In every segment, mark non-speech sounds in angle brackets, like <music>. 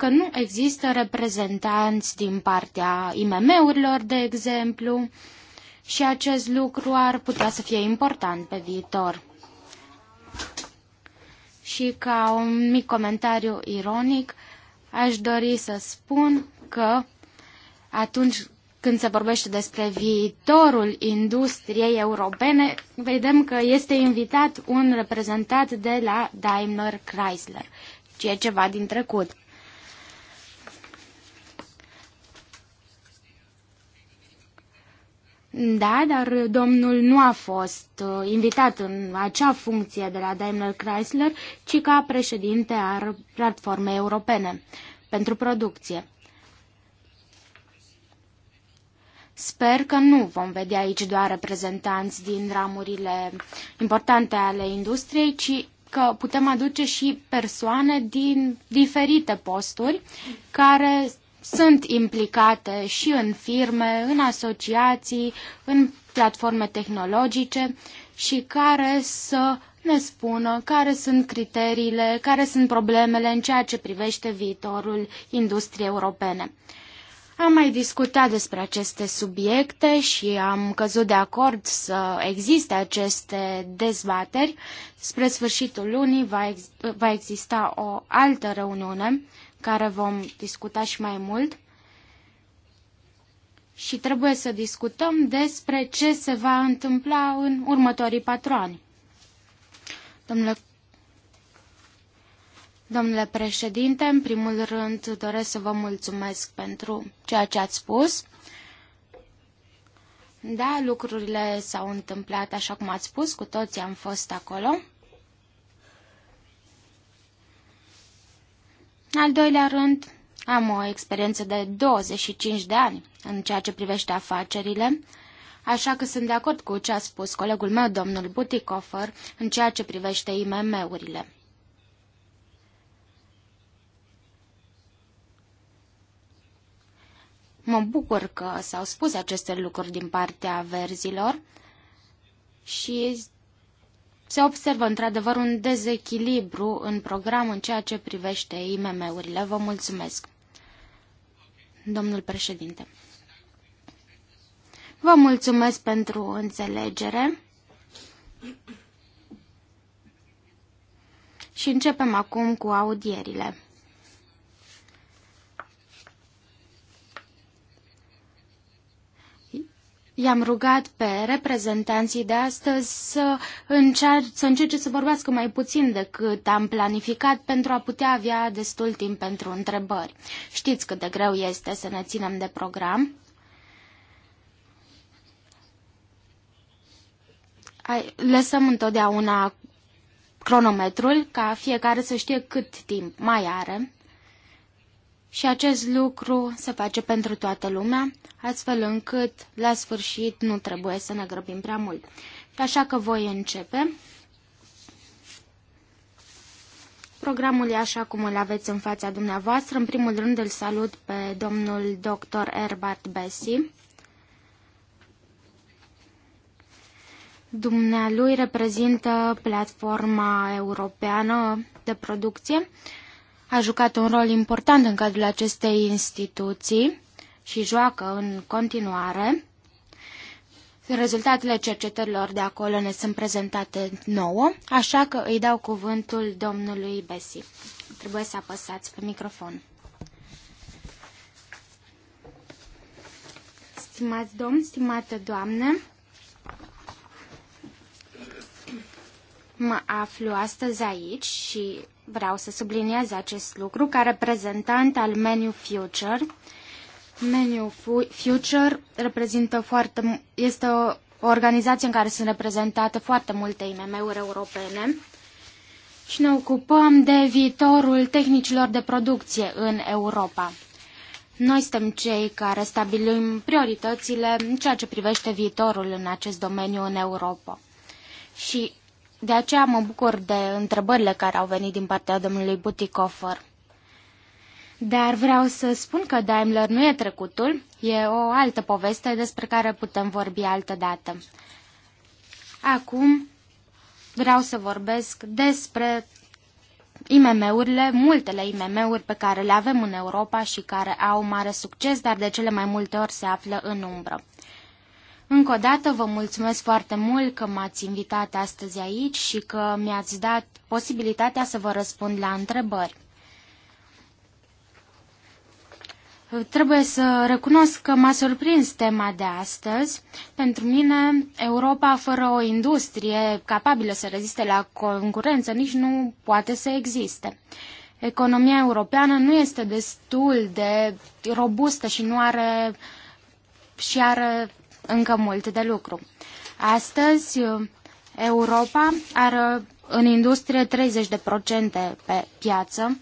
că nu există reprezentanți din partea IMM-urilor, de exemplu, și acest lucru ar putea să fie important pe viitor. Și ca un mic comentariu ironic, aș dori să spun că atunci când se vorbește despre viitorul industriei europene, vedem că este invitat un reprezentat de la Daimler Chrysler, ce e ceva din trecut. Da, dar domnul nu a fost uh, invitat în acea funcție de la Daimler Chrysler, ci ca președinte al platformei europene pentru producție. Sper că nu vom vedea aici doar reprezentanți din ramurile importante ale industriei, ci că putem aduce și persoane din diferite posturi care sunt implicate și în firme, în asociații, în platforme tehnologice și care să ne spună care sunt criteriile, care sunt problemele în ceea ce privește viitorul industriei europene. Am mai discutat despre aceste subiecte și am căzut de acord să existe aceste dezbateri. Spre sfârșitul lunii va, ex- va exista o altă reuniune care vom discuta și mai mult și trebuie să discutăm despre ce se va întâmpla în următorii patru ani. Domnule, domnule președinte, în primul rând doresc să vă mulțumesc pentru ceea ce ați spus. Da, lucrurile s-au întâmplat așa cum ați spus, cu toții am fost acolo. În al doilea rând, am o experiență de 25 de ani în ceea ce privește afacerile, așa că sunt de acord cu ce a spus colegul meu, domnul Buticofer, în ceea ce privește IMM-urile. Mă bucur că s-au spus aceste lucruri din partea verzilor și se observă într-adevăr un dezechilibru în program în ceea ce privește IMM-urile. Vă mulțumesc, domnul președinte. Vă mulțumesc pentru înțelegere. Și începem acum cu audierile. I-am rugat pe reprezentanții de astăzi să, încear, să încerce să vorbească mai puțin decât am planificat pentru a putea avea destul timp pentru întrebări. Știți cât de greu este să ne ținem de program. Lăsăm întotdeauna cronometrul ca fiecare să știe cât timp mai are. Și acest lucru se face pentru toată lumea, astfel încât la sfârșit nu trebuie să ne grăbim prea mult. Așa că voi începe. Programul e așa cum îl aveți în fața dumneavoastră. În primul rând îl salut pe domnul dr. Herbert Bessi. Dumnealui reprezintă platforma europeană de producție a jucat un rol important în cadrul acestei instituții și joacă în continuare. Rezultatele cercetărilor de acolo ne sunt prezentate nouă, așa că îi dau cuvântul domnului Besi. Trebuie să apăsați pe microfon. Stimați domn, stimată doamnă, mă aflu astăzi aici și Vreau să subliniez acest lucru ca reprezentant al Menu Future. Menu Future reprezintă foarte, este o organizație în care sunt reprezentate foarte multe IMM-uri europene și ne ocupăm de viitorul tehnicilor de producție în Europa. Noi suntem cei care stabilim prioritățile în ceea ce privește viitorul în acest domeniu în Europa. Și de aceea mă bucur de întrebările care au venit din partea domnului Butikofer. Dar vreau să spun că Daimler nu e trecutul, e o altă poveste despre care putem vorbi altă dată. Acum vreau să vorbesc despre IMM-urile, multele IMM-uri pe care le avem în Europa și care au mare succes, dar de cele mai multe ori se află în umbră. Încă o dată vă mulțumesc foarte mult că m-ați invitat astăzi aici și că mi-ați dat posibilitatea să vă răspund la întrebări. Trebuie să recunosc că m-a surprins tema de astăzi. Pentru mine, Europa fără o industrie capabilă să reziste la concurență nici nu poate să existe. Economia europeană nu este destul de robustă și nu are și are încă mult de lucru. Astăzi, Europa are în industrie 30% pe piață.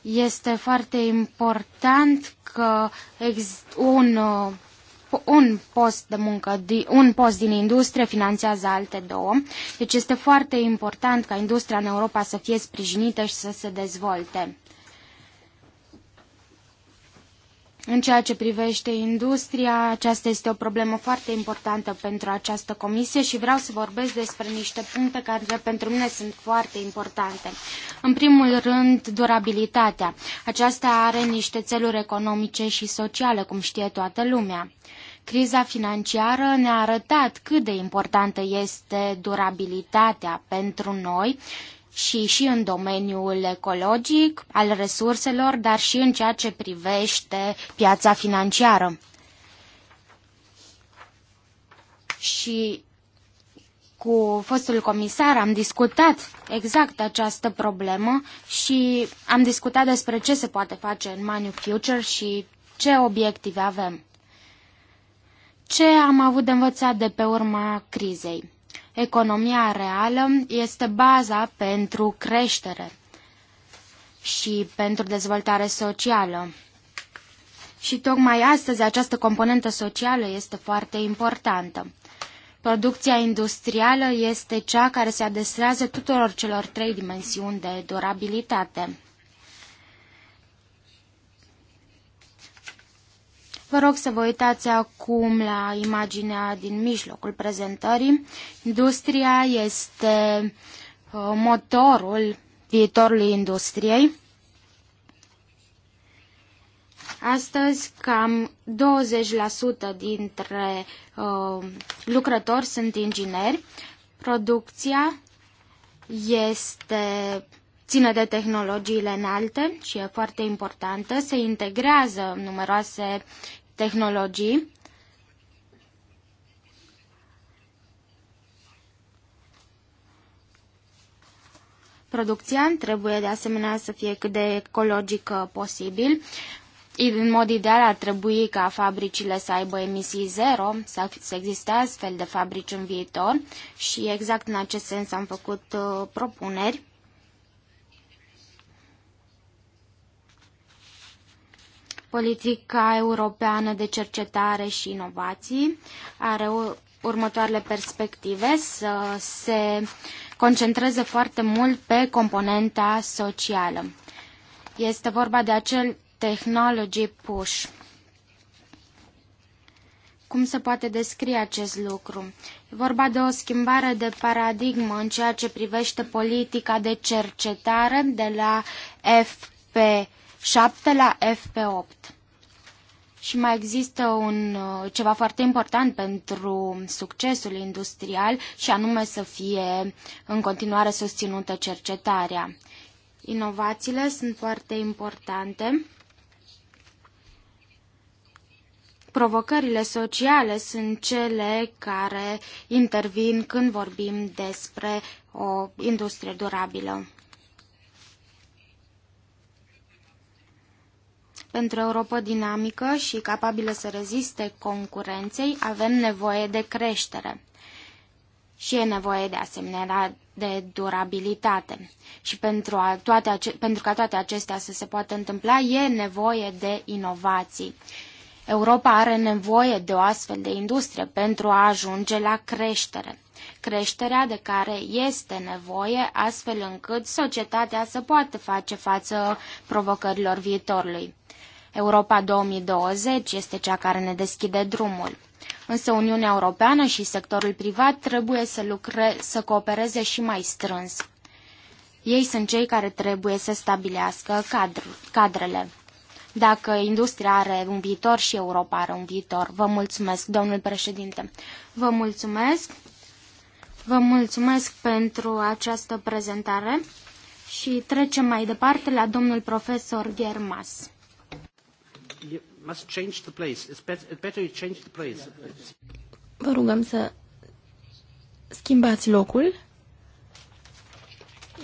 Este foarte important că un, un post de muncă, un post din industrie finanțează alte două. Deci este foarte important ca industria în Europa să fie sprijinită și să se dezvolte. În ceea ce privește industria, aceasta este o problemă foarte importantă pentru această comisie și vreau să vorbesc despre niște puncte care pentru mine sunt foarte importante. În primul rând, durabilitatea. Aceasta are niște țeluri economice și sociale, cum știe toată lumea. Criza financiară ne-a arătat cât de importantă este durabilitatea pentru noi și și în domeniul ecologic, al resurselor, dar și în ceea ce privește piața financiară. Și cu fostul comisar am discutat exact această problemă și am discutat despre ce se poate face în Manu Future și ce obiective avem. Ce am avut de învățat de pe urma crizei? Economia reală este baza pentru creștere și pentru dezvoltare socială. Și tocmai astăzi această componentă socială este foarte importantă. Producția industrială este cea care se adresează tuturor celor trei dimensiuni de durabilitate. Vă rog să vă uitați acum la imaginea din mijlocul prezentării. Industria este uh, motorul viitorului industriei. Astăzi, cam 20% dintre uh, lucrători sunt ingineri. Producția este ține de tehnologiile înalte și e foarte importantă. Se integrează numeroase tehnologii. Producția trebuie de asemenea să fie cât de ecologică posibil. În mod ideal ar trebui ca fabricile să aibă emisii zero, să, existe astfel de fabrici în viitor și exact în acest sens am făcut uh, propuneri. Politica europeană de cercetare și inovații are următoarele perspective să se concentreze foarte mult pe componenta socială. Este vorba de acel technology push. Cum se poate descrie acest lucru? E vorba de o schimbare de paradigmă în ceea ce privește politica de cercetare de la FP7 la FP8. Și mai există un, uh, ceva foarte important pentru succesul industrial și anume să fie în continuare susținută cercetarea. Inovațiile sunt foarte importante. Provocările sociale sunt cele care intervin când vorbim despre o industrie durabilă. Într-o Europa dinamică și capabilă să reziste concurenței, avem nevoie de creștere. Și e nevoie de asemenea de durabilitate. Și pentru, a toate pentru ca toate acestea să se poată întâmpla, e nevoie de inovații. Europa are nevoie de o astfel de industrie pentru a ajunge la creștere. Creșterea de care este nevoie astfel încât societatea să poată face față provocărilor viitorului. Europa 2020 este cea care ne deschide drumul. Însă Uniunea Europeană și sectorul privat trebuie să, lucre, să coopereze și mai strâns. Ei sunt cei care trebuie să stabilească cadr, cadrele. Dacă industria are un viitor și Europa are un viitor. Vă mulțumesc, domnul președinte. Vă mulțumesc. Vă mulțumesc pentru această prezentare și trecem mai departe la domnul profesor Germas must change the place. It's better you change the place. Vă rugăm să schimbați locul.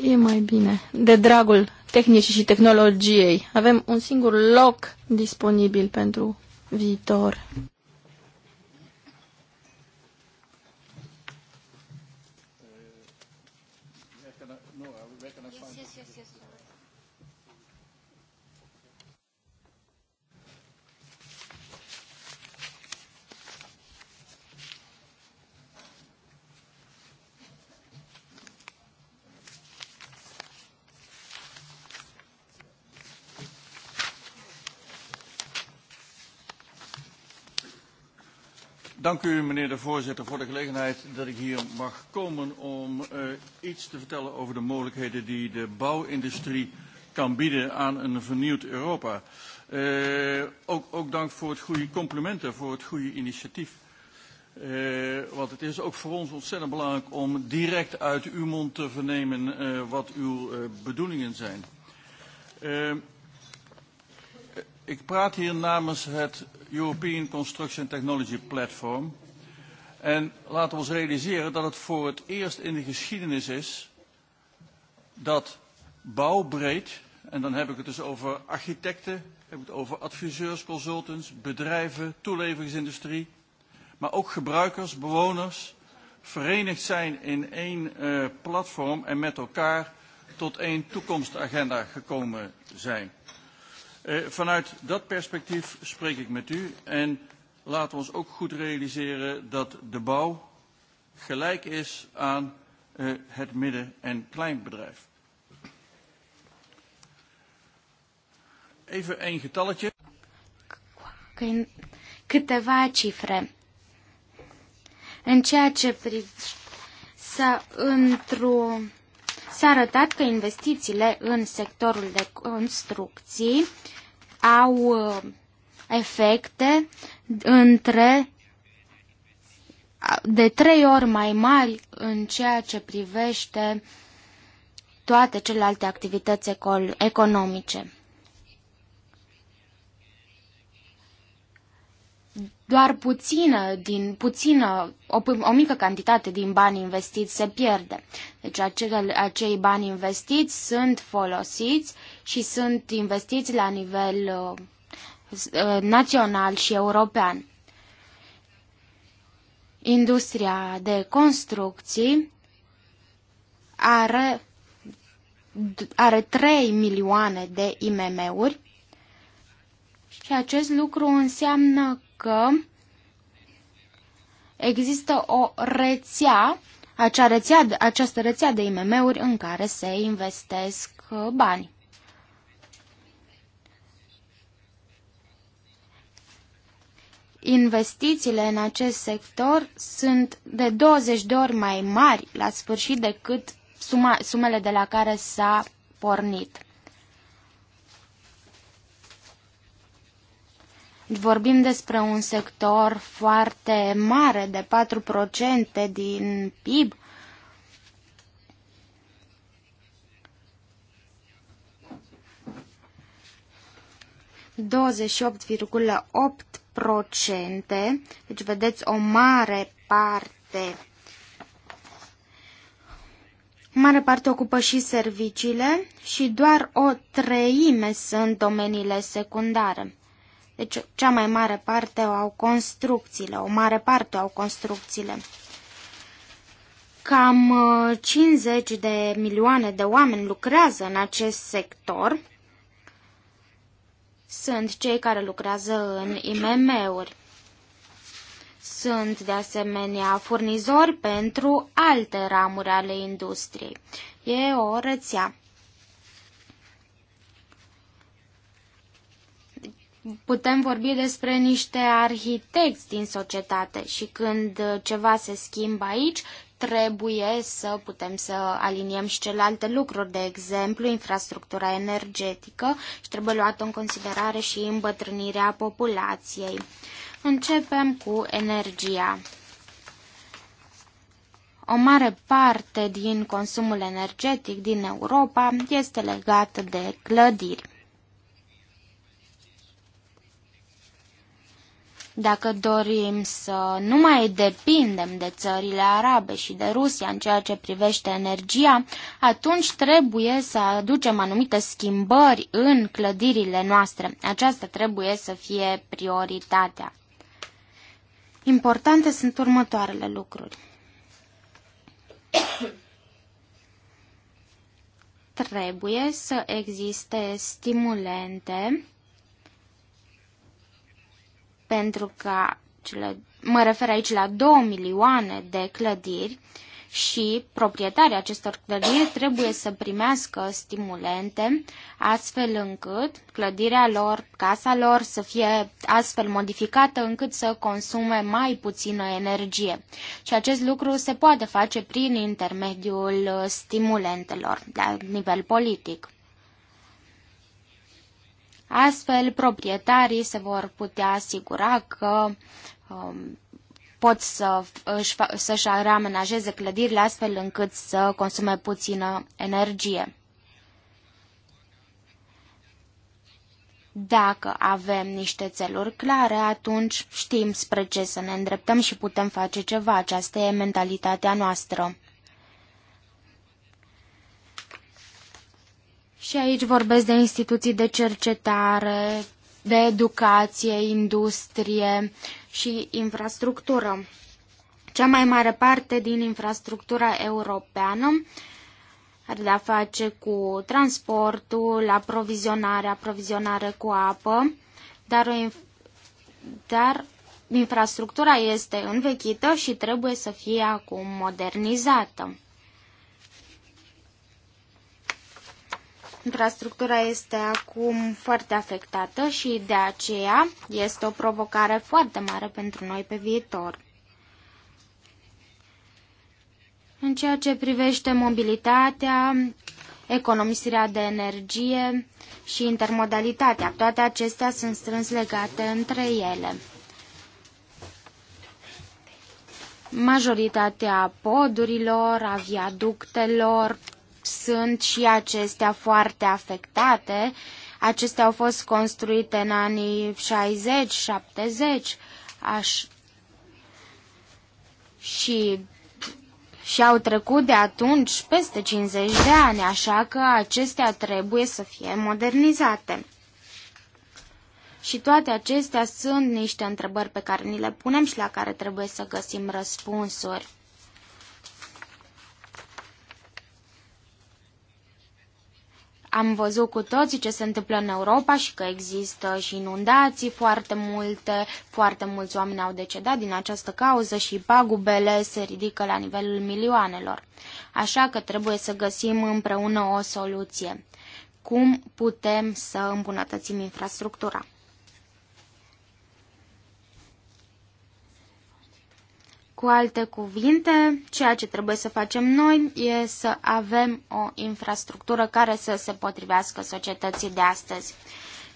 E mai bine. De dragul tehnicii și tehnologiei. Avem un singur loc disponibil pentru viitor. Dank u, meneer de voorzitter, voor de gelegenheid dat ik hier mag komen om uh, iets te vertellen over de mogelijkheden die de bouwindustrie kan bieden aan een vernieuwd Europa. Uh, ook, ook dank voor het goede complimenten, voor het goede initiatief. Uh, want het is ook voor ons ontzettend belangrijk om direct uit uw mond te vernemen uh, wat uw uh, bedoelingen zijn. Uh, Ik praat hier namens het European Construction Technology Platform. En laten we ons realiseren dat het voor het eerst in de geschiedenis is dat bouwbreed, en dan heb ik het dus over architecten, heb ik het over adviseurs, consultants, bedrijven, toeleveringsindustrie, maar ook gebruikers, bewoners, verenigd zijn in één uh, platform en met elkaar tot één toekomstagenda gekomen zijn. Eh, vanuit dat perspectief spreek ik met u en laten we ons ook goed realiseren dat de bouw gelijk is aan eh, het midden- en kleinbedrijf. Even een getalletje. Câteva cifre. În ceea ce S-a arătat că investițiile în sectorul de construcții au uh, efecte între de trei ori mai mari în ceea ce privește toate celelalte activități economice. doar puțină, din puțină, o, o mică cantitate din bani investiți se pierde. Deci acele, acei bani investiți sunt folosiți și sunt investiți la nivel uh, uh național și european. Industria de construcții are, are 3 milioane de IMM-uri și acest lucru înseamnă că există o rețea, acea rețea această rețea de IMM-uri în care se investesc uh, bani. Investițiile în acest sector sunt de 20 de ori mai mari la sfârșit decât suma, sumele de la care s-a pornit. Vorbim despre un sector foarte mare, de 4% din PIB. procente, deci vedeți o mare parte mare parte ocupă și serviciile și doar o treime sunt domeniile secundare. Deci cea mai mare parte o au construcțiile, o mare parte o au construcțiile. Cam 50 uh, de milioane de oameni lucrează în acest sector. Sunt cei care lucrează în IMM-uri. Sunt de asemenea furnizori pentru alte ramuri ale industriei. E o rețea. putem vorbi despre niște arhitecți din societate și când ceva se schimbă aici, trebuie să putem să aliniem și celelalte lucruri, de exemplu, infrastructura energetică și trebuie luată în considerare și îmbătrânirea populației. Începem cu energia. O mare parte din consumul energetic din Europa este legată de clădiri. Dacă dorim să nu mai depindem de țările arabe și de Rusia în ceea ce privește energia, atunci trebuie să aducem anumite schimbări în clădirile noastre. Aceasta trebuie să fie prioritatea. Importante sunt următoarele lucruri. 3. Trebuie să existe stimulente pentru că cele, mă refer aici la 2 milioane de clădiri și proprietarii acestor clădiri trebuie să primească stimulente astfel încât clădirea lor, casa lor să fie astfel modificată încât să consume mai puțină energie. Și acest lucru se poate face prin intermediul stimulentelor la nivel politic. Astfel, proprietarii se vor putea asigura că um, pot să și să reamenajeze clădirile astfel încât să consume puțină energie. Dacă avem niște țeluri clare, atunci știm spre ce să ne îndreptăm și putem face ceva. Aceasta e mentalitatea noastră. Și aici vorbesc de instituții de cercetare, de educație, industrie și infrastructură. Cea mai mare parte din infrastructura europeană are de-a face cu transportul, aprovizionare, aprovizionare cu apă, dar, o inf- dar infrastructura este învechită și trebuie să fie acum modernizată. Infrastructura este acum foarte afectată și de aceea este o provocare foarte mare pentru noi pe viitor. În ceea ce privește mobilitatea, economisirea de energie și intermodalitatea, toate acestea sunt strâns legate între ele. Majoritatea podurilor, aviaductelor, sunt și acestea foarte afectate. Acestea au fost construite în anii 60-70 aș... și și au trecut de atunci peste 50 de ani, așa că acestea trebuie să fie modernizate. Și toate acestea sunt niște întrebări pe care ni le punem și la care trebuie să găsim răspunsuri. Am văzut cu toții ce se întâmplă în Europa și că există și inundații foarte multe, foarte mulți oameni au decedat din această cauză și pagubele se ridică la nivelul milioanelor. Așa că trebuie să găsim împreună o soluție. Cum putem să îmbunătățim infrastructura? Cu alte cuvinte, ceea ce trebuie să facem noi e să avem o infrastructură care să se potrivească societății de astăzi.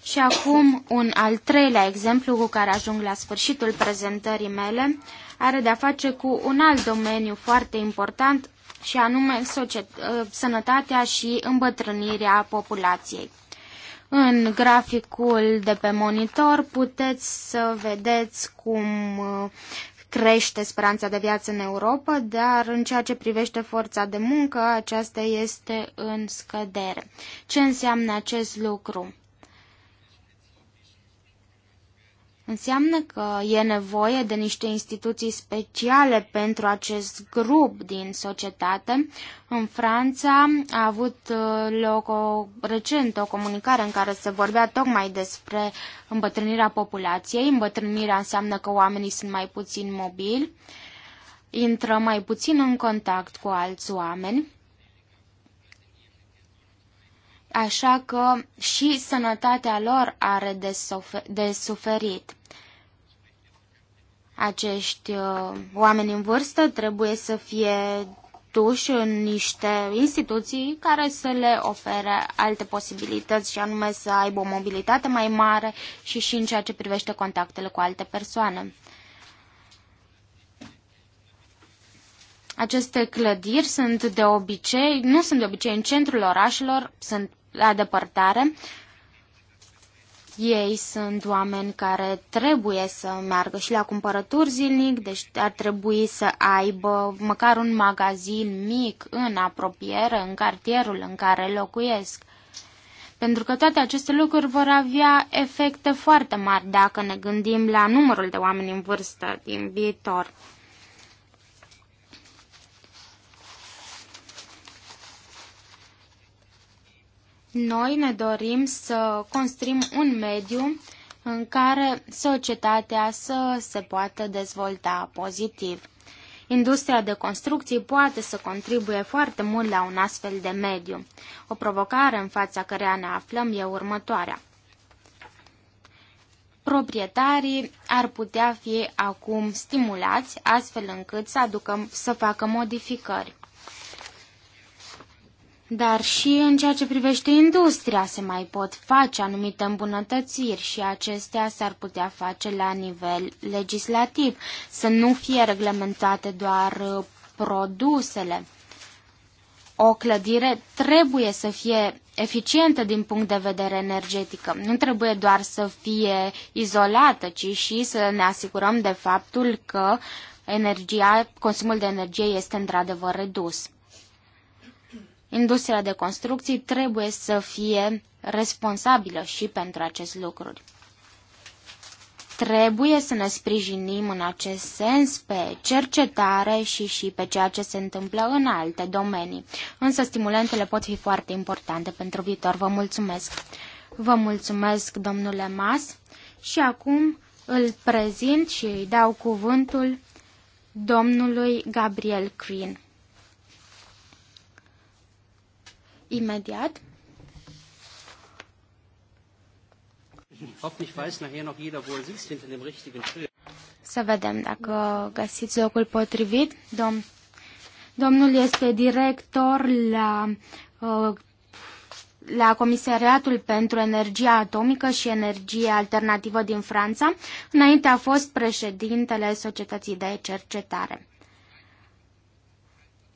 Și acum un al treilea exemplu cu care ajung la sfârșitul prezentării mele are de-a face cu un alt domeniu foarte important și anume ă, sănătatea și îmbătrânirea populației. În graficul de pe monitor puteți să vedeți cum ă, crește speranța de viață în Europa, dar în ceea ce privește forța de muncă, aceasta este în scădere. Ce înseamnă acest lucru? Înseamnă că e nevoie de niște instituții speciale pentru acest grup din societate. În Franța a avut uh, loc o, recent o comunicare în care se vorbea tocmai despre îmbătrânirea populației. Îmbătrânirea înseamnă că oamenii sunt mai puțin mobili, intră mai puțin în contact cu alți oameni. Așa că și sănătatea lor are de, sufer- de suferit acești uh, oameni în vârstă trebuie să fie duși în niște instituții care să le ofere alte posibilități și anume să aibă o mobilitate mai mare și și în ceea ce privește contactele cu alte persoane. Aceste clădiri sunt de obicei, nu sunt de obicei în centrul orașelor, sunt la depărtare ei sunt oameni care trebuie să meargă și la cumpărături zilnic, deci ar trebui să aibă măcar un magazin mic în apropiere, în cartierul în care locuiesc. Pentru că toate aceste lucruri vor avea efecte foarte mari dacă ne gândim la numărul de oameni în vârstă din viitor. Noi ne dorim să construim un mediu în care societatea să se poată dezvolta pozitiv. Industria de construcții poate să contribuie foarte mult la un astfel de mediu. O provocare în fața căreia ne aflăm e următoarea. Proprietarii ar putea fi acum stimulați astfel încât să, aducă, să facă modificări. Dar și în ceea ce privește industria se mai pot face anumite îmbunătățiri și acestea s-ar putea face la nivel legislativ, să nu fie reglementate doar uh, produsele. O clădire trebuie să fie eficientă din punct de vedere energetică. Nu trebuie doar să fie izolată, ci și să ne asigurăm de faptul că energia, consumul de energie este într-adevăr redus. Industria de construcții trebuie să fie responsabilă și pentru acest lucru. Trebuie să ne sprijinim în acest sens pe cercetare și și pe ceea ce se întâmplă în alte domenii. Însă stimulentele pot fi foarte importante pentru viitor. Vă mulțumesc! Vă mulțumesc, domnule Mas, și acum îl prezint și îi dau cuvântul domnului Gabriel Quinn. imediat. Er Să vedem dacă găsiți locul potrivit. Dom Domnul este director la, uh, la Comisariatul pentru Energia Atomică și Energie Alternativă din Franța. Înainte a fost președintele Societății de Cercetare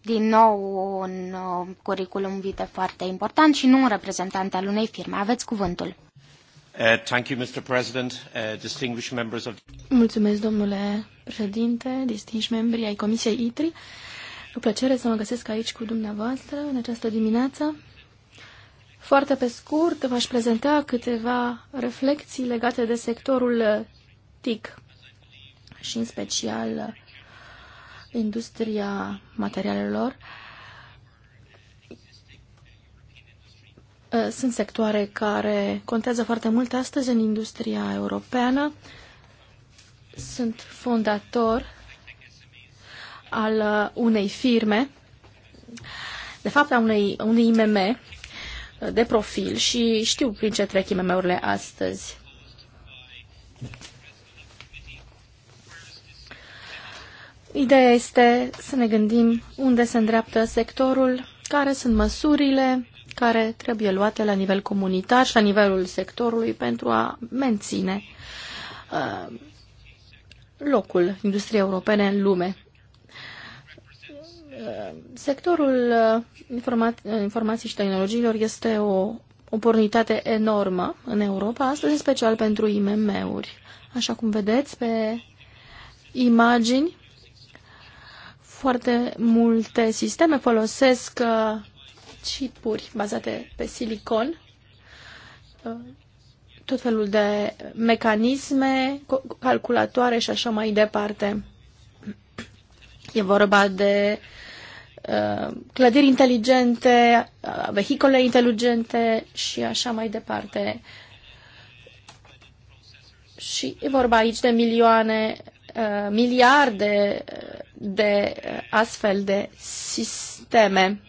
din nou un uh, curriculum vitae foarte important și nu un reprezentant al unei firme. Aveți cuvântul. Uh, thank you, Mr. President, uh, distinguished members of... Mulțumesc, domnule președinte, distinși membri ai Comisiei ITRI. Cu plăcere să mă găsesc aici cu dumneavoastră în această dimineață. Foarte pe scurt, v-aș prezenta câteva reflexii legate de sectorul TIC și în special industria materialelor eh, sunt sectoare care contează foarte mult astăzi în industria europeană. Sunt fondator al uh, unei firme, de fapt a unei, unei IMM eh, de profil și știu prin ce trec IMM-urile astăzi. Ideea este să ne gândim unde se îndreaptă sectorul, care sunt măsurile care trebuie luate la nivel comunitar și la nivelul sectorului pentru a menține uh, locul industriei europene în lume. Uh, sectorul uh, informa uh, informației și tehnologiilor este o oportunitate enormă în Europa, astăzi în special pentru IMM-uri. Așa cum vedeți pe imagini, foarte multe sisteme folosesc uh, chipuri bazate pe silicon, uh, tot felul de mecanisme, calculatoare și așa mai departe. E vorba de uh, clădiri inteligente, vehicole inteligente și așa mai departe. Și e vorba aici de milioane, miliarde de astfel de sisteme.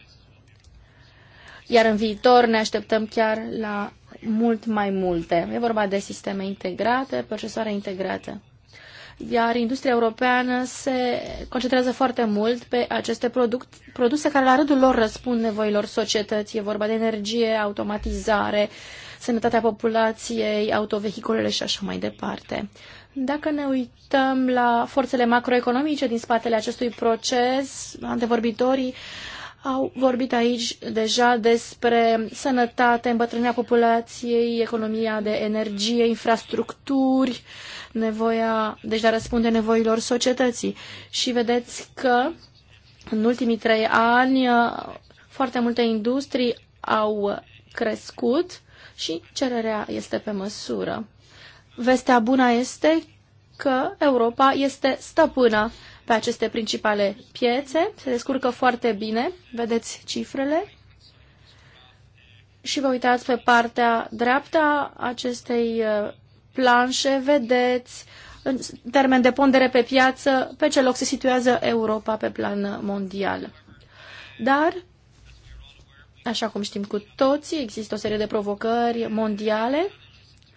Iar în viitor ne așteptăm chiar la mult mai multe. E vorba de sisteme integrate, procesoare integrate. Iar industria europeană se concentrează foarte mult pe aceste product, produse care la rândul lor răspund nevoilor societății. E vorba de energie, automatizare, sănătatea populației, autovehiculele și așa mai departe. Dacă ne uităm la forțele macroeconomice din spatele acestui proces, antevorbitorii au vorbit aici deja despre sănătate, îmbătrânirea populației, economia de energie, infrastructuri, nevoia, deci de a răspunde nevoilor societății. Și vedeți că în ultimii trei ani foarte multe industrii au crescut și cererea este pe măsură. Vestea bună este că Europa este stăpână pe aceste principale piețe, se descurcă foarte bine, vedeți cifrele. Și vă uitați pe partea dreapta acestei uh, planșe, vedeți în termen de pondere pe piață pe ce loc se situează Europa pe plan mondial. Dar, așa cum știm cu toții, există o serie de provocări mondiale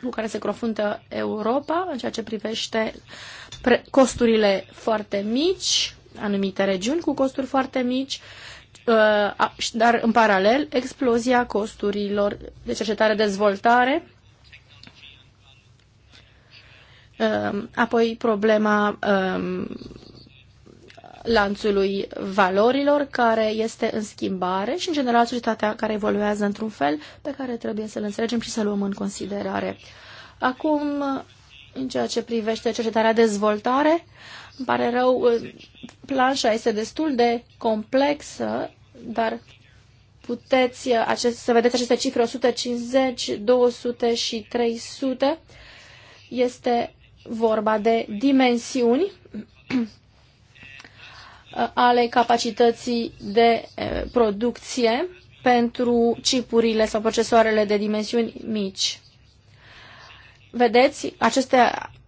cu care se confruntă Europa în ceea ce privește costurile foarte mici, anumite regiuni cu costuri foarte mici, uh, dar în paralel explozia costurilor de cercetare-dezvoltare, uh, apoi problema um, lanțului valorilor care este în schimbare și, în general, societatea care evoluează într-un fel pe care trebuie să-l înțelegem și să-l luăm în considerare. Acum, în ceea ce privește cercetarea dezvoltare, îmi pare rău, planșa este destul de complexă, dar puteți acest, să vedeți aceste cifre 150, 200 și 300. Este vorba de dimensiuni ale capacității de producție pentru chipurile sau procesoarele de dimensiuni mici. Vedeți, aceste,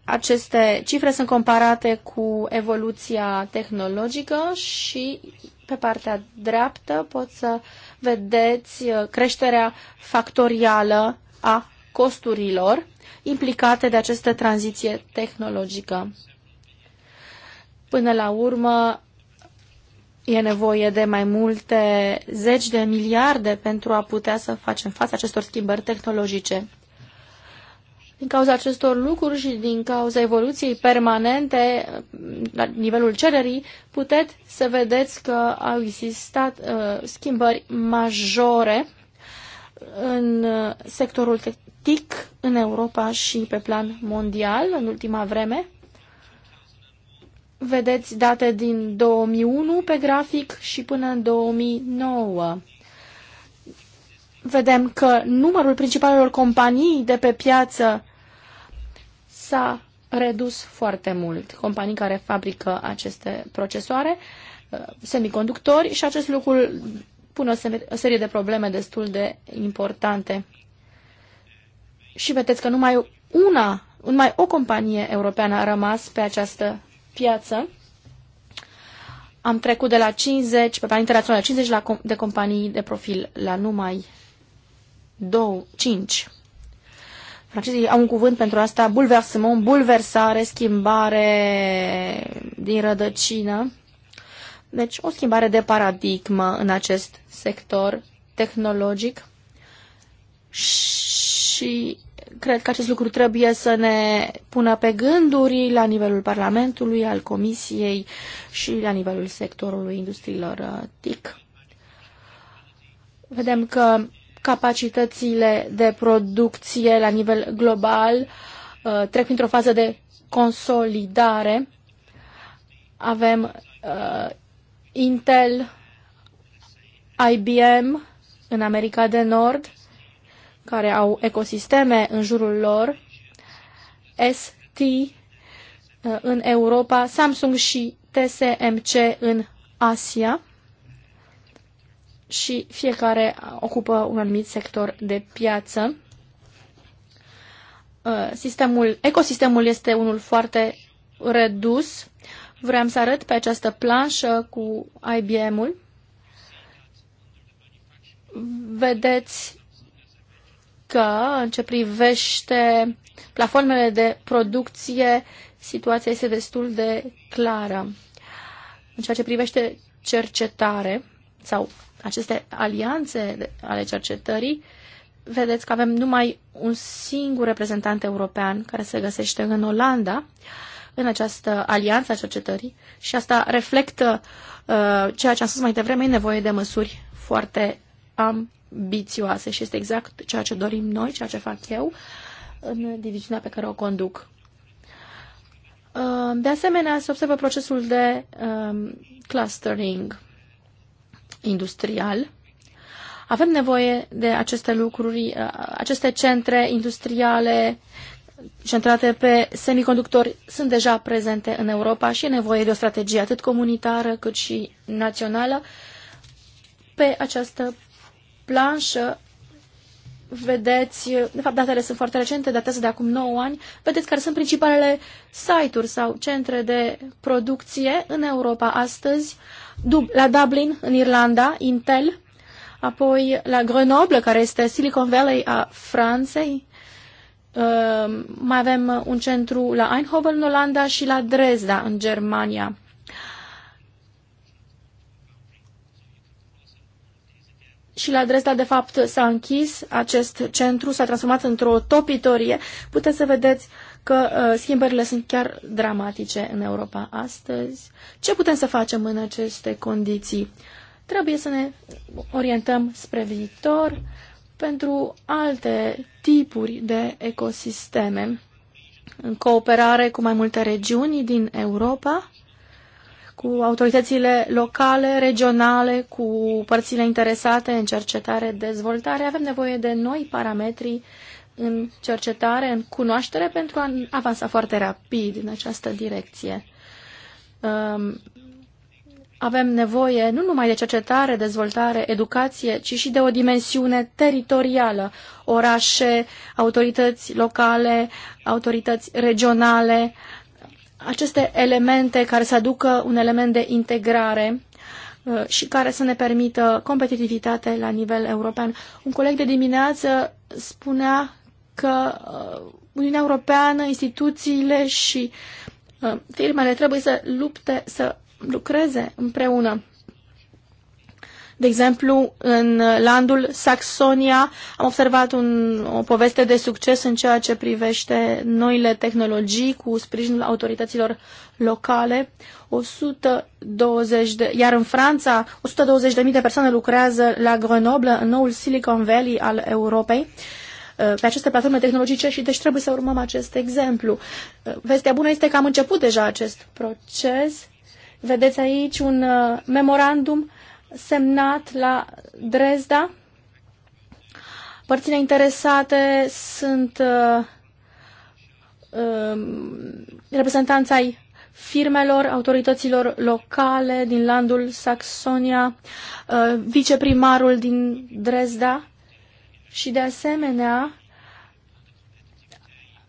aceste cifre sunt comparate cu evoluția tehnologică și pe partea dreaptă pot să vedeți creșterea factorială a costurilor implicate de această tranziție tehnologică. Până la urmă, e nevoie de mai multe zeci de miliarde pentru a putea să facem față acestor schimbări tehnologice. Din cauza acestor lucruri și din cauza evoluției permanente mm, la nivelul cererii, puteți să vedeți că au existat uh, schimbări majore în uh, sectorul TIC în Europa și pe plan mondial în ultima vreme vedeți date din 2001 pe grafic și până în 2009. Vedem că numărul principalelor companii de pe piață s-a redus foarte mult. Companii care fabrică aceste procesoare, uh, semiconductori și acest lucru pune o serie de probleme destul de importante. Și vedeți că numai una, numai o companie europeană a rămas pe această piață. Am trecut de la 50, pe plan internațional, 50 de companii de profil la numai 2, 5. Francezii au un cuvânt pentru asta, bulversement, bulversare, schimbare din rădăcină. Deci o schimbare de paradigmă în acest sector tehnologic și Cred că acest lucru trebuie să ne pună pe gânduri la nivelul Parlamentului, al Comisiei și la nivelul sectorului industriilor uh, TIC. Vedem că capacitățile de producție la nivel global uh, trec printr-o fază de consolidare. Avem uh, Intel, IBM în America de Nord, care au ecosisteme în jurul lor, ST uh, în Europa, Samsung și TSMC în Asia și fiecare ocupă un anumit sector de piață. Uh, sistemul, ecosistemul este unul foarte redus. Vreau să arăt pe această planșă cu IBM-ul. Vedeți că în ce privește plafoanele de producție, situația este destul de clară. În ceea ce privește cercetare sau aceste alianțe ale cercetării, vedeți că avem numai un singur reprezentant european care se găsește în Olanda, în această alianță a cercetării și asta reflectă uh, ceea ce am spus mai devreme, e nevoie de măsuri foarte am ambițioase și este exact ceea ce dorim noi, ceea ce fac eu în diviziunea pe care o conduc. Uh, de asemenea, se observă procesul de um, clustering industrial. Avem nevoie de aceste lucruri, uh, aceste centre industriale centrate pe semiconductori sunt deja prezente în Europa și e nevoie de o strategie atât comunitară cât și națională pe această planșă vedeți, de fapt datele sunt foarte recente, datează de acum 9 ani, vedeți care sunt principalele site-uri sau centre de producție în Europa astăzi, la Dublin, în Irlanda, Intel, apoi la Grenoble, care este Silicon Valley a Franței, uh, mai avem un centru la Eindhoven în Olanda și la Dresda în Germania. și la Dresda, de fapt, s-a închis acest centru, s-a transformat într-o topitorie. Puteți să vedeți că uh, schimbările sunt chiar dramatice în Europa astăzi. Ce putem să facem în aceste condiții? Trebuie să ne orientăm spre viitor pentru alte tipuri de ecosisteme, în cooperare cu mai multe regiuni din Europa, cu autoritățile locale, regionale, cu părțile interesate în cercetare, dezvoltare. Avem nevoie de noi parametri în cercetare, în cunoaștere, pentru a avansa foarte rapid în această direcție. Um, avem nevoie nu numai de cercetare, dezvoltare, educație, ci și de o dimensiune teritorială, orașe, autorități locale, autorități regionale, aceste elemente care să aducă un element de integrare uh, și care să ne permită competitivitate la nivel european. Un coleg de dimineață spunea că uh, Uniunea Europeană, instituțiile și uh, firmele trebuie să lupte, să lucreze împreună. De exemplu, în landul Saxonia am observat un, o poveste de succes în ceea ce privește noile tehnologii cu sprijinul autorităților locale. 120 de, iar în Franța, 120.000 de persoane lucrează la Grenoble, în noul Silicon Valley al Europei uh, pe aceste platforme tehnologice și deci trebuie să urmăm acest exemplu. Uh, vestea bună este că am început deja acest proces. Vedeți aici un uh, memorandum semnat la Dresda. Părțile interesate sunt uh, uh, ai firmelor, autorităților locale din landul Saxonia, uh, viceprimarul din Dresda și de asemenea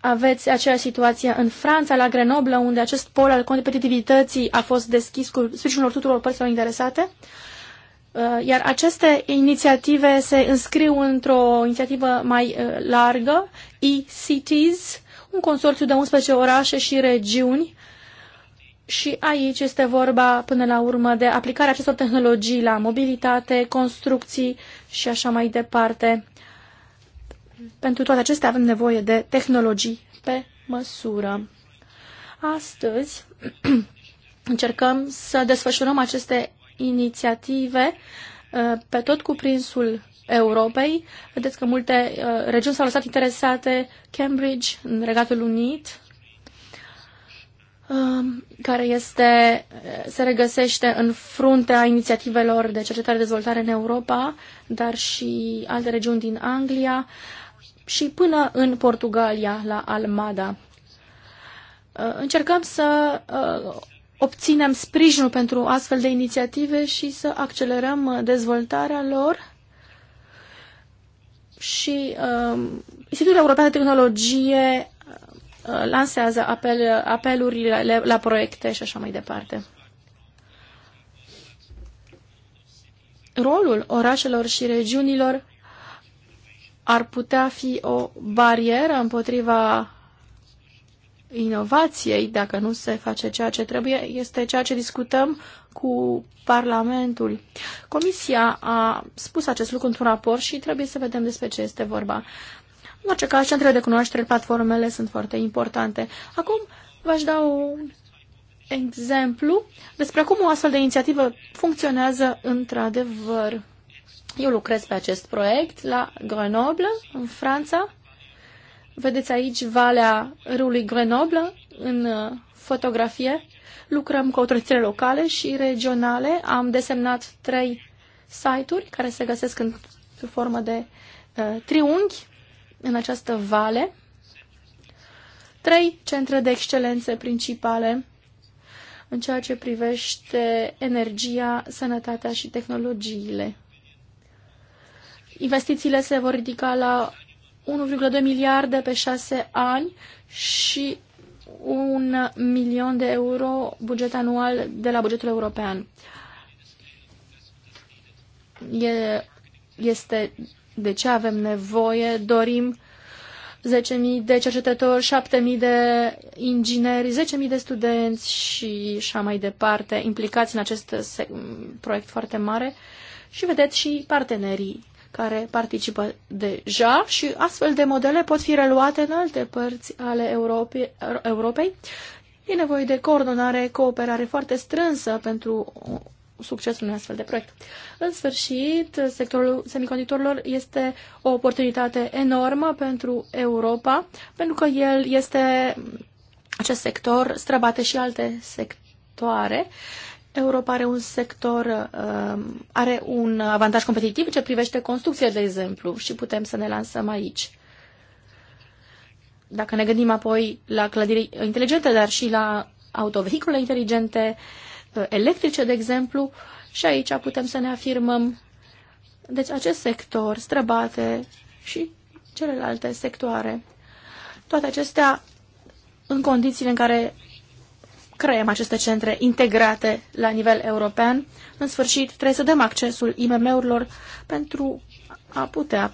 aveți aceeași situație în Franța, la Grenoble, unde acest pol al competitivității a fost deschis cu sprijinul tuturor părților interesate. Uh, iar aceste inițiative se înscriu într-o inițiativă mai uh, largă, e-Cities, un consorțiu de 11 orașe și regiuni. Și aici este vorba, până la urmă, de aplicarea acestor tehnologii la mobilitate, construcții și așa mai departe. Pentru toate acestea avem nevoie de tehnologii pe măsură. Astăzi <clears throat> încercăm să desfășurăm aceste inițiative uh, pe tot cuprinsul Europei. Vedeți că multe uh, regiuni s-au lăsat interesate, Cambridge, în Regatul Unit, um, care este, uh, se regăsește în fruntea inițiativelor de cercetare-dezvoltare în Europa, dar și alte regiuni din Anglia și până în Portugalia, la Almada. Încercăm să obținem sprijinul pentru astfel de inițiative și să accelerăm uh, dezvoltarea lor și uh, Institutul European de Tehnologie uh, lansează apel, apeluri la, la proiecte și așa mai departe. Rolul orașelor și regiunilor ar putea fi o barieră împotriva inovației, dacă nu se face ceea ce trebuie, este ceea ce discutăm cu Parlamentul. Comisia a spus acest lucru într-un raport și trebuie să vedem despre ce este vorba. În orice caz, centrele de cunoaștere, platformele sunt foarte importante. Acum v-aș da un exemplu despre cum o astfel de inițiativă funcționează într-adevăr. Eu lucrez pe acest proiect la Grenoble, în Franța, Vedeți aici valea râului Grenoble în uh, fotografie. Lucrăm cu autoritățile locale și regionale. Am desemnat trei site-uri care se găsesc în formă de uh, triunghi în această vale. Trei centre de excelențe principale în ceea ce privește energia, sănătatea și tehnologiile. Investițiile se vor ridica la 1,2 miliarde pe șase ani și un milion de euro buget anual de la bugetul european. E, este de ce avem nevoie, dorim 10.000 de cercetători, 7.000 de ingineri, 10.000 de studenți și așa mai departe implicați în acest proiect foarte mare și vedeți și partenerii care participă deja și astfel de modele pot fi reluate în alte părți ale Europei. Europei. E nevoie de coordonare, cooperare foarte strânsă pentru succesul unui astfel de proiect. În sfârșit, sectorul semiconductorilor este o oportunitate enormă pentru Europa, pentru că el este acest sector străbate și alte sectoare. Uh, Europa are un sector, uh, are un avantaj competitiv ce privește construcția, de exemplu, și putem să ne lansăm aici. Dacă ne gândim apoi la clădiri inteligente, dar și la autovehicule inteligente, uh, electrice, de exemplu, și aici putem să ne afirmăm. Deci acest sector străbate și celelalte sectoare. Toate acestea în condițiile în care creăm aceste centre integrate la nivel european. În sfârșit, trebuie să dăm accesul IMM-urilor pentru a putea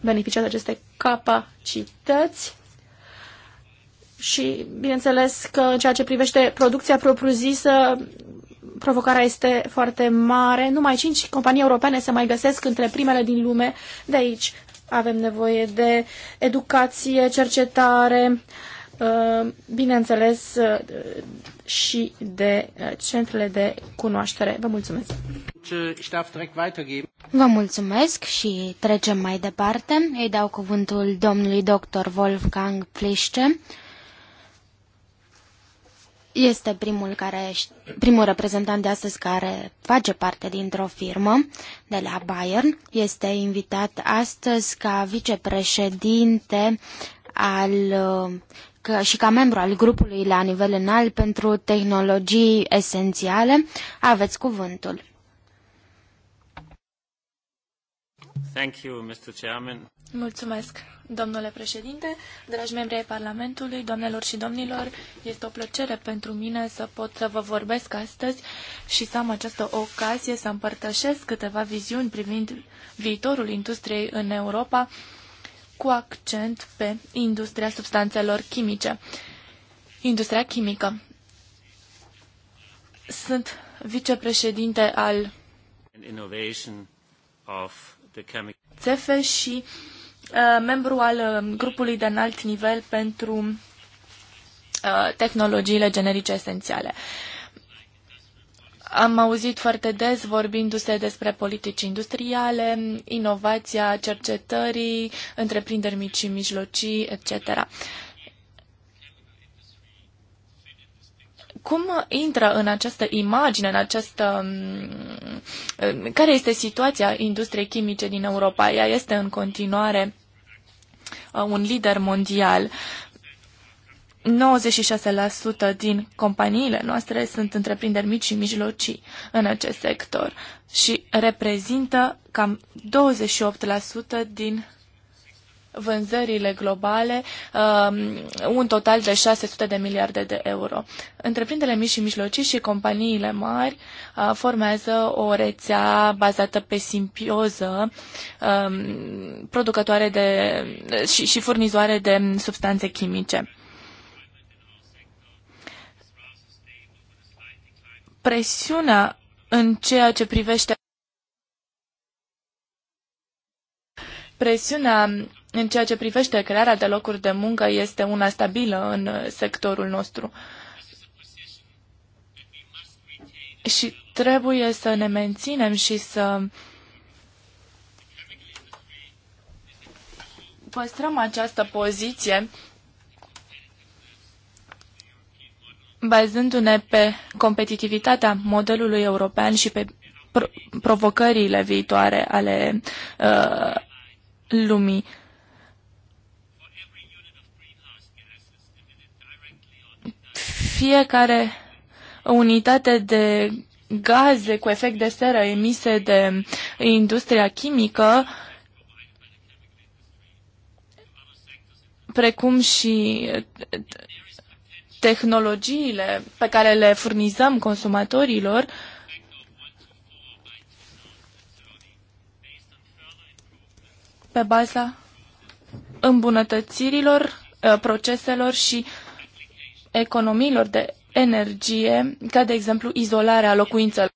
beneficia de aceste capacități și, bineînțeles, că în ceea ce privește producția propriu-zisă, provocarea este foarte mare. Numai cinci companii europene se mai găsesc între primele din lume. De aici avem nevoie de educație, cercetare, uh, Uh, bineînțeles, uh, și de uh, centrele de cunoaștere. Vă mulțumesc! Vă mulțumesc și trecem mai departe. Îi dau cuvântul domnului dr. Wolfgang Plisce. Este primul, care, primul reprezentant de astăzi care face parte dintr-o firmă de la Bayern. Este invitat astăzi ca vicepreședinte al că și ca membru al grupului la nivel înalt pentru tehnologii esențiale, aveți cuvântul. Thank you, Mr. Chairman. Mulțumesc, domnule președinte, dragi membri ai Parlamentului, doamnelor și domnilor, este o plăcere pentru mine să pot să vă vorbesc astăzi și să am această ocazie să împărtășesc câteva viziuni privind viitorul industriei în Europa, cu accent pe industria substanțelor chimice, industria chimică. Sunt vicepreședinte al CEFE și uh, membru al um, grupului de înalt nivel pentru uh, tehnologiile generice esențiale. Am auzit foarte des vorbindu-se despre politici industriale, inovația cercetării, întreprinderi mici și mijlocii, etc. Cum intră în această imagine, în această... Mm, care este situația industriei chimice din Europa? Ea este în continuare uh, un lider mondial 96% din companiile noastre sunt întreprinderi mici și mijlocii în acest sector și reprezintă cam 28% din vânzările globale, um, un total de 600 de miliarde de euro. Întreprinderile mici și mijlocii și companiile mari uh, formează o rețea bazată pe simpioză, um, producătoare de, și, și furnizoare de substanțe chimice. presiunea în ceea ce privește presiunea în ceea ce privește crearea de locuri de muncă este una stabilă în sectorul nostru. Și trebuie să ne menținem și să păstrăm această poziție Bazându-ne pe competitivitatea modelului european și pe provocările viitoare ale uh, lumii. Fiecare unitate de gaze cu efect de seră emise de industria chimică, precum și tehnologiile pe care le furnizăm consumatorilor pe baza îmbunătățirilor uh, proceselor și economiilor de energie, ca de exemplu izolarea locuințelor.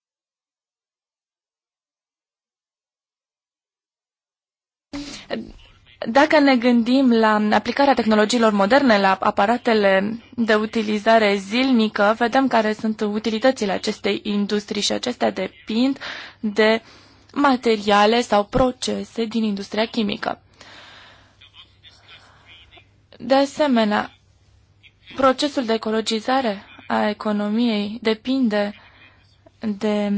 Dacă ne gândim la aplicarea tehnologiilor moderne la aparatele de utilizare zilnică, vedem care sunt utilitățile acestei industrii și acestea depind de materiale sau procese din industria chimică. De asemenea, procesul de ecologizare a economiei depinde de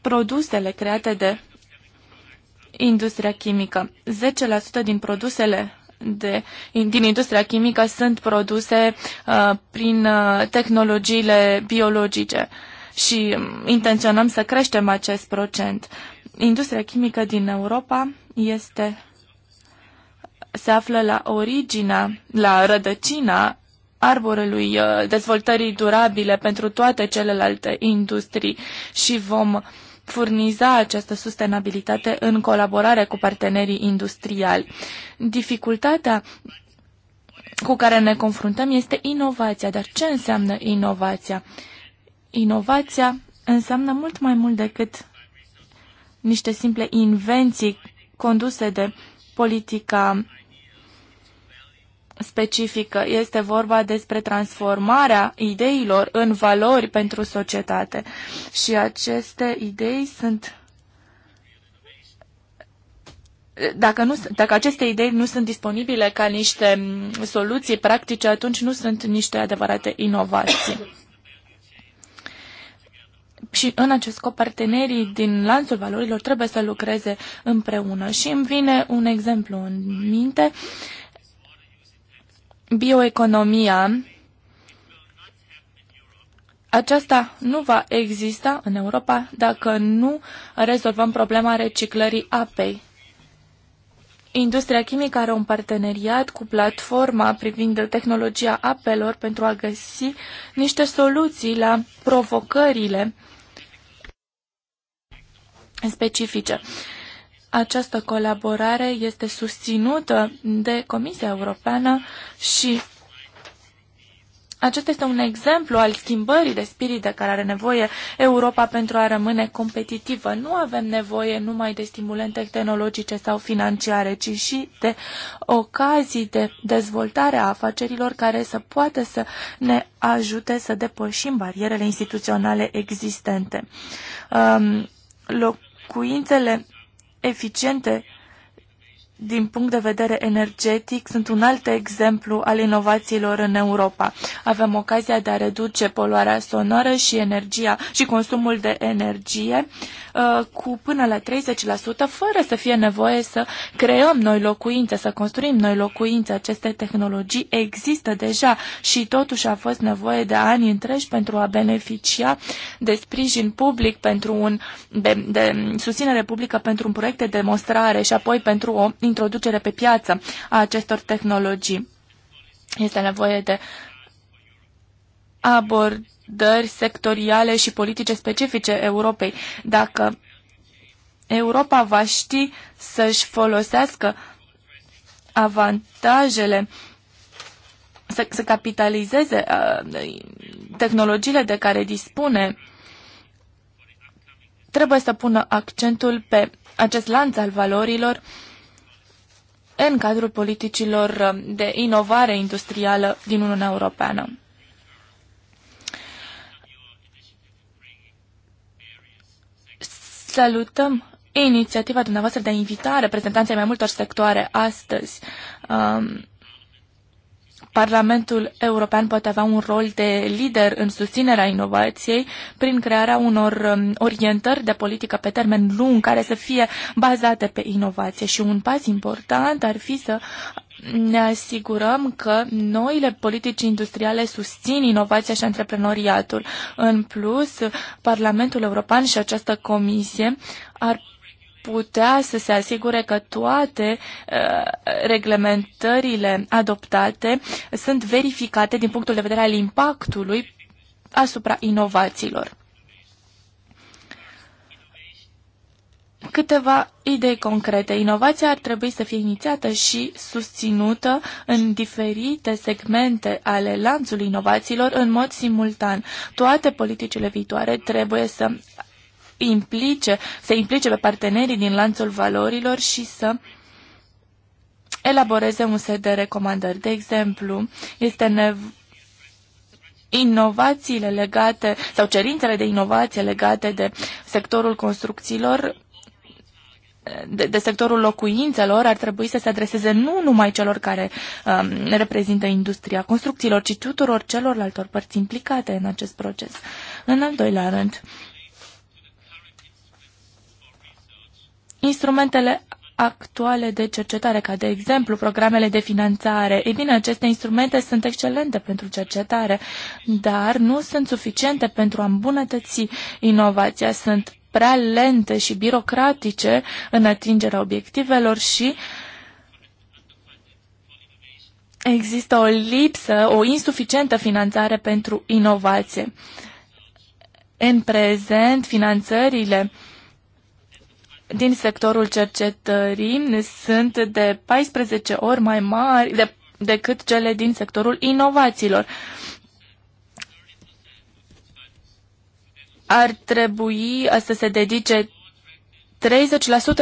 produsele create de industria chimică. 10% din produsele de, din industria chimică sunt produse uh, prin uh, tehnologiile biologice și um, intenționăm să creștem acest procent. Industria chimică din Europa este se află la originea, la rădăcina arborelui uh, dezvoltării durabile pentru toate celelalte industrii și vom uh, furniza această sustenabilitate în colaborare cu partenerii industriali. Dificultatea cu care ne confruntăm este inovația. Dar ce înseamnă inovația? Inovația înseamnă mult mai mult decât niște simple invenții conduse de politica specifică. Este vorba despre transformarea ideilor în valori pentru societate. Și aceste idei sunt dacă, nu, dacă aceste idei nu sunt disponibile ca niște soluții practice, atunci nu sunt niște adevărate inovații. Și în acest scop, partenerii din lanțul valorilor trebuie să lucreze împreună. Și îmi vine un exemplu în minte. Uh, bioeconomia, aceasta nu va exista în Europa dacă nu rezolvăm problema reciclării apei. Industria chimică are un parteneriat cu platforma privind tehnologia apelor pentru a găsi niște soluții la provocările specifice. Această colaborare este susținută de Comisia Europeană și acesta este un exemplu al schimbării de spirit de care are nevoie Europa pentru a rămâne competitivă. Nu avem nevoie numai de stimulente tehnologice sau financiare, ci și de ocazii de dezvoltare a afacerilor care să poată să ne ajute să depășim barierele instituționale existente. Um, locuințele eficiente din punct de vedere energetic, sunt un alt exemplu al inovațiilor în Europa. Avem ocazia de a reduce poluarea sonoră și, energia, și consumul de energie uh, cu până la 30%, fără să fie nevoie să creăm noi locuințe, să construim noi locuințe. Aceste tehnologii există deja și totuși a fost nevoie de ani întregi pentru a beneficia de sprijin public, pentru un, de, de susținere publică pentru un proiect de demonstrare și apoi pentru o introducere pe piață a acestor tehnologii. Este nevoie de abordări sectoriale și politice specifice Europei. Dacă Europa va ști să-și folosească avantajele, să, să capitalizeze uh, tehnologiile de care dispune, trebuie să pună accentul pe acest lanț al valorilor uh, în cadrul politicilor um, de inovare industrială din Uniunea Europeană. Salutăm inițiativa dumneavoastră de a invita reprezentanții mai multor sectoare astăzi. Um, Parlamentul European poate avea un rol de lider în susținerea inovației prin crearea unor um, orientări de politică pe termen lung care să fie bazate pe inovație și un pas important ar fi să ne asigurăm că noile politici industriale susțin inovația și antreprenoriatul. În plus, Parlamentul European și această comisie ar putea să se asigure că toate uh, reglementările adoptate sunt verificate din punctul de vedere al impactului asupra inovațiilor. Câteva idei concrete. Inovația ar trebui să fie inițiată și susținută în diferite segmente ale lanțului inovațiilor în mod simultan. Toate politicile viitoare trebuie să implice, se implice pe partenerii din lanțul valorilor și să elaboreze un set de recomandări. De exemplu, este nevoie inovațiile legate sau cerințele de inovație legate de sectorul construcțiilor de, de sectorul locuințelor ar trebui să se adreseze nu numai celor care um, reprezintă industria construcțiilor, ci tuturor celorlalte părți implicate în acest proces. În al doilea rând, uh, instrumentele actuale de cercetare, ca de exemplu programele de finanțare. Ei bine, aceste instrumente sunt excelente pentru cercetare, dar nu sunt suficiente pentru a îmbunătăți inovația. Sunt prea lente și birocratice în atingerea obiectivelor și există o lipsă, o insuficientă finanțare pentru inovație. În prezent, finanțările uh, din sectorul cercetării sunt de 14 ori mai mari de, decât cele din sectorul inovațiilor. Ar trebui să se dedice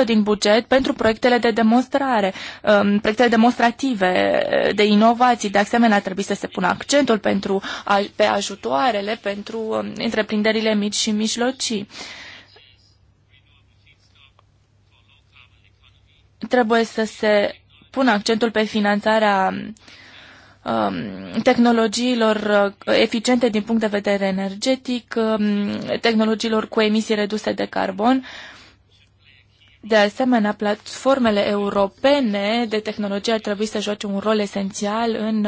30% din buget pentru proiectele de demonstrare, um, proiectele demonstrative de inovații. De asemenea, trebuie să se pună accentul pentru, pe ajutoarele pentru um, întreprinderile mici și mijlocii. Uh, trebuie să se pună accentul pe finanțarea um, tehnologiilor uh, eficiente din punct de vedere energetic, um, tehnologiilor cu emisii reduse de carbon. De asemenea, platformele europene de tehnologie ar trebui să joace un rol esențial în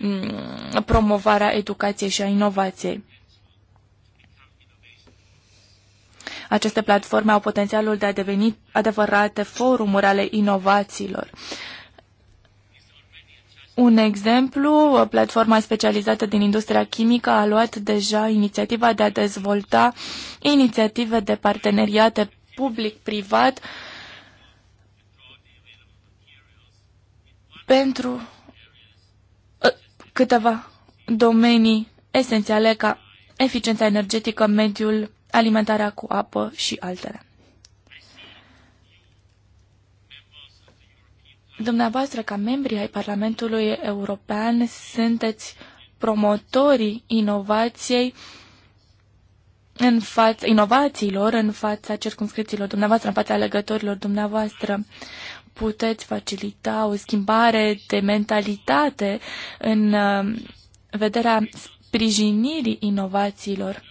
um, promovarea educației și a inovației. Aceste platforme au potențialul de a deveni adevărate forumuri ale inovațiilor. Un exemplu, platforma specializată din industria chimică a luat deja inițiativa de a dezvolta inițiative de parteneriate public-privat pentru ă, câteva domenii esențiale ca eficiența energetică, mediul alimentarea cu apă și altele. Dumneavoastră, ca membri ai Parlamentului European, sunteți promotorii inovației în fața inovațiilor în fața circunscripțiilor dumneavoastră, în fața alegătorilor dumneavoastră. Puteți facilita o schimbare de mentalitate în uh, vederea sprijinirii inovațiilor.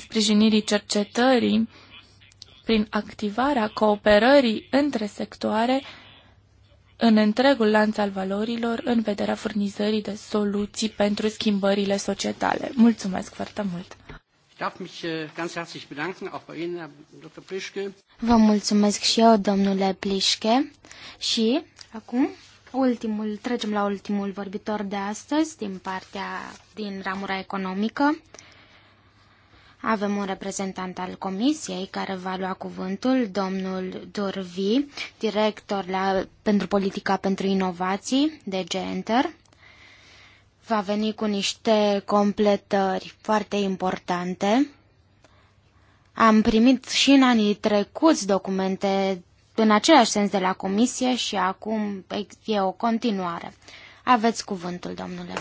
sprijinirii cercetării, prin activarea cooperării între sectoare în întregul lanț al valorilor în vederea furnizării de soluții pentru schimbările societale. Mulțumesc foarte mult! Äh, Vă mulțumesc și eu, domnule Plișche. Și acum ultimul, trecem la ultimul vorbitor de astăzi din partea din ramura economică, avem un reprezentant al comisiei care va lua cuvântul, domnul Dorvi, director la, pentru politica pentru inovații de Genter. Va veni cu niște completări foarte importante. Am primit și în anii trecuți documente în același sens de la comisie și acum e o continuare. Aveți cuvântul, domnule.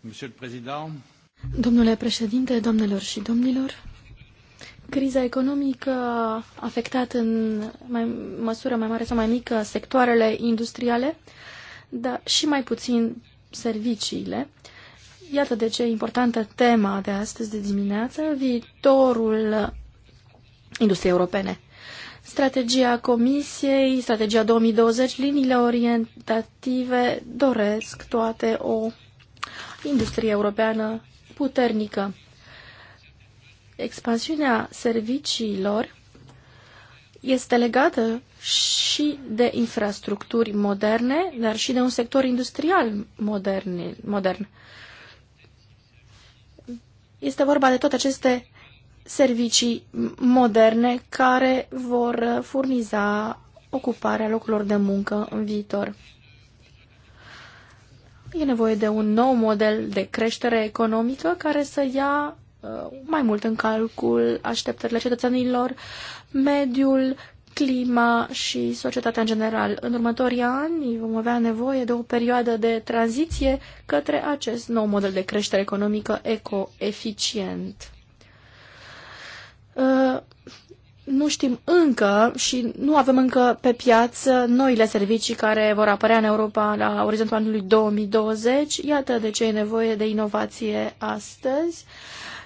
Monsieur le Président, Domnule președinte, domnilor și domnilor, criza economică a afectat în mai, măsură mai mare sau mai mică sectoarele industriale, dar și mai puțin serviciile. Iată de ce e importantă tema de astăzi, de dimineață, viitorul industriei europene. Strategia Comisiei, strategia 2020, liniile orientative doresc toate o industrie europeană puternică. Expansiunea serviciilor este legată și de infrastructuri moderne, dar și de un sector industrial modern. modern. Este vorba de toate aceste servicii moderne care vor furniza ocuparea locurilor de muncă în viitor. E nevoie de un nou model de creștere economică care să ia uh, mai mult în calcul așteptările cetățenilor, mediul, clima și societatea în general. În următorii ani vom avea nevoie de o perioadă de tranziție către acest nou model de creștere economică eco-eficient. Uh, nu știm încă și nu avem încă pe piață noile servicii care vor apărea în Europa la orizontul anului 2020. Iată de ce e nevoie de inovație astăzi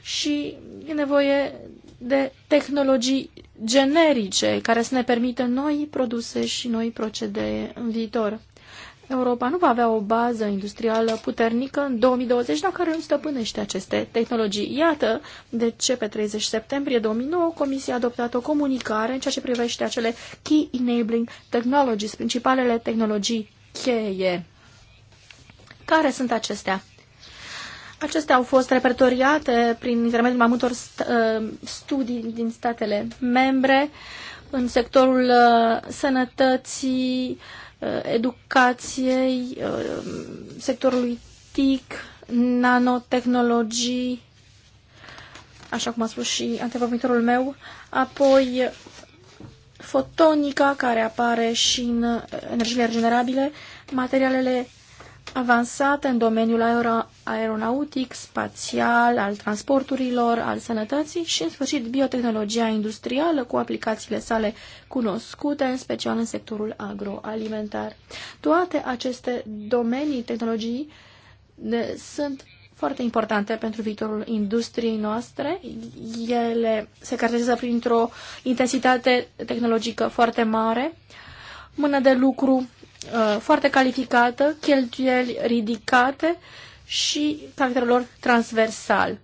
și e nevoie de tehnologii generice care să ne permită noi produse și noi procedee în viitor. Europa nu va avea o bază industrială puternică în 2020 dacă nu stăpânește aceste tehnologii. Iată de ce pe 30 septembrie 2009 Comisia a adoptat o comunicare în ceea ce privește acele Key Enabling Technologies, principalele tehnologii cheie. Care sunt acestea? Acestea au fost repertoriate prin intermediul mai multor uh, studii din statele membre în sectorul uh, sănătății, Uh, educației, uh, sectorului TIC, nanotehnologii, așa cum a spus și antevorbitorul meu, apoi fotonica care apare și în uh, energiile regenerabile, materialele avansate în domeniul aer aeronautic, spațial, al transporturilor, al sănătății și, în sfârșit, biotehnologia industrială cu aplicațiile sale cunoscute, în special în sectorul agroalimentar. Toate aceste domenii, tehnologii, de, sunt foarte importante pentru viitorul industriei noastre. Ele se caracterizează printr-o intensitate tehnologică foarte mare, mână de lucru Uh, foarte calificată, cheltuieli ridicate și caracterul lor transversal.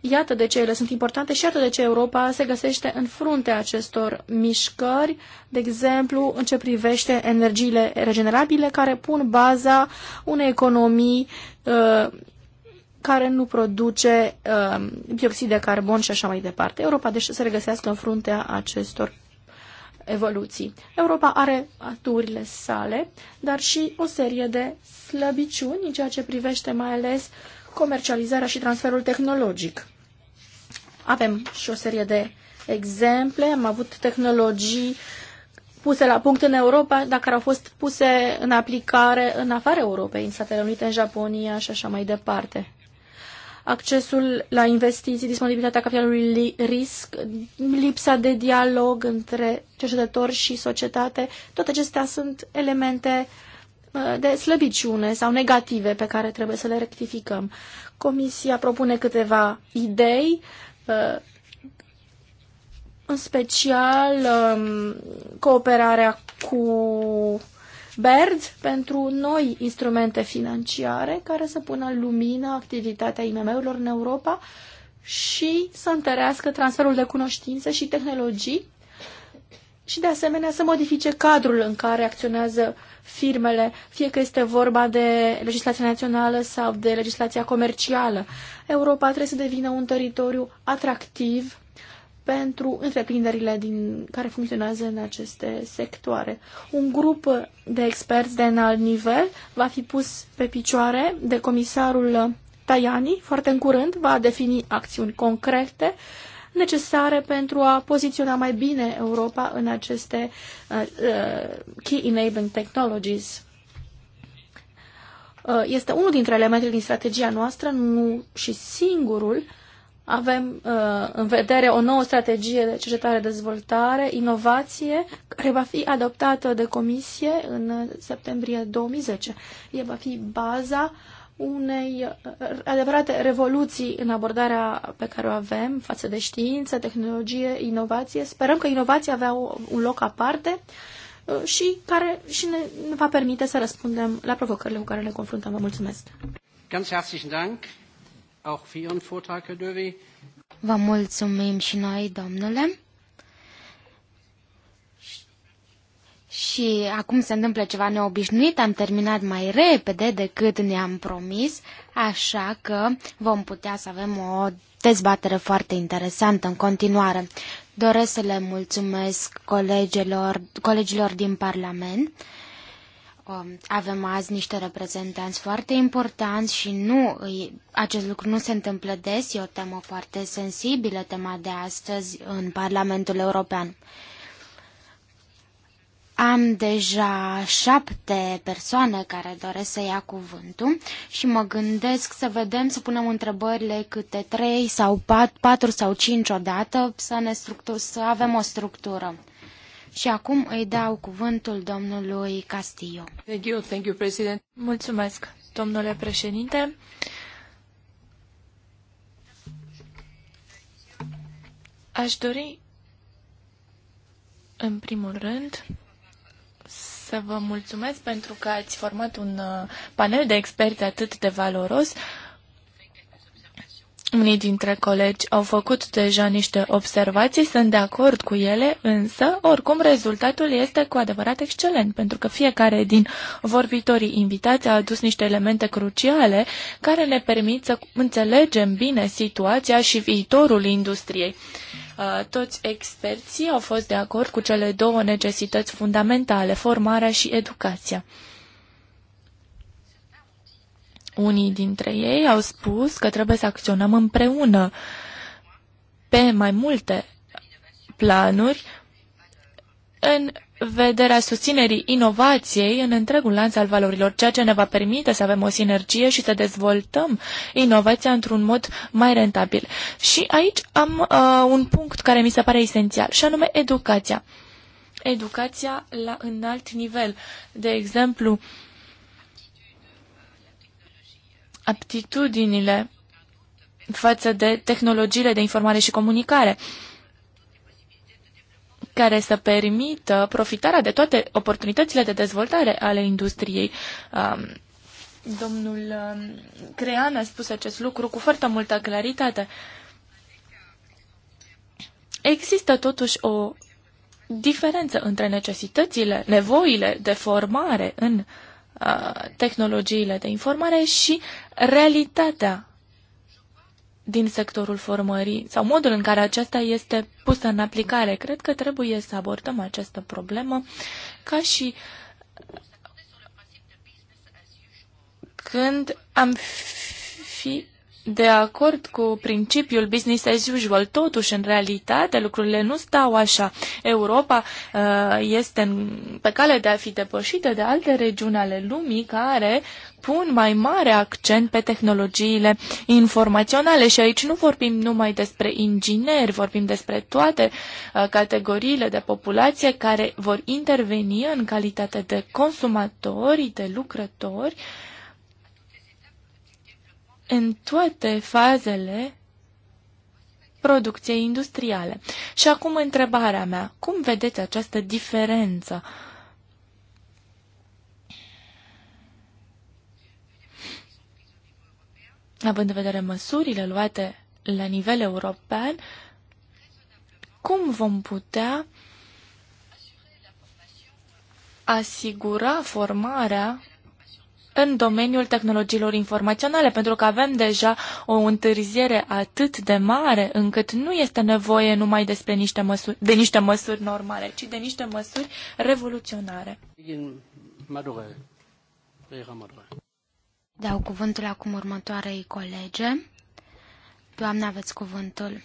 Iată de ce ele sunt importante și iată de ce Europa se găsește în fruntea acestor mișcări, de exemplu în ce privește energiile regenerabile care pun baza unei economii uh, care nu produce uh, dioxid de carbon și așa mai departe. Europa deci să se regăsească în fruntea acestor evoluții. Europa are aturile sale, dar și o serie de slăbiciuni în ceea ce privește mai ales comercializarea și transferul tehnologic. Avem și o serie de exemple, am avut tehnologii puse la punct în Europa, dar care au fost puse în aplicare în afara Europei, în Statele Unite, în Japonia și așa mai departe accesul la investiții, disponibilitatea capitalului risc, lipsa de dialog între cercetători și societate, toate acestea sunt elemente uh, de slăbiciune sau negative pe care trebuie să le rectificăm. Comisia propune câteva idei, uh, în special um, cooperarea cu BERD pentru noi instrumente financiare care să pună în lumină activitatea IMM-urilor în Europa și să întărească transferul de cunoștințe și tehnologii și de asemenea să modifice cadrul în care acționează firmele, fie că este vorba de legislația națională sau de legislația comercială. Europa trebuie să devină un teritoriu atractiv pentru întreprinderile din, care funcționează în aceste sectoare. Un grup de experți de înalt nivel va fi pus pe picioare de comisarul Tajani, foarte în curând, va defini acțiuni concrete necesare pentru a poziționa mai bine Europa în aceste uh, uh Key Enabling Technologies. Uh, este unul dintre elementele din strategia noastră, nu și singurul, uh, avem uh, în vedere o nouă strategie de cercetare-dezvoltare, inovație, care va fi adoptată de comisie în septembrie 2010. Ea va fi baza unei uh, adevărate revoluții în abordarea pe care o avem față de știință, tehnologie, inovație. Sperăm că inovația avea un loc aparte uh, și care și ne, ne va permite să răspundem la provocările cu care ne confruntăm. Vă mulțumesc! Ganz herzlichen Dank! Vă mulțumim și noi, domnule. Și acum se întâmplă ceva neobișnuit, am terminat mai repede decât ne-am promis, așa că vom putea să avem o dezbatere foarte interesantă în continuare. Doresc să le mulțumesc colegilor, colegilor din Parlament Um, avem azi niște reprezentanți foarte importanți și nu, acest lucru nu se întâmplă des, e o temă foarte sensibilă, tema de astăzi în Parlamentul European. Am deja șapte persoane care doresc să ia cuvântul și mă gândesc să vedem, să punem întrebările câte trei sau pat, patru sau cinci odată, să, ne structur, să avem o structură. Și acum îi dau cuvântul domnului Castillo. Thank you, thank you, President. Mulțumesc, domnule președinte. Aș dori, în primul rând, să vă mulțumesc pentru că ați format un uh, panel de experți atât de valoros unii dintre colegi au făcut deja niște observații, sunt de acord cu ele, însă, oricum, rezultatul este cu adevărat excelent, pentru că fiecare din vorbitorii invitați a adus niște elemente cruciale care ne permit să înțelegem bine situația și viitorul industriei. Uh, toți experții au fost de acord cu cele două necesități fundamentale, formarea și educația. Unii dintre ei au spus că trebuie să acționăm împreună pe mai multe planuri în vederea susținerii inovației în întregul lanț al valorilor, ceea ce ne va permite să avem o sinergie și să dezvoltăm inovația într-un mod mai rentabil. Și aici am uh, un punct care mi se pare esențial, și anume educația. Educația la înalt nivel. De exemplu, uh, aptitudinile față de tehnologiile de informare și comunicare care să permită profitarea de toate oportunitățile de dezvoltare ale industriei. Um, domnul um, Crean a spus acest lucru cu foarte multă claritate. Există totuși o diferență între necesitățile, nevoile de formare în tehnologiile de informare și realitatea din sectorul formării sau modul în care aceasta este pusă în aplicare. Cred că trebuie să abordăm această problemă ca și când am fi de acord cu principiul business as usual. Totuși, în realitate, lucrurile nu stau așa. Europa uh, este în, pe cale de a fi depășită de alte regiuni ale lumii care pun mai mare accent pe tehnologiile informaționale și aici nu vorbim numai despre ingineri, vorbim despre toate uh, categoriile de populație care vor interveni în calitate de consumatori, de lucrători uh, în toate fazele producției industriale. Și acum întrebarea mea, cum vedeți această diferență? Având în vedere măsurile luate la nivel european, cum vom putea asigura formarea în domeniul tehnologiilor informaționale, pentru că avem deja o întârziere atât de mare încât nu este nevoie numai despre niște măsuri, de niște măsuri normale, ci de niște măsuri revoluționare. Dau cuvântul acum următoarei colege. Doamna, aveți cuvântul.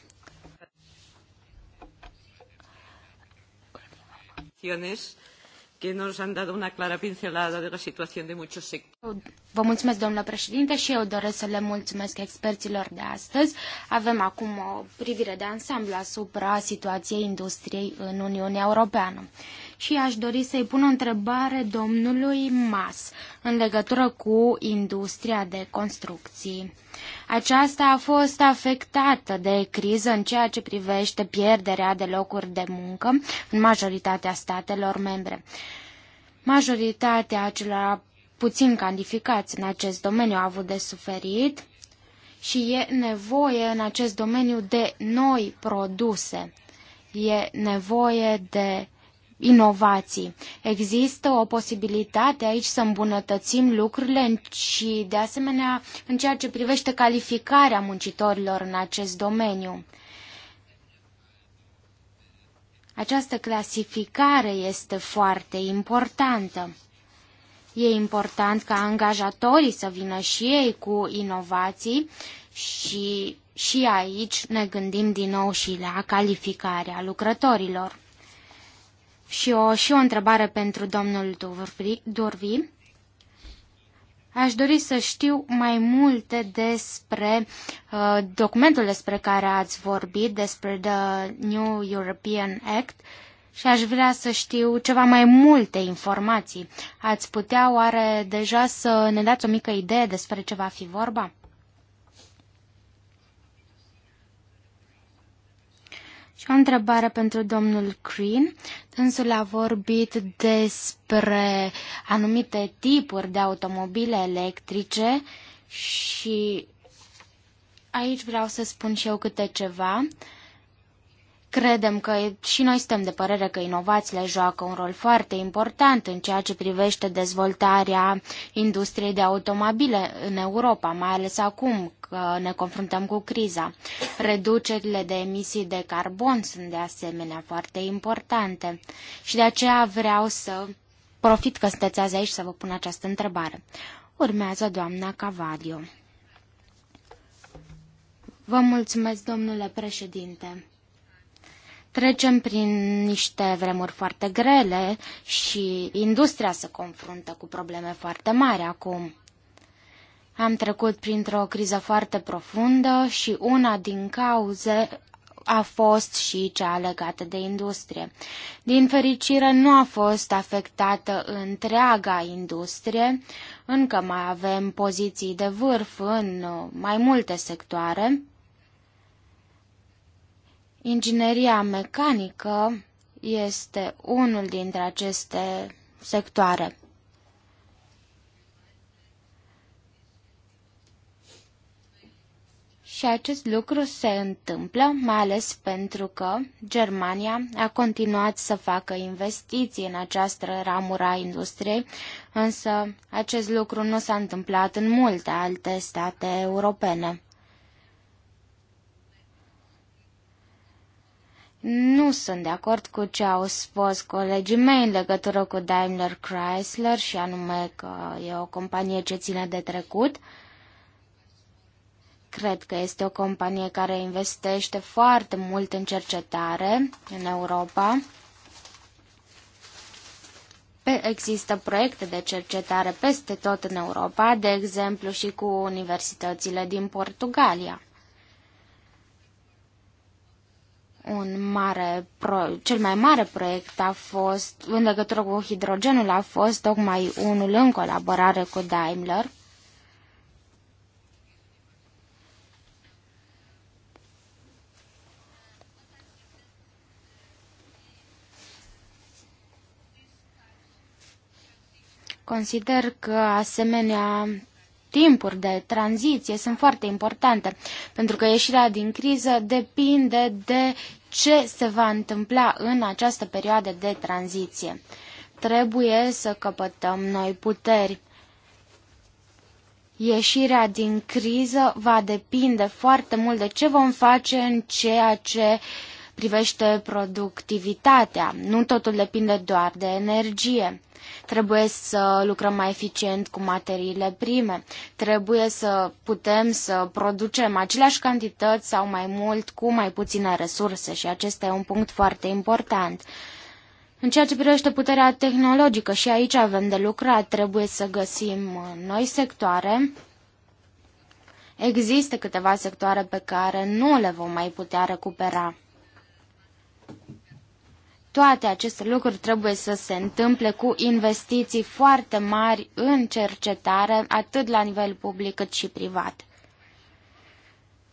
Ionești que nos han dado una clara pincelada de Vă mulțumesc, domnule președinte, și eu doresc să le mulțumesc experților de astăzi. Avem acum o privire de ansamblu asupra situației industriei în Uniunea Europeană și aș dori să-i pun o întrebare domnului Mas în legătură cu industria de construcții. Aceasta a fost afectată de criză în ceea ce privește pierderea de locuri de muncă în majoritatea statelor membre. Majoritatea acelor puțin calificați în acest domeniu au avut de suferit și e nevoie în acest domeniu de noi produse. E nevoie de inovații. Există o posibilitate aici să îmbunătățim lucrurile și, de asemenea, în ceea ce privește calificarea muncitorilor în acest domeniu. Această clasificare este foarte importantă. E important ca angajatorii să vină și ei cu inovații și și aici ne gândim din nou și la calificarea lucrătorilor. Și o, și o întrebare pentru domnul Durvi. Aș dori să știu mai multe despre uh, documentul despre care ați vorbit, despre The New European Act și aș vrea să știu ceva mai multe informații. Ați putea oare deja să ne dați o mică idee despre ce va fi vorba? Și o întrebare pentru domnul Green. Însul a vorbit despre anumite tipuri de automobile electrice și aici vreau să spun și eu câte ceva. Uh, Credem că și noi suntem de părere că inovațiile joacă un rol foarte important în ceea ce privește dezvoltarea industriei de automobile în Europa, mai ales acum că ne confruntăm cu criza. Reducerile de emisii de carbon sunt de asemenea foarte importante și de aceea vreau să profit că sunteți azi aici să vă pun această întrebare. Urmează doamna Cavadio. Vă mulțumesc, domnule președinte. Trecem prin niște vremuri foarte grele și industria se confruntă cu probleme foarte mari acum. Am trecut printr-o criză foarte profundă și una din cauze a fost și cea legată de industrie. Din fericire, nu a fost afectată întreaga industrie, încă mai avem poziții de vârf în mai multe sectoare, Ingineria mecanică este unul dintre aceste sectoare. Și acest lucru se întâmplă mai ales pentru că Germania a continuat să facă investiții în această ramură a industriei, însă acest lucru nu s-a întâmplat în multe alte state europene. Nu sunt de acord cu ce au spus colegii mei în legătură cu Daimler Chrysler și anume că e o companie ce ține de trecut. Cred că este o companie care investește foarte mult în cercetare în Europa. Există proiecte de cercetare peste tot în Europa, de exemplu și cu universitățile din Portugalia. un mare pro, cel mai mare proiect a fost, în legătură cu hidrogenul, a fost tocmai unul în colaborare cu Daimler. Consider că asemenea timpuri de tranziție sunt foarte importante, pentru că ieșirea din criză depinde de ce se va întâmpla în această perioadă de tranziție. Trebuie să căpătăm noi puteri. Ieșirea din criză va depinde foarte mult de ce vom face în ceea ce privește productivitatea. Nu totul depinde doar de energie. Trebuie să lucrăm mai eficient cu materiile prime. Trebuie să putem să producem aceleași cantități sau mai mult cu mai puține resurse și acesta e un punct foarte important. În ceea ce privește puterea tehnologică și aici avem de lucrat, trebuie să găsim noi sectoare. Există câteva sectoare pe care nu le vom mai putea recupera. Toate aceste lucruri trebuie să se întâmple cu investiții foarte mari în cercetare, atât la nivel public cât și privat.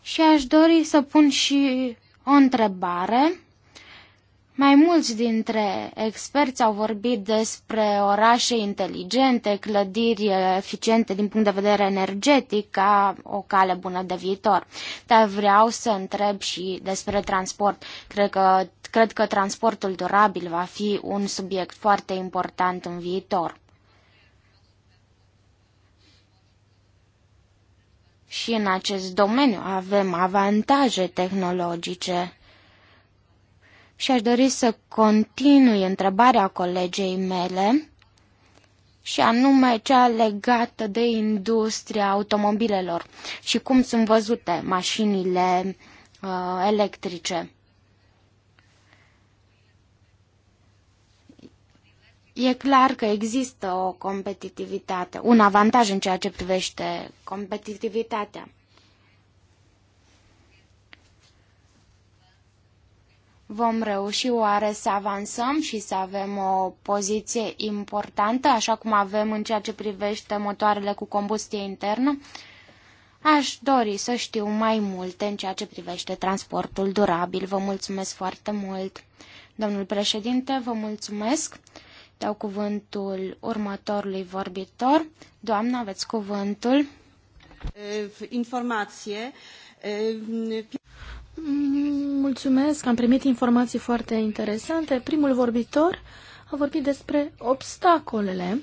Și aș dori să pun și o întrebare mai mulți dintre experți au vorbit despre orașe inteligente, clădiri eficiente din punct de vedere energetic ca o cale bună de viitor. Dar vreau să întreb și despre transport. Cred că, cred că transportul durabil va fi un subiect foarte important în viitor. Și în acest domeniu avem avantaje tehnologice și aș dori să continui întrebarea colegei mele și anume cea legată de industria automobilelor și cum sunt văzute mașinile uh, electrice. E clar că există o competitivitate, un avantaj în ceea ce privește competitivitatea. Vom reuși oare să avansăm și să avem o poziție importantă, așa cum avem în ceea ce privește motoarele cu combustie internă? Aș dori să știu mai multe în ceea ce privește transportul durabil. Vă mulțumesc foarte mult. Domnul președinte, vă mulțumesc. Dau cuvântul următorului vorbitor. Doamna, aveți cuvântul. Informație. Mulțumesc, am primit informații foarte interesante. Primul vorbitor a vorbit despre obstacolele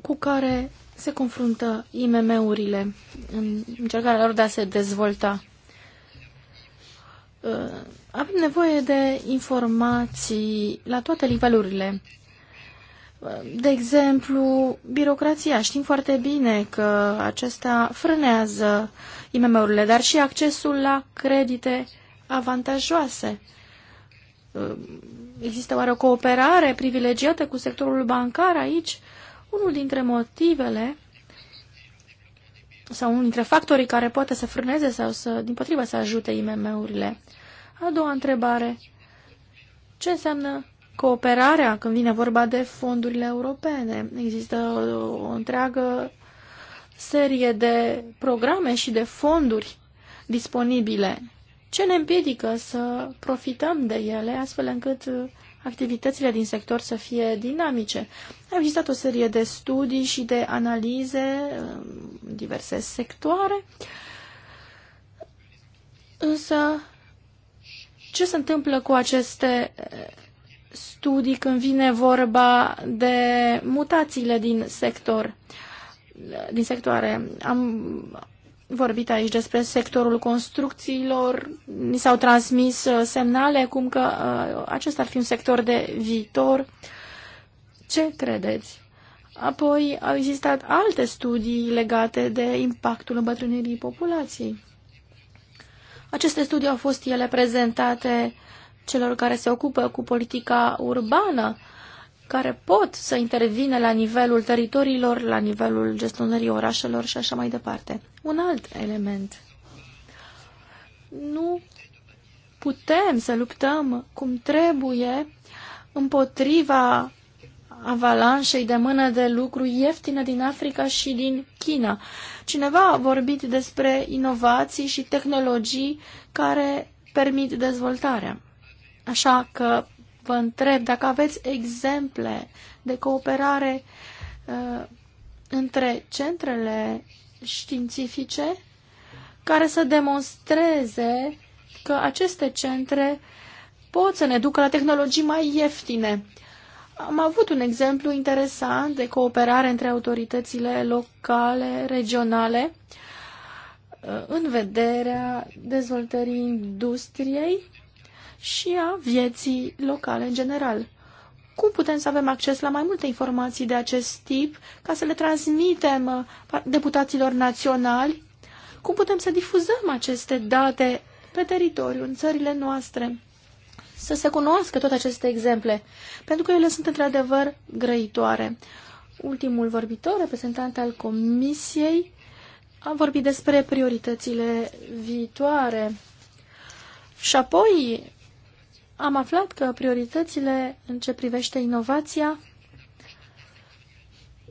cu care se confruntă IMM-urile în încercarea lor de a se dezvolta. Uh, avem nevoie de informații la toate nivelurile. Uh, de exemplu, birocrația. Știm foarte bine că acesta frânează IMM-urile, dar și accesul la credite avantajoase. Uh, există oare o cooperare privilegiată cu sectorul bancar aici? Unul dintre motivele sau unul dintre factorii care poate să frâneze sau să, din potrivă, să ajute IMM-urile. A doua întrebare. Ce înseamnă cooperarea când vine vorba de fondurile europene? Există o, o întreagă serie de programe și de fonduri disponibile. Ce ne împiedică să profităm de ele astfel încât uh, activitățile din sector să fie dinamice? Au existat o serie de studii și de analize uh, în diverse sectoare, însă ce se întâmplă cu aceste uh, studii când vine vorba de mutațiile din sector? din sectoare. Am vorbit aici despre sectorul construcțiilor, ni s-au transmis uh, semnale cum că uh, acesta ar fi un sector de viitor. Ce credeți? Apoi au existat alte studii legate de impactul îmbătrânirii populației. Aceste studii au fost ele prezentate celor care se ocupă cu politica urbană care pot să intervine la nivelul teritoriilor, la nivelul gestionării orașelor și așa mai departe. Un alt element. Nu putem să luptăm cum trebuie împotriva avalanșei de mână de lucru ieftină din Africa și din China. Cineva a vorbit despre inovații și tehnologii care permit dezvoltarea. Așa că vă întreb dacă aveți exemple de cooperare uh, între centrele științifice care să demonstreze că aceste centre pot să ne ducă la tehnologii mai ieftine. Am avut un exemplu interesant de cooperare între autoritățile locale, regionale, uh, în vederea dezvoltării industriei și a vieții locale în general. Cum putem să avem acces la mai multe informații de acest tip ca să le transmitem uh, deputaților naționali? Cum putem să difuzăm aceste date pe teritoriu, în țările noastre? Să se cunoască toate aceste exemple, pentru că ele sunt într-adevăr grăitoare. Ultimul vorbitor, reprezentant al Comisiei, a vorbit despre prioritățile viitoare. Și apoi, am aflat că prioritățile în ce privește inovația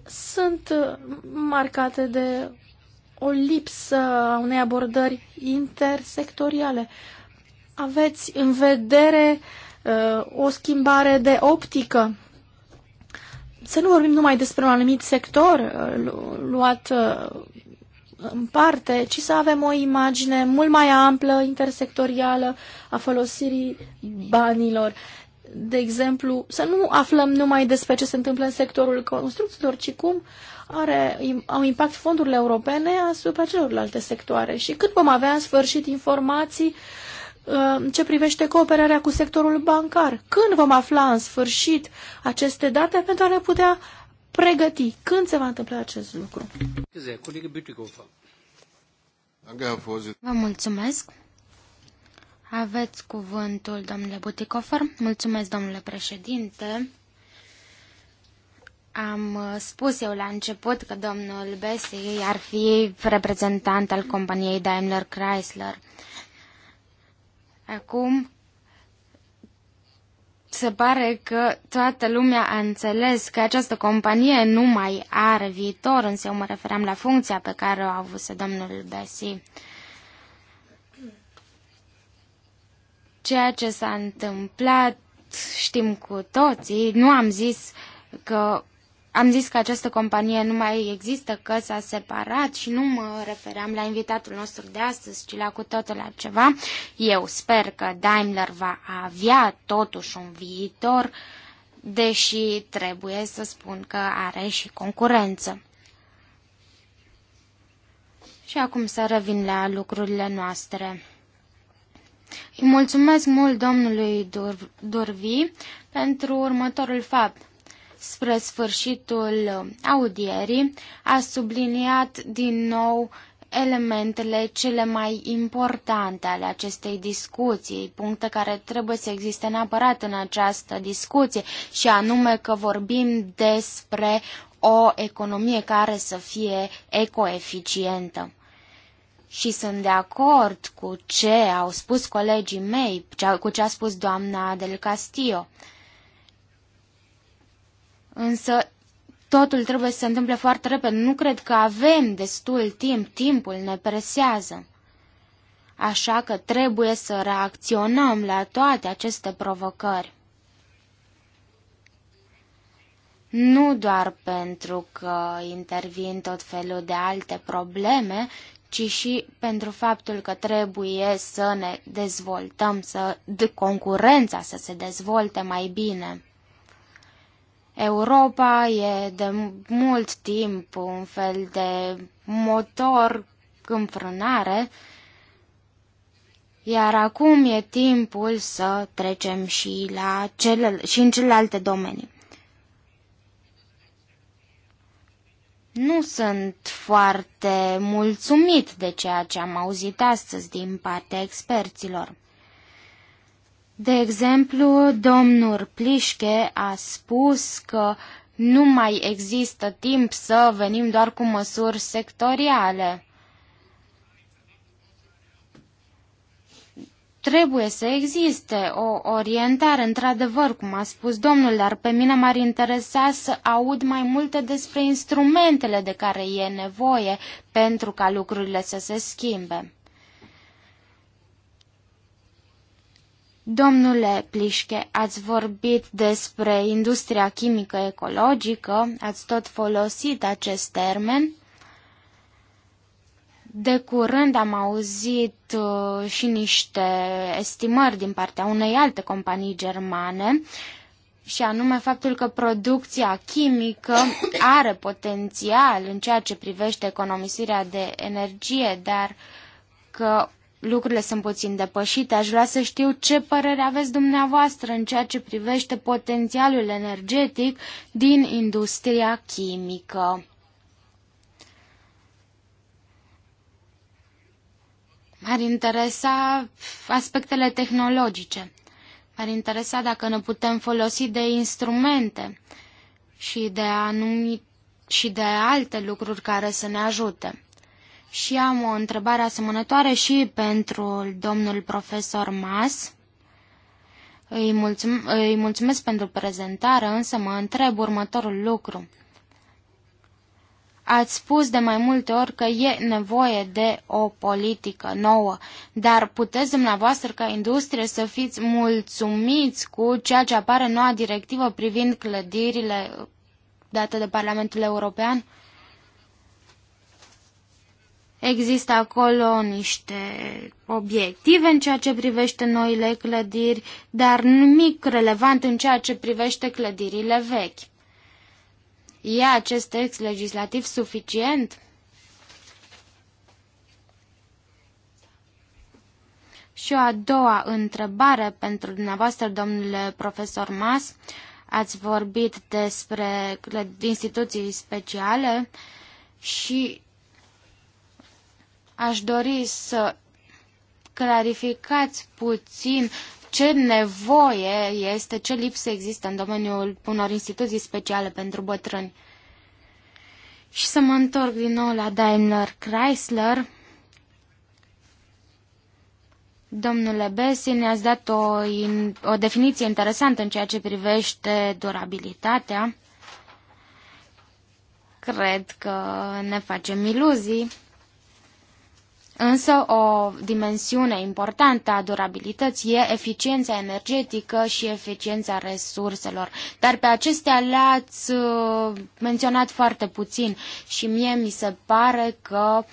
sunt uh, marcate de o lipsă a unei abordări intersectoriale. Aveți în vedere uh, o schimbare de optică. Să nu vorbim numai despre un anumit sector uh, luat uh, în parte, ci să avem o imagine mult mai amplă, intersectorială a folosirii banilor. De exemplu, să nu aflăm numai despre ce se întâmplă în sectorul construcțiilor, ci cum are, au impact fondurile europene asupra celorlalte sectoare și cât vom avea în sfârșit informații uh, ce privește cooperarea cu sectorul bancar. Când vom afla în sfârșit aceste date pentru a ne putea pregăti? Când se va întâmpla acest lucru? Vă mulțumesc. Aveți cuvântul, domnule Buticofer. Mulțumesc, domnule președinte. Am uh, spus eu la început că domnul Bessie ar fi reprezentant al companiei Daimler Chrysler. Acum se pare că toată lumea a înțeles că această companie nu mai are viitor, însă eu mă refeream la funcția pe care o a avut domnul Besi. Ceea ce s-a întâmplat știm cu toții, nu am zis că am zis că această companie nu mai există, că s-a separat și nu mă refeream la invitatul nostru de astăzi, ci la cu totul la ceva. Eu sper că Daimler va avea totuși un viitor, deși trebuie să spun că are și concurență. Și acum să revin la lucrurile noastre. Îi mulțumesc mult domnului Dur Durvi pentru următorul fapt – spre sfârșitul audierii, a subliniat din nou elementele cele mai importante ale acestei discuții, puncte care trebuie să existe neapărat în această discuție, și anume că vorbim despre o economie care să fie ecoeficientă. Și sunt de acord cu ce au spus colegii mei, cu ce a spus doamna Del Castillo Însă totul trebuie să se întâmple foarte repede. Nu cred că avem destul timp. Timpul ne presează. Așa că trebuie să reacționăm la toate aceste provocări. Nu doar pentru că intervin tot felul de alte probleme, ci și pentru faptul că trebuie să ne dezvoltăm, să de concurența să se dezvolte mai bine. Europa e de mult timp un fel de motor în frânare, iar acum e timpul să trecem și, la celel- și în celelalte domenii. Nu sunt foarte mulțumit de ceea ce am auzit astăzi din partea experților. De exemplu, domnul Plișche a spus că nu mai există timp să venim doar cu măsuri sectoriale. Trebuie să existe o orientare, într-adevăr, cum a spus domnul, dar pe mine m-ar interesa să aud mai multe despre instrumentele de care e nevoie pentru ca lucrurile să se schimbe. Domnule Plișche, ați vorbit despre industria chimică ecologică, ați tot folosit acest termen. De curând am auzit uh, și niște estimări din partea unei alte companii germane și anume faptul că producția chimică <coughs> are potențial în ceea ce privește economisirea de energie, dar că lucrurile sunt puțin depășite. Aș vrea să știu ce părere aveți dumneavoastră în ceea ce privește potențialul energetic din industria chimică. M-ar interesa aspectele tehnologice. M-ar interesa dacă ne putem folosi de instrumente și de anumite și de alte lucruri care să ne ajute. Și am o întrebare asemănătoare și pentru domnul profesor Mas. Îi, mulțum- îi mulțumesc pentru prezentare, însă mă întreb următorul lucru. Ați spus de mai multe ori că e nevoie de o politică nouă, dar puteți dumneavoastră ca industrie să fiți mulțumiți cu ceea ce apare noua directivă privind clădirile date de Parlamentul European? Există acolo niște obiective în ceea ce privește noile clădiri, dar nimic relevant în ceea ce privește clădirile vechi. E acest text legislativ suficient? Și o a doua întrebare pentru dumneavoastră, domnule profesor Mas. Ați vorbit despre instituții speciale și Aș dori să clarificați puțin ce nevoie este, ce lipsă există în domeniul unor instituții speciale pentru bătrâni. Și să mă întorc din nou la Daimler Chrysler. Domnule Besi, ne-ați dat o, o definiție interesantă în ceea ce privește durabilitatea. Cred că ne facem iluzii. Însă o dimensiune importantă a durabilității e eficiența energetică și eficiența resurselor. Dar pe acestea le-ați uh, menționat foarte puțin și mie mi se pare că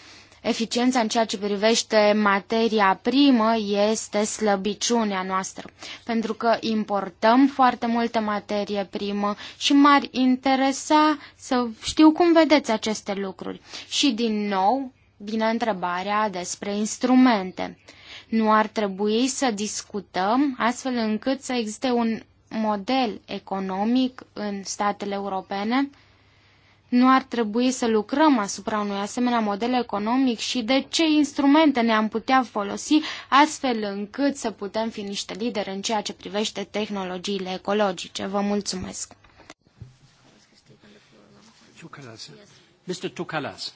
eficiența în ceea ce privește materia primă este slăbiciunea noastră, pentru că importăm foarte multă materie primă și m-ar interesa să știu cum vedeți aceste lucruri. Și din nou, vine întrebarea despre instrumente. Nu ar trebui să discutăm astfel încât să existe un model economic în statele europene? Nu ar trebui să lucrăm asupra unui asemenea model economic și de ce instrumente ne-am putea folosi astfel încât să putem fi niște lideri în ceea ce privește tehnologiile ecologice? Vă mulțumesc! Mr. Tukalas.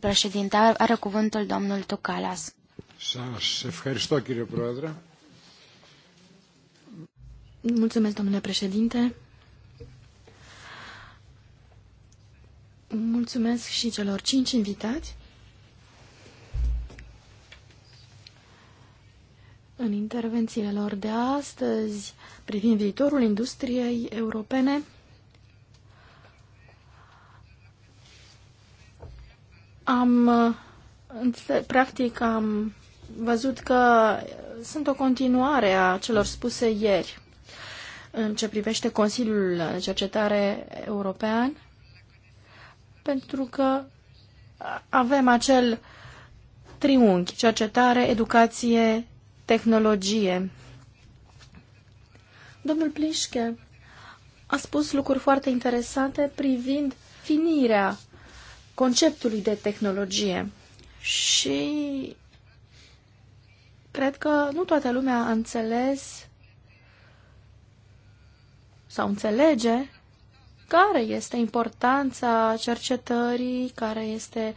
Președinte, are cuvântul domnul Tucalas. Σας ευχαριστώ κύριε Πρόεδρε. Mulțumesc, domnule președinte. Mulțumesc și celor cinci invitați. În intervențiile lor de astăzi, privind viitorul industriei europene, Am, uh, practic, am văzut că sunt o continuare a celor spuse ieri în ce privește Consiliul de Cercetare European, pentru că avem acel triunghi, cercetare, educație, tehnologie. Domnul Plișche a spus lucruri foarte interesante privind finirea conceptului de tehnologie. Și cred că nu toată lumea a înțeles sau înțelege care este importanța cercetării, care este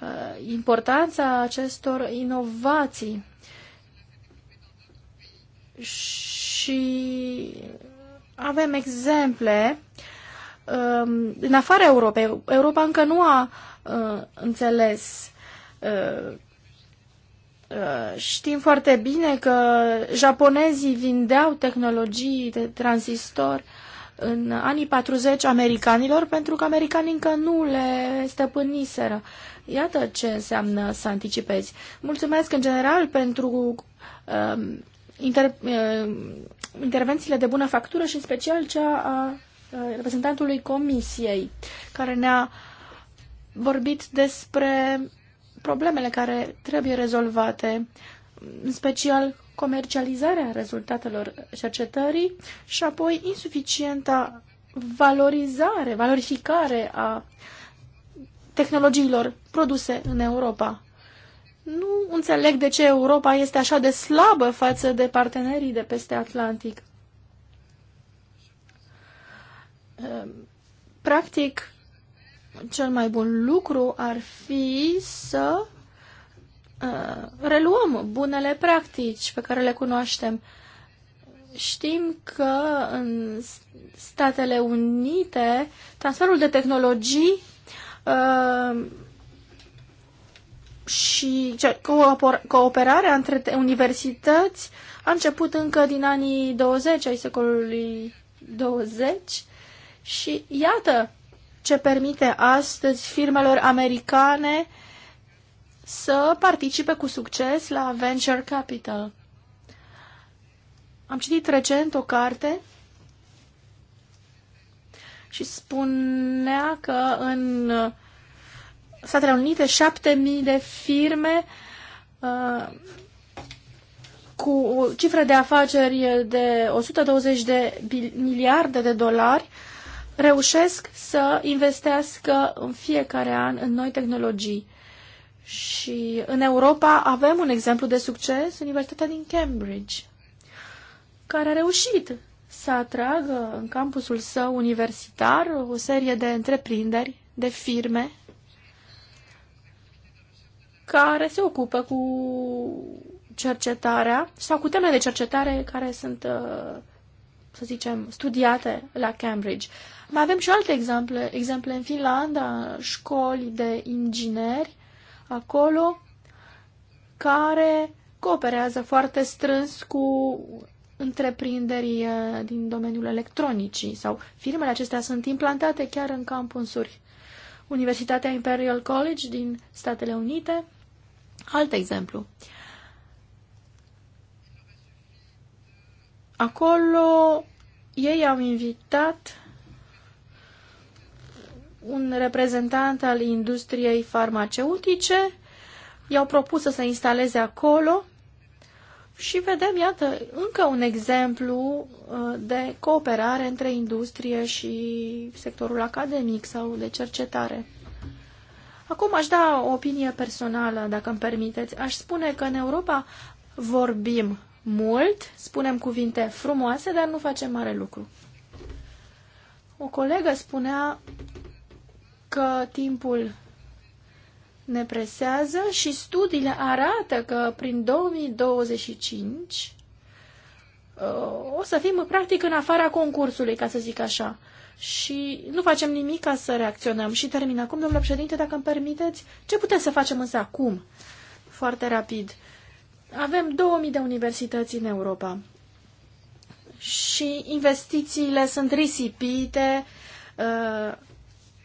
uh, importanța acestor inovații. Și avem exemple uh, Um, în afara Europei. Europa încă nu a uh, înțeles. Uh, uh, știm foarte bine că japonezii vindeau tehnologii de transistor în anii 40 americanilor pentru că americanii încă nu le stăpâniseră. Iată ce înseamnă să anticipezi. Mulțumesc în general pentru uh, inter, uh, intervențiile de bună factură și în special cea a Uh, reprezentantului Comisiei, care ne-a vorbit despre problemele care trebuie rezolvate, în special comercializarea rezultatelor cercetării și apoi insuficienta valorizare, valorificare a tehnologiilor produse în Europa. Nu înțeleg de ce Europa este așa de slabă față de partenerii de peste Atlantic. Ehm, practic, cel mai bun lucru ar fi să ehm, reluăm bunele practici pe care le cunoaștem. Știm că în Statele Unite transferul de tehnologii ehm, și cooperarea între universități a început încă din anii 20 ai secolului 20 și iată ce permite astăzi firmelor americane să participe cu succes la venture capital. Am citit recent o carte și spunea că în Statele Unite 7000 de firme uh, cu cifre de afaceri de 120 de miliarde de dolari uh, reușesc să investească în fiecare an în noi tehnologii. Și în Europa avem un exemplu de succes, Universitatea din Cambridge, care a reușit să atragă în campusul său universitar o serie de întreprinderi, de firme, care se ocupă cu cercetarea sau cu temele de cercetare care sunt, uh, să zicem, studiate la Cambridge. Mai avem și alte exemple, exemple în Finlanda, școli de ingineri acolo care cooperează foarte strâns cu întreprinderi eh, din domeniul electronicii sau firmele acestea sunt implantate chiar în campusuri. Universitatea Imperial College din Statele Unite, alt exemplu. Acolo ei au invitat un reprezentant al industriei farmaceutice, i-au propus să se instaleze acolo și vedem, iată, încă un exemplu uh, de cooperare între industrie și sectorul academic sau de cercetare. Acum aș da o opinie personală, dacă îmi permiteți. Aș spune că în Europa vorbim mult, spunem cuvinte frumoase, dar nu facem mare lucru. O colegă spunea că timpul ne presează și studiile arată că prin 2025 uh, o să fim practic în afara concursului, ca să zic așa. Și nu facem nimic ca să reacționăm. Și termin acum, domnule președinte, dacă îmi permiteți, ce putem să facem însă acum? Foarte rapid. Avem 2000 de universități în Europa și investițiile sunt risipite, uh,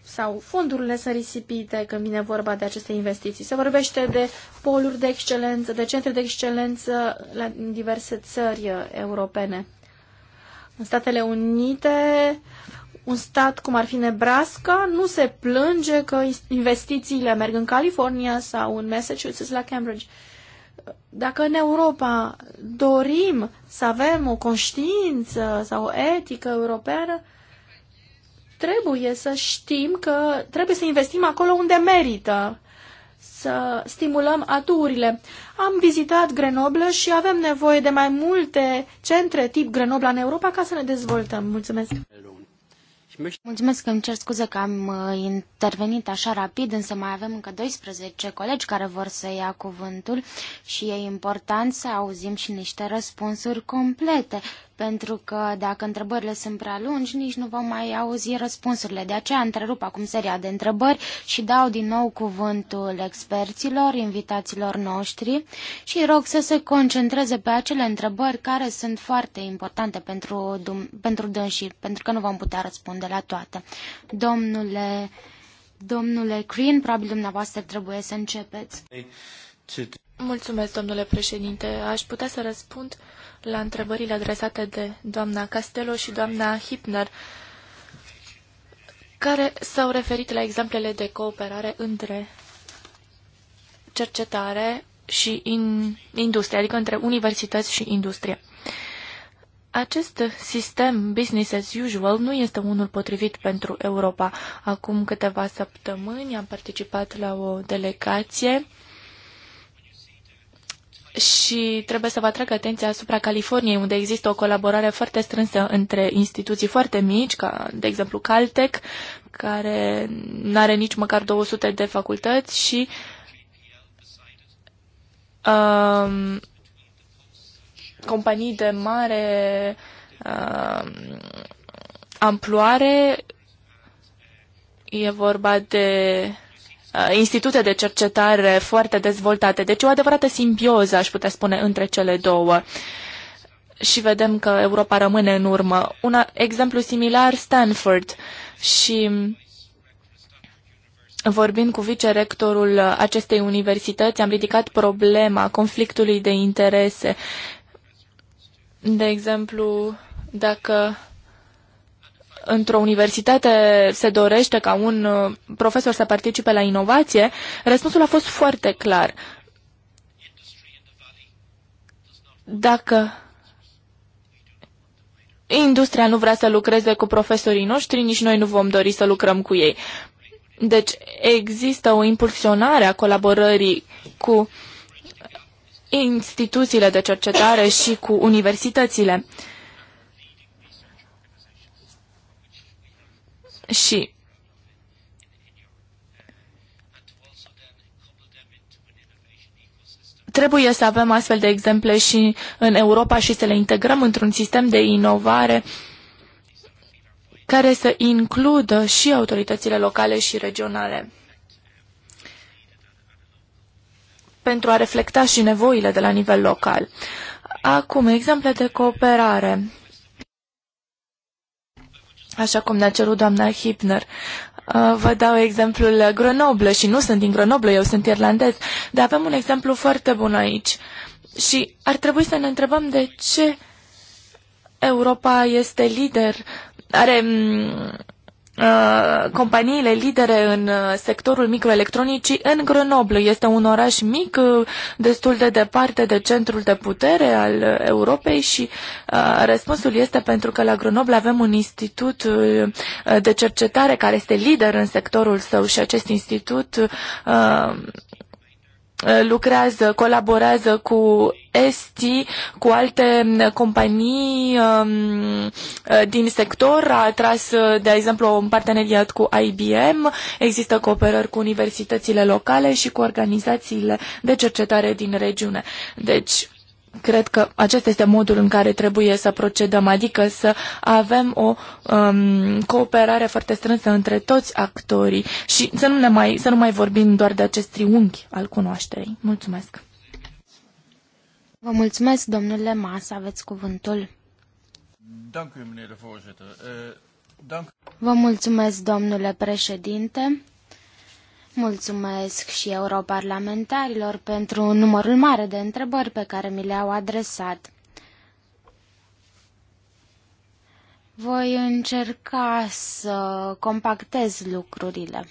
sau fondurile sunt risipite când vine vorba de aceste investiții. Se vorbește de poluri de excelență, de centre de excelență la, în diverse țări uh, europene. În Statele Unite, un stat cum ar fi Nebraska nu se plânge că investițiile merg în California sau în Massachusetts la Cambridge. Dacă în Europa dorim să avem o conștiință sau o etică europeană, trebuie să știm că trebuie să investim acolo unde merită să stimulăm aturile. Am vizitat Grenoble și avem nevoie de mai multe centre tip Grenoble în Europa ca să ne dezvoltăm. Mulțumesc! Mulțumesc că îmi cer scuze că am uh, intervenit așa rapid, însă mai avem încă 12 colegi care vor să ia cuvântul și e important să auzim și niște răspunsuri complete pentru că dacă întrebările sunt prea lungi, nici nu vom mai auzi răspunsurile. De aceea întrerup acum seria de întrebări și dau din nou cuvântul experților, invitaților noștri și rog să se concentreze pe acele întrebări care sunt foarte importante pentru, pentru dânsii, pentru că nu vom putea răspunde la toate. Domnule, domnule Green, probabil dumneavoastră trebuie să începeți. Mulțumesc, domnule președinte. Aș putea să răspund la întrebările adresate de doamna Castelo și doamna Hipner, care s-au referit la exemplele de cooperare între cercetare și in, industrie, adică între universități și industrie. Acest sistem business as usual nu este unul potrivit pentru Europa. Acum câteva săptămâni am participat la o delegație uh, și trebuie să vă atrag atenția asupra Californiei, unde există o colaborare foarte strânsă între instituții foarte mici, ca de exemplu Caltech, care nu are nici măcar 200 de facultăți și um, companii de mare um, amploare. E vorba de Uh, institute de cercetare foarte dezvoltate. Deci o adevărată simbioză, aș putea spune, între cele două. Și vedem că Europa rămâne în urmă. Un exemplu similar, Stanford. Și vorbind cu vicerectorul acestei universități, am ridicat problema conflictului de interese. De exemplu, dacă într-o universitate se dorește ca un uh, profesor să participe la inovație, răspunsul a fost foarte clar. Dacă industria nu vrea să lucreze cu profesorii noștri, nici noi nu vom dori să lucrăm cu ei. Deci există o impulsionare a colaborării cu instituțiile de cercetare și cu universitățile. Uh, Și trebuie să avem astfel de exemple și în Europa și să le integrăm într-un sistem de inovare care să includă și autoritățile locale și regionale pentru a reflecta și nevoile de la nivel local. Acum, exemple de cooperare așa cum ne-a cerut doamna Hipner. Uh, vă dau exemplul Grenoble și nu sunt din Grenoble, eu sunt irlandez, dar avem un exemplu foarte bun aici. Și ar trebui să ne întrebăm de ce Europa este lider, are Uh, companiile lidere în uh, sectorul microelectronicii în Grenoble. Este un oraș mic, uh, destul de departe de centrul de putere al Europei și răspunsul este pentru că la Grenoble avem un institut de cercetare care este lider în sectorul său și acest institut Eh, lucrează, colaborează cu Esti, cu alte mm, companii mm, eh, din sector. A atras, eh, de exemplu, un parteneriat cu IBM. Există cooperări cu universitățile locale și cu organizațiile de cercetare din regiune. Deci, cred că acesta este modul în care trebuie să procedăm, adică să avem o um, cooperare foarte strânsă între toți actorii și să nu, ne mai, să nu mai vorbim doar de acest triunghi al cunoașterii. Mulțumesc! Vă mulțumesc, domnule Mas, aveți cuvântul. Eh, Vă mulțumesc, domnule președinte. Mulțumesc și europarlamentarilor pentru numărul mare de întrebări pe care mi le-au adresat. Voi încerca să compactez lucrurile.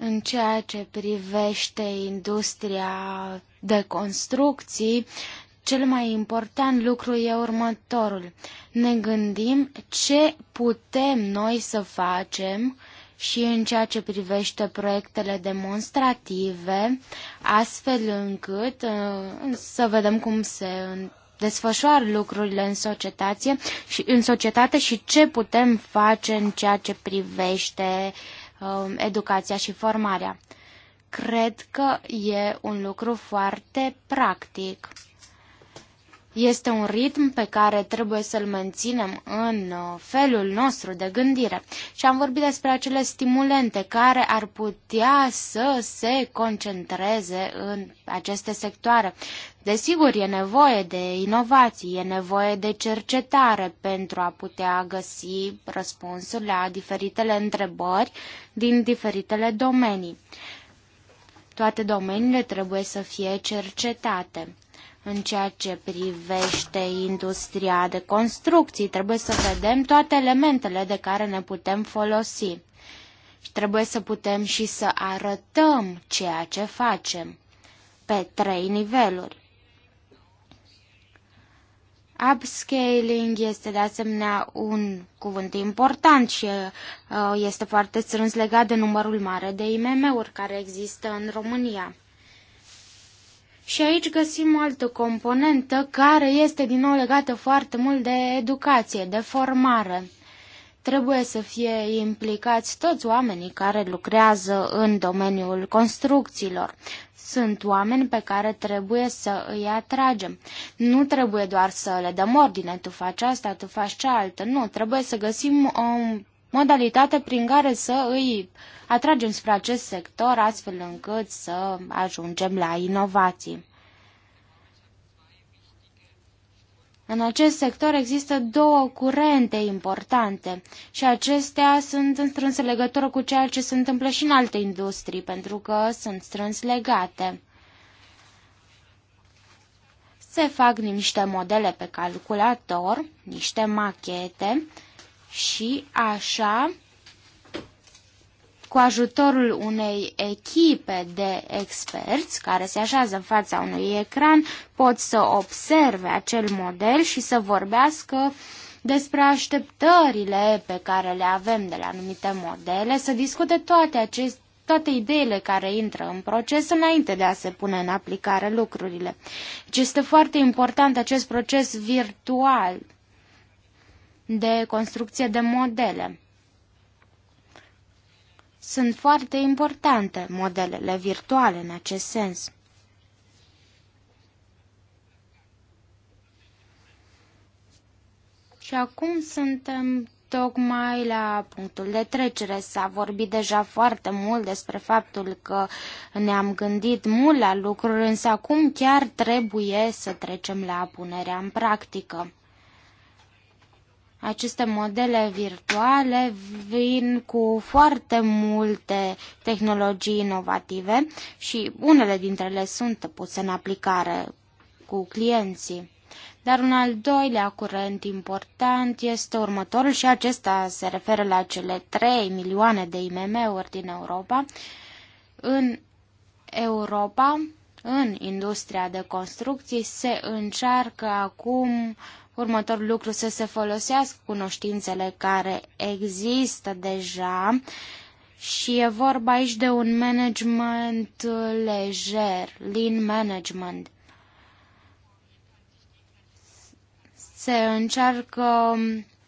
În ceea ce privește industria de construcții, cel mai important lucru e următorul. Ne gândim ce putem noi să facem și în ceea ce privește proiectele demonstrative, astfel încât uh, să vedem cum se desfășoară lucrurile în societate și în societate și ce putem face în ceea ce privește uh, Um, educația și formarea. Cred că e un lucru foarte practic. Este un ritm pe care trebuie să-l menținem în uh, felul nostru de gândire. Și am vorbit despre acele stimulente care ar putea să se concentreze în aceste sectoare. Desigur, e nevoie de inovații, e nevoie de cercetare pentru a putea găsi răspunsuri la diferitele întrebări din diferitele domenii. Toate domeniile trebuie să fie cercetate. În ceea ce privește industria de construcții, trebuie să vedem toate elementele de care ne putem folosi. Și trebuie să putem și să arătăm ceea ce facem pe trei niveluri. Upscaling este de asemenea un cuvânt important și uh, este foarte strâns legat de numărul mare de IMM-uri care există în România. Și aici găsim o altă componentă care este din nou legată foarte mult de educație, de formare. Trebuie să fie implicați toți oamenii care lucrează în domeniul construcțiilor, sunt oameni pe care trebuie să îi atragem. Nu trebuie doar să le dăm ordine, tu faci asta, tu faci cealaltă. Nu, trebuie să găsim o modalitate prin care să îi atragem spre acest sector astfel încât să ajungem la inovații. În acest sector există două curente importante și acestea sunt în strânsă legătură cu ceea ce se întâmplă și în alte industrii, pentru că sunt strâns legate. Se fac niște modele pe calculator, niște machete și așa cu ajutorul unei echipe de experți care se așează în fața unui ecran, pot să observe acel model și să vorbească despre așteptările pe care le avem de la anumite modele, să discute toate aceste toate ideile care intră în proces înainte de a se pune în aplicare lucrurile. Deci este foarte important acest proces virtual de construcție de modele. Sunt foarte importante modelele virtuale în acest sens. Și acum suntem tocmai la punctul de trecere. S-a vorbit deja foarte mult despre faptul că ne-am gândit mult la lucruri, însă acum chiar trebuie să trecem la punerea în practică aceste modele virtuale vin cu foarte multe tehnologii inovative și unele dintre ele sunt puse în aplicare cu clienții. Dar un al doilea curent important este următorul și acesta se referă la cele 3 milioane de IMM-uri din Europa. În Europa, în industria de construcții, se încearcă acum uh, următorul lucru să se folosească cunoștințele care există deja și e vorba aici de un management lejer, lean management. Se încearcă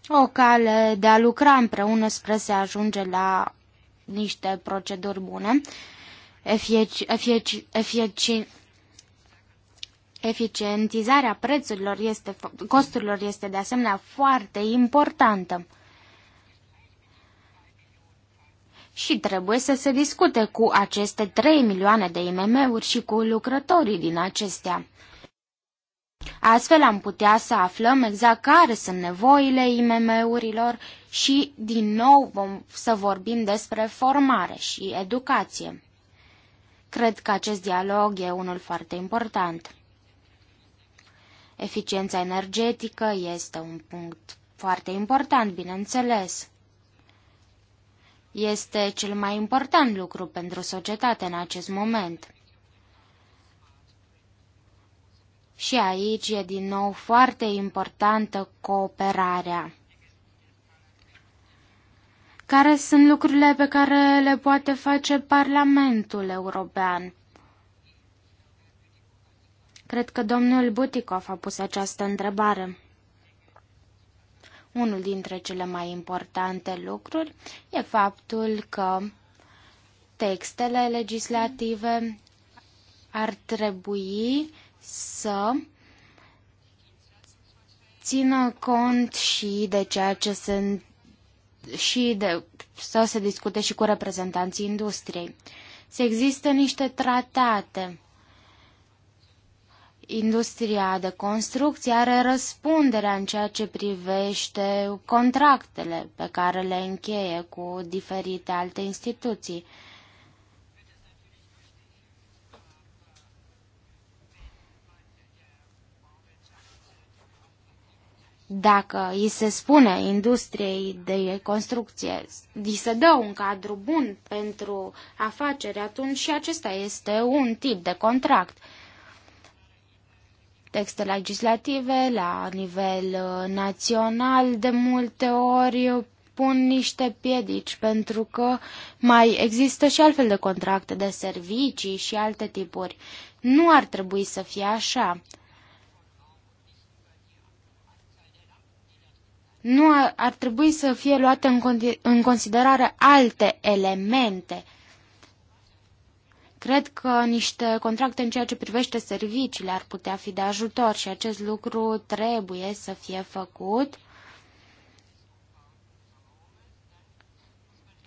o cale de a lucra împreună spre se ajunge la niște proceduri bune, efici, efici, efici, Eficientizarea prețurilor este, costurilor este de asemenea foarte importantă. Și trebuie să se discute cu aceste 3 milioane de IMM-uri și cu lucrătorii din acestea. Astfel am putea să aflăm exact care sunt nevoile IMM-urilor și din nou vom să vorbim despre formare și educație. Cred că acest dialog e unul foarte important. Eficiența energetică este un punct foarte important, bineînțeles. Este cel mai important lucru pentru societate în acest moment. Și aici e din nou foarte importantă cooperarea. Care sunt lucrurile pe care le poate face Parlamentul European? Cred că domnul Butikov a pus această întrebare. Unul dintre cele mai importante lucruri e faptul că textele legislative ar trebui să țină cont și de ceea ce se și de, să se discute și cu reprezentanții industriei. Se există niște tratate Industria de construcție are răspunderea în ceea ce privește contractele pe care le încheie cu diferite alte instituții. dacă îi se spune industriei de construcție, îi se dă un cadru bun pentru afaceri, atunci și acesta este un tip de contract texte legislative la nivel uh, național de multe ori pun niște piedici pentru că mai există și altfel de contracte de servicii și alte tipuri. Nu ar trebui să fie așa. Nu ar, ar trebui să fie luate în, în considerare alte elemente Cred că niște contracte în ceea ce privește serviciile ar putea fi de ajutor și acest lucru trebuie să fie făcut.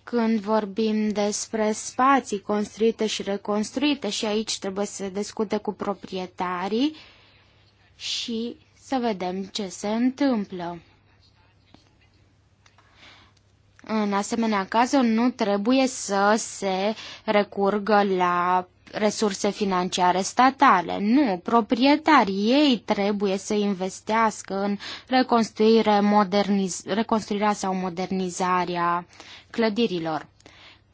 Când vorbim despre spații construite și reconstruite și aici trebuie să discute cu proprietarii și să vedem ce se întâmplă. În asemenea cazuri nu trebuie să se recurgă la resurse financiare statale. Nu, proprietarii ei trebuie să investească în reconstruire, moderniz- reconstruirea sau modernizarea clădirilor.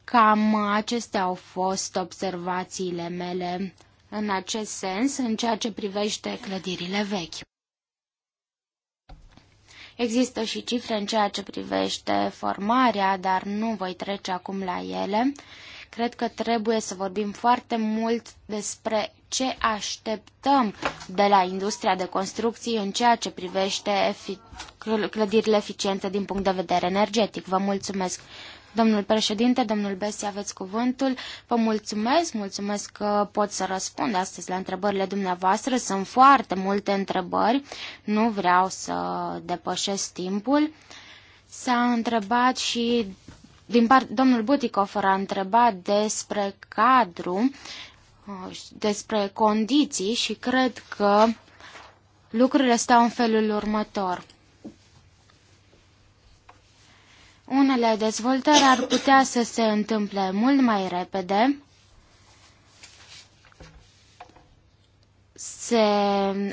Cam acestea au fost observațiile mele în acest sens, în ceea ce privește clădirile vechi. Există și cifre în ceea ce privește formarea, dar nu voi trece acum la ele. Cred că trebuie să vorbim foarte mult despre ce așteptăm de la industria de construcții în ceea ce privește clădirile eficiente din punct de vedere energetic. Vă mulțumesc! Domnul președinte, domnul Besi, aveți cuvântul. Vă mulțumesc, mulțumesc că pot să răspund astăzi la întrebările dumneavoastră. Sunt foarte multe întrebări, nu vreau să depășesc timpul. S-a întrebat și din part, domnul Buticofer a întrebat despre cadru, despre condiții și cred că lucrurile stau în felul următor. Unele dezvoltări ar putea să se întâmple mult mai repede, se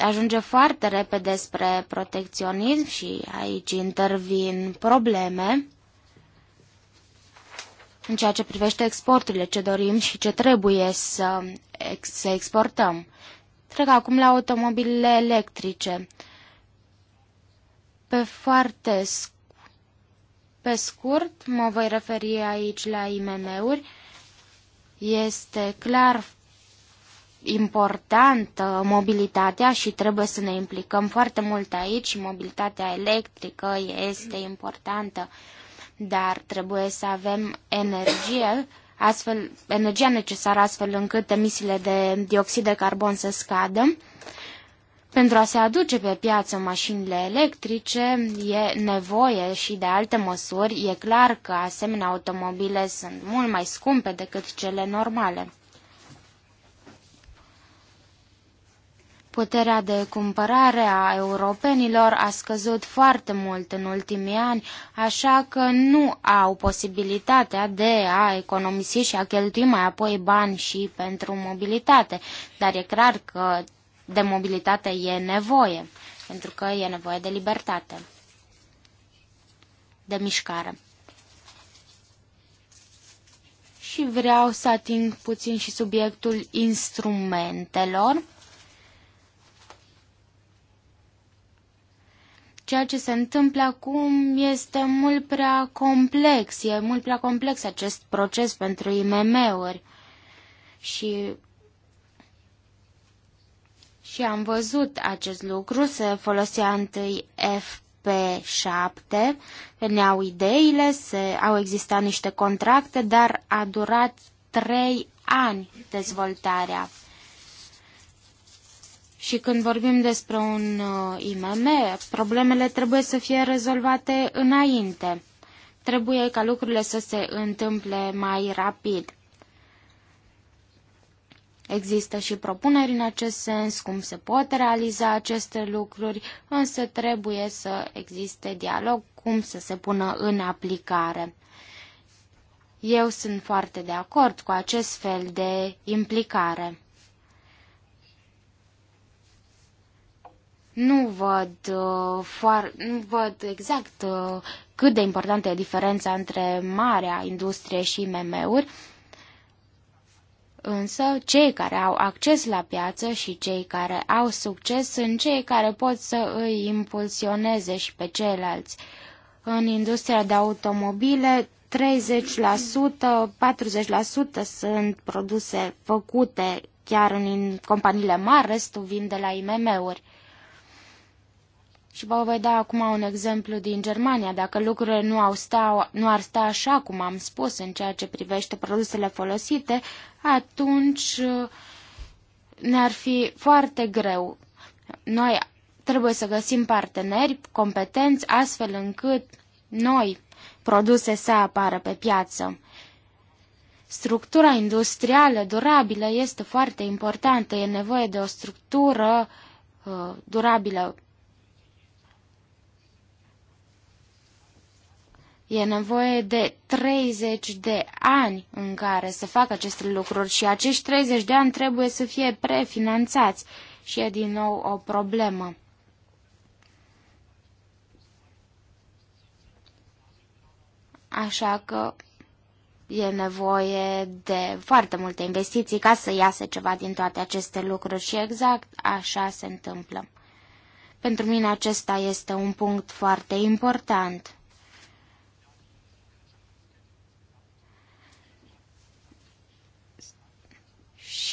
ajunge foarte repede spre protecționism și aici intervin probleme în ceea ce privește exporturile, ce dorim și ce trebuie să, ex- să exportăm. Trec acum la automobilele electrice. Pe foarte scurt, pe scurt, mă voi referi aici la IMM-uri. Este clar importantă mobilitatea și trebuie să ne implicăm foarte mult aici. Mobilitatea electrică este importantă, dar trebuie să avem energie, astfel, energia necesară astfel încât emisiile de dioxid de carbon să scadă. Pentru a se aduce pe piață mașinile electrice e nevoie și de alte măsuri. E clar că asemenea automobile sunt mult mai scumpe decât cele normale. Puterea de cumpărare a europenilor a scăzut foarte mult în ultimii ani, așa că nu au posibilitatea de a economisi și a cheltui mai apoi bani și pentru mobilitate, dar e clar că de mobilitate e nevoie, pentru că e nevoie de libertate, de mișcare. Și vreau să ating puțin și subiectul instrumentelor. ceea ce se întâmplă acum este mult prea complex, e mult prea complex acest proces pentru IMM-uri. Și și am văzut acest lucru, se folosea întâi FP7, veneau ideile, se, au existat niște contracte, dar a durat trei ani dezvoltarea. Și când vorbim despre un uh, IMM, problemele trebuie să fie rezolvate înainte. Trebuie ca lucrurile să se întâmple mai rapid. Există și propuneri în acest sens, cum se pot realiza aceste lucruri, însă trebuie să existe dialog, cum să se pună în aplicare. Eu sunt foarte de acord cu acest fel de implicare. Nu văd, uh, foar, nu văd exact uh, cât de importantă e diferența între marea industrie și MM-uri, Însă, cei care au acces la piață și cei care au succes sunt cei care pot să îi impulsioneze și pe ceilalți. În industria de automobile, 30%, 40% sunt produse făcute chiar în companiile mari, restul vin de la IMM-uri. Și vă voi da acum un exemplu din Germania. Dacă lucrurile nu, au sta, nu ar sta așa cum am spus în ceea ce privește produsele folosite, atunci uh, ne-ar fi foarte greu. Noi trebuie să găsim parteneri competenți astfel încât noi produse să apară pe piață. Structura industrială durabilă este foarte importantă. E nevoie de o structură uh, durabilă E nevoie de 30 de ani în care să facă aceste lucruri și acești 30 de ani trebuie să fie prefinanțați și e din nou o problemă. Așa că e nevoie de foarte multe investiții ca să iasă ceva din toate aceste lucruri și exact așa se întâmplă. Pentru mine acesta este un punct foarte important.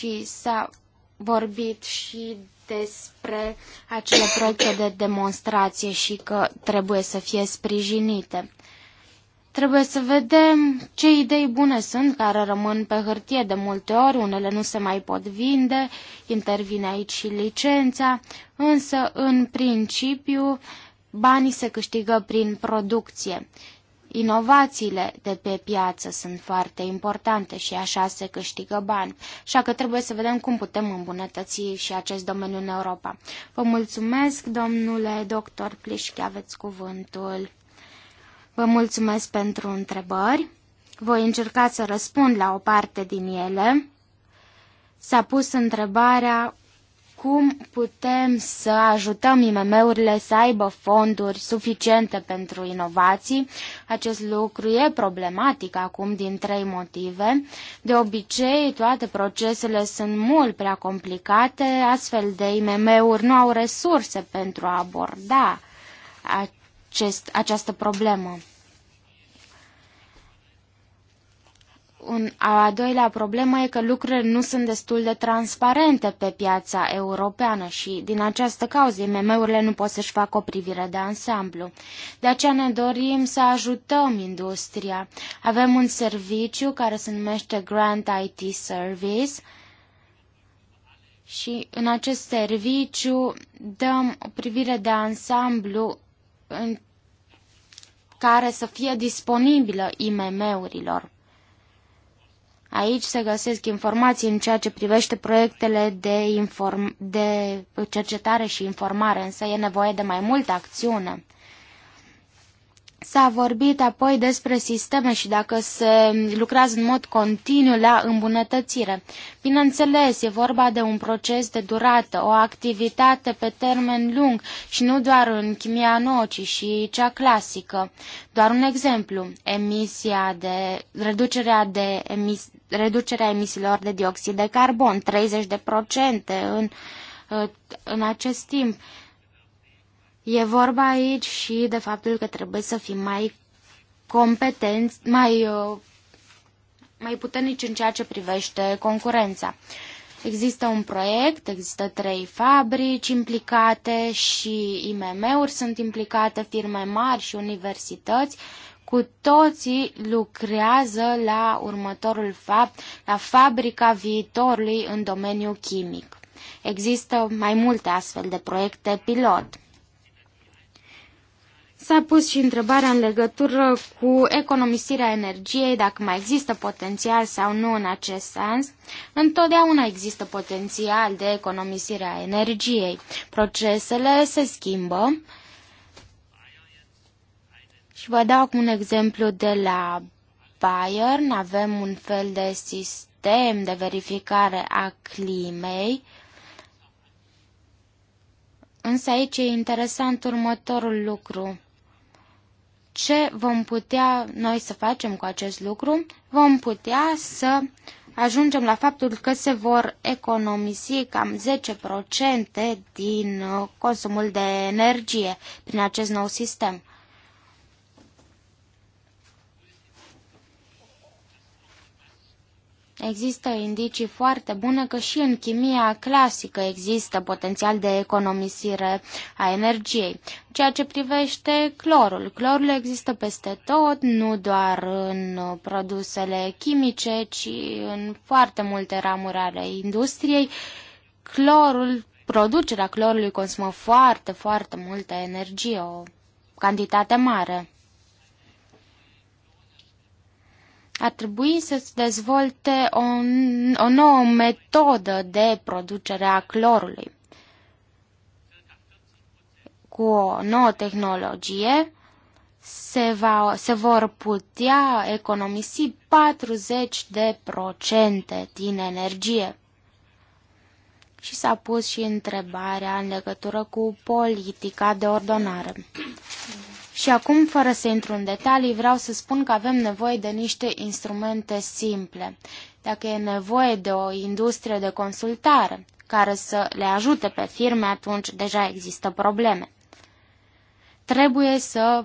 și s-a vorbit și despre acele proiecte de demonstrație și că trebuie să fie sprijinite. Trebuie să vedem ce idei bune sunt care rămân pe hârtie de multe ori, unele nu se mai pot vinde, intervine aici și licența, însă în principiu banii se câștigă prin producție Inovațiile de pe piață sunt foarte importante și așa se câștigă bani, așa că trebuie să vedem cum putem îmbunătăți și acest domeniu în Europa. Vă mulțumesc, domnule doctor Plișchi, aveți cuvântul. Vă mulțumesc pentru întrebări. Voi încerca să răspund la o parte din ele. S-a pus întrebarea cum putem să ajutăm IMM-urile să aibă fonduri suficiente pentru inovații. Acest lucru e problematic acum din trei motive. De obicei, toate procesele sunt mult prea complicate, astfel de IMM-uri nu au resurse pentru a aborda acest, această problemă. un, a doilea problemă e că lucrurile nu sunt destul de transparente pe piața europeană și din această cauză IMM-urile nu pot să-și facă o privire de ansamblu. De aceea ne dorim să ajutăm industria. Avem un serviciu care se numește Grant IT Service și în acest serviciu dăm o privire de ansamblu în care să fie disponibilă IMM-urilor Aici se găsesc informații în ceea ce privește proiectele de, inform- de cercetare și informare, însă e nevoie de mai multă acțiune. S-a vorbit apoi despre sisteme și dacă se lucrează în mod continuu la îmbunătățire. Bineînțeles, e vorba de un proces de durată, o activitate pe termen lung și nu doar în chimia nouă, ci și cea clasică. Doar un exemplu, emisia de, reducerea de emis, reducerea emisiilor de dioxid de carbon, 30% în, uh, în acest timp. E vorba aici și de faptul că trebuie să fim mai competenți, mai, uh, mai puternici în ceea ce privește concurența. Există un proiect, există trei fabrici implicate și IMM-uri sunt implicate, firme mari și universități cu toții lucrează la următorul fapt, la fabrica viitorului în domeniul chimic. Există mai multe astfel de proiecte pilot. S-a pus și întrebarea în legătură cu economisirea energiei, dacă mai există potențial sau nu în acest sens. Întotdeauna există potențial de economisire a energiei. Procesele se schimbă, și vă dau un exemplu de la Bayern. Avem un fel de sistem de verificare a climei. Însă aici e interesant următorul lucru. Ce vom putea noi să facem cu acest lucru? Vom putea să ajungem la faptul că se vor economisi cam 10% din uh, consumul de energie prin acest nou sistem. Există indicii foarte bune că și în chimia clasică există potențial de economisire a energiei. Ceea ce privește clorul, clorul există peste tot, nu doar în produsele chimice, ci în foarte multe ramuri ale industriei. Clorul, producerea clorului consumă foarte, foarte multă energie, o cantitate mare. Ar trebui să se dezvolte o, o nouă metodă de producere a clorului cu o nouă tehnologie se, va, se vor putea economisi 40 de procente din energie. Și s-a pus și întrebarea în legătură cu politica de ordonare. Și acum, fără să intru în detalii, vreau să spun că avem nevoie de niște instrumente simple. Dacă e nevoie de o industrie de consultare care să le ajute pe firme, atunci deja există probleme. Trebuie să,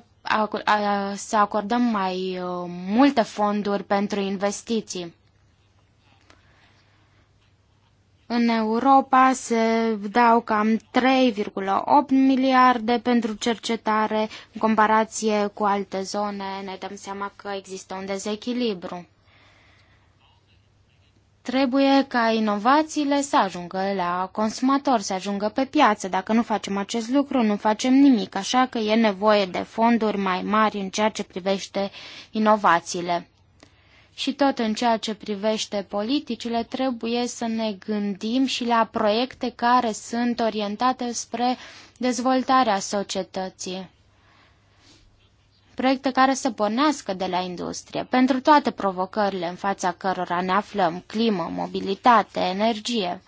să acordăm mai uh, multe fonduri pentru investiții. În Europa se dau cam 3,8 miliarde pentru cercetare, în comparație cu alte zone ne dăm seama că există un dezechilibru. Trebuie ca inovațiile să ajungă la consumator, să ajungă pe piață. Dacă nu facem acest lucru, nu facem nimic, așa că e nevoie de fonduri mai mari în ceea ce privește inovațiile. Și tot în ceea ce privește politicile, trebuie să ne gândim și la proiecte care sunt orientate spre dezvoltarea societății. Proiecte care să pornească de la industrie. Pentru toate provocările în fața cărora ne aflăm, climă, mobilitate, energie.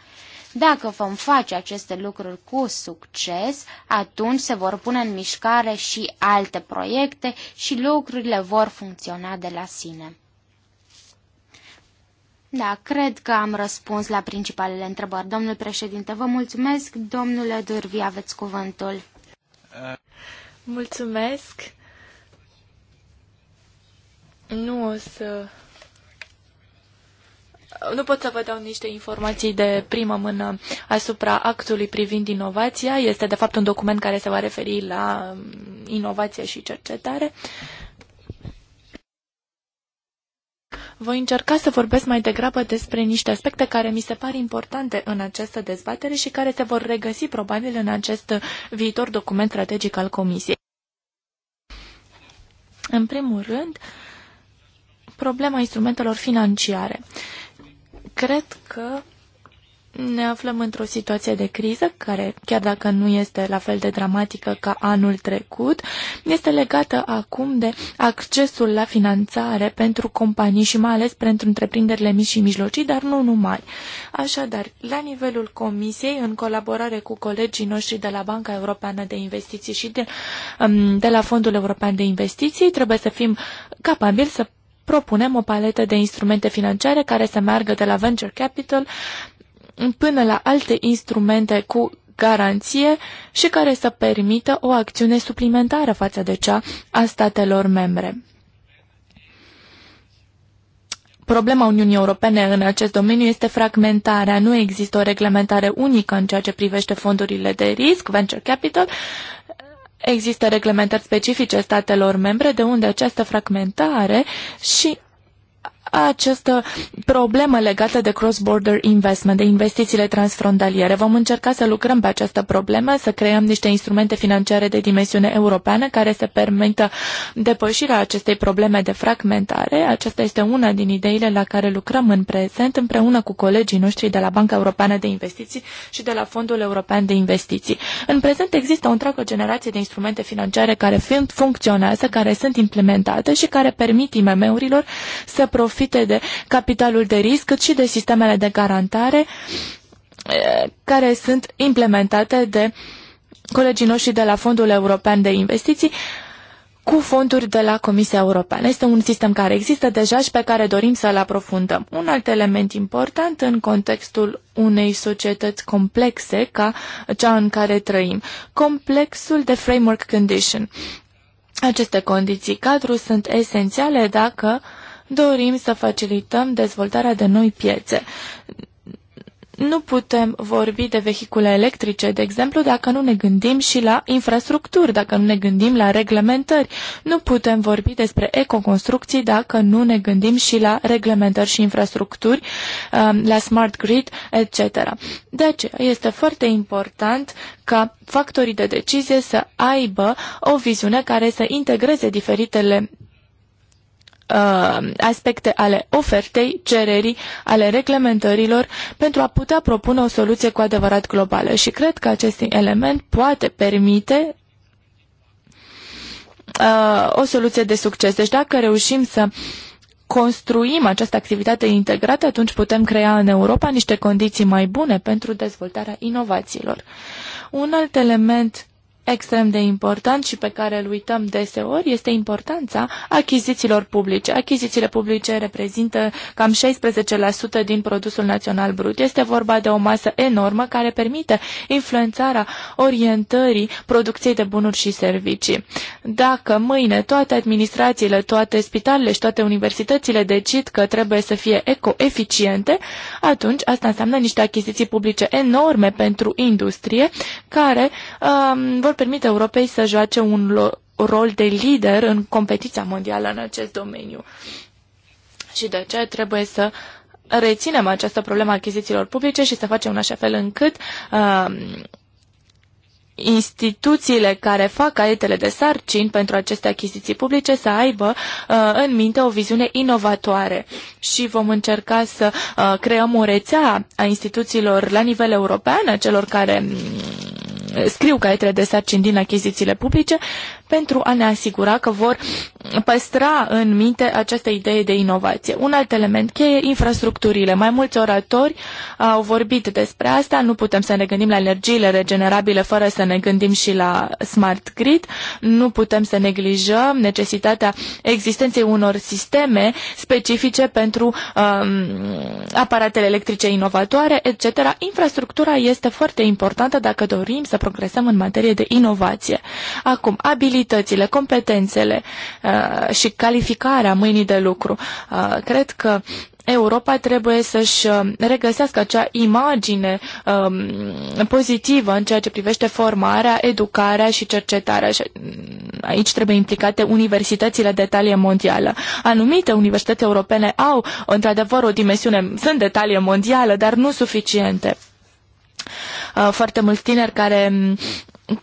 Dacă vom face aceste lucruri cu succes, atunci se vor pune în mișcare și alte proiecte și lucrurile vor funcționa de la sine. Da, cred că am răspuns la principalele întrebări. Domnul președinte, vă mulțumesc. Domnule Dârvi, aveți cuvântul. Mulțumesc. Nu o să... Nu pot să vă dau niște informații de primă mână asupra actului privind inovația. Este, de fapt, un document care se va referi la um, inovație și cercetare. Uh, Voi încerca să vorbesc mai degrabă despre niște aspecte care mi se par importante în această dezbatere și care se vor regăsi probabil în acest viitor document strategic al Comisiei. În primul rând, problema instrumentelor financiare. Cred că ne aflăm într-o situație de criză, care, chiar dacă nu este la fel de dramatică ca anul trecut, este legată acum de accesul la finanțare pentru companii și mai ales pentru întreprinderile mici și mijlocii, dar nu numai. Așadar, la nivelul Comisiei, în colaborare cu colegii noștri de la Banca Europeană de Investiții și de, um, de la Fondul European de Investiții, trebuie să fim capabili să propunem o paletă de instrumente financiare care să meargă de la venture capital până la alte instrumente cu garanție și care să permită o acțiune suplimentară față de cea a statelor membre. Problema Uniunii Europene în acest domeniu este fragmentarea. Nu există o reglementare unică în ceea ce privește fondurile de risc, venture capital. Există reglementări specifice statelor membre, de unde această fragmentare și această uh, problemă legată de cross-border investment, de investițiile transfrontaliere. Vom încerca să lucrăm pe această problemă, să creăm niște instrumente financiare de dimensiune europeană care să permită depășirea acestei probleme de fragmentare. Aceasta este una din ideile la care lucrăm în prezent împreună cu colegii noștri de la Banca Europeană de Investiții și de la Fondul European de Investiții. În prezent există o întreagă generație de instrumente financiare care funcționează, care sunt implementate și care permit IMM-urilor să profite profite de capitalul de risc, cât și de sistemele de garantare eh, care sunt implementate de colegii noștri de la Fondul European de Investiții cu fonduri de la Comisia Europeană. Este un sistem care există deja și pe care dorim să-l aprofundăm. Un alt element important în contextul unei societăți complexe ca cea în care trăim, complexul de framework condition. Aceste condiții cadru sunt esențiale dacă uh, dorim să facilităm dezvoltarea de noi piețe. Nu putem vorbi de vehicule electrice, de exemplu, dacă nu ne gândim și la infrastructuri, dacă nu ne gândim la reglementări. Nu putem vorbi despre ecoconstrucții dacă nu ne gândim și la reglementări și infrastructuri, um, la smart grid, etc. De aceea este foarte important ca factorii de decizie să aibă o viziune care să integreze diferitele uh, aspecte ale ofertei, cererii, ale reglementărilor pentru a putea propune o soluție cu adevărat globală. Și cred că acest element poate permite uh, o soluție de succes. Deci dacă reușim să construim această activitate integrată, atunci putem crea în Europa niște condiții mai bune pentru dezvoltarea inovațiilor. Un alt element extrem de important și pe care îl uităm deseori este importanța achizițiilor publice. Achizițiile publice reprezintă cam 16% din produsul național brut. Este vorba de o masă enormă care permite influențarea orientării producției de bunuri și servicii. Dacă mâine toate administrațiile, toate spitalele și toate universitățile decid că trebuie să fie ecoeficiente, atunci asta înseamnă niște achiziții publice enorme pentru industrie care um, vor permite Europei să joace un rol de lider în competiția mondială în acest domeniu. Și de ce trebuie să reținem această problemă a achizițiilor publice și să facem în așa fel încât uh, instituțiile care fac caietele de sarcini pentru aceste achiziții publice să aibă uh, în minte o viziune inovatoare și vom încerca să uh, creăm o rețea a instituțiilor la nivel european, a celor care mm, scriu caietele de sarcini din achizițiile publice pentru a ne asigura că vor păstra în minte această idee de inovație. Un alt element cheie, infrastructurile. Mai mulți oratori au vorbit despre asta, nu putem să ne gândim la energiile regenerabile fără să ne gândim și la smart grid, nu putem să neglijăm necesitatea existenței unor sisteme specifice pentru um, aparatele electrice inovatoare, etc. Infrastructura este foarte importantă dacă dorim să progresăm în materie de inovație. Acum, abilitățile, competențele uh, și calificarea mâinii de lucru. Uh, cred că Europa trebuie să-și uh, regăsească acea imagine um, pozitivă în ceea ce privește formarea, educarea și cercetarea. Și mm, aici trebuie implicate universitățile de talie mondială. Anumite universități europene au, într-adevăr, o dimensiune, sunt de talie mondială, dar nu suficiente. Uh, foarte mulți tineri care mm,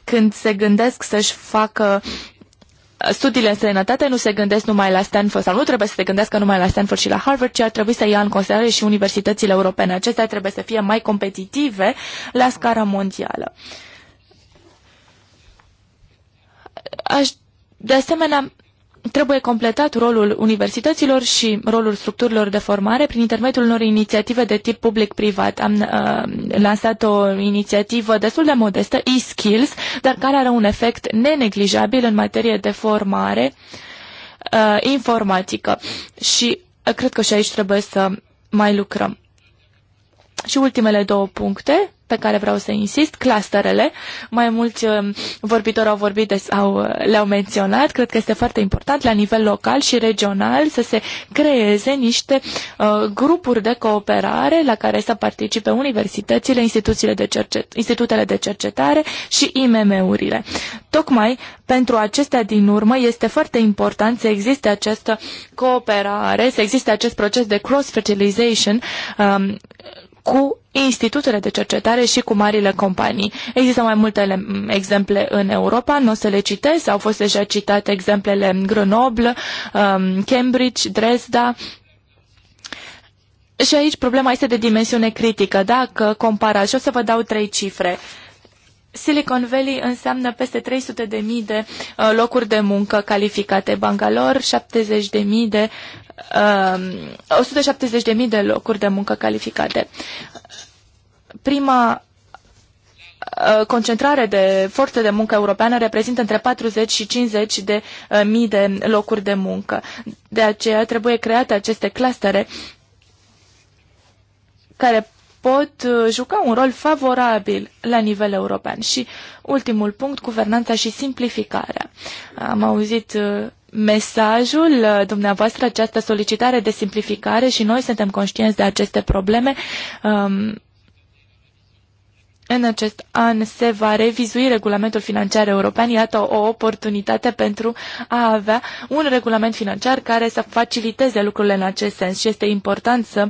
când se gândesc să-și facă uh, studiile în străinătate nu se gândesc numai la Stanford sau nu trebuie să se gândească numai la Stanford și la Harvard, ci ar trebui să ia în considerare și universitățile europene. Acestea trebuie să fie mai competitive la scara mondială. Aș, de asemenea, trebuie completat rolul universităților și rolul structurilor de formare prin intermediul unor inițiative de tip public-privat. Am uh, lansat o inițiativă destul de modestă, e-skills, dar care are un efect neneglijabil în materie de formare uh, informatică. Și uh, cred că și aici trebuie să mai lucrăm. Și ultimele două puncte pe care vreau să insist, clusterele. Mai mulți um, vorbitori au vorbit sau le-au menționat. Cred că este foarte important la nivel local și regional să se creeze niște uh, grupuri de cooperare la care să participe universitățile, instituțiile de cercet- institutele de cercetare și IMM-urile. Tocmai pentru acestea din urmă este foarte important să existe această cooperare, să existe acest proces de cross-fertilization um, cu institutele de cercetare și cu marile companii. Există mai multe exemple în Europa, nu o să le citesc, au fost deja citate exemplele Grenoble, um, Cambridge, Dresda, și aici problema este de dimensiune critică. Dacă comparați, și o să vă dau trei cifre. Silicon Valley înseamnă peste 300.000 de uh, locuri de muncă calificate. Bangalore, 70.000 de 170.000 um, de locuri de muncă calificate. Prima uh, concentrare de forță de muncă europeană reprezintă între 40 și 50 de uh, mii de locuri de muncă. De aceea trebuie create aceste clustere care pot uh, juca un rol favorabil la nivel european. Și ultimul punct, guvernanța și simplificarea. Am auzit mesajul uh, dumneavoastră, această solicitare de simplificare și noi suntem conștienți de aceste probleme. Um, în acest an se va revizui regulamentul financiar european. Iată o oportunitate pentru a avea un regulament financiar care să faciliteze lucrurile în acest sens și este important să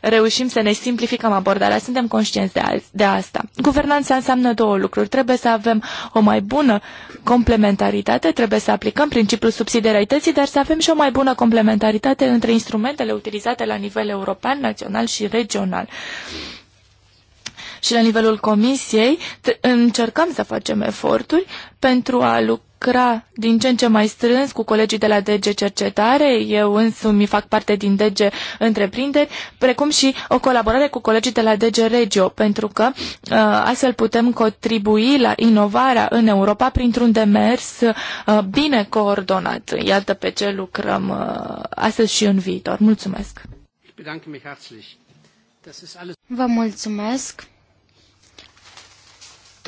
reușim să ne simplificăm abordarea. Suntem conștienți de, de asta. Guvernanța înseamnă două lucruri. Trebuie să avem o mai bună complementaritate, trebuie să aplicăm principiul subsidiarității, dar să avem și o mai bună complementaritate între instrumentele utilizate la nivel european, național și regional și la nivelul comisiei încercăm să facem eforturi pentru a lucra din ce în ce mai strâns cu colegii de la DG Cercetare, eu însumi fac parte din DG Întreprinderi, precum și o colaborare cu colegii de la DG Regio, pentru că uh, astfel putem contribui la inovarea în Europa printr-un demers uh, bine coordonat. Iată pe ce lucrăm uh, astăzi și în viitor. Mulțumesc! Vă mulțumesc!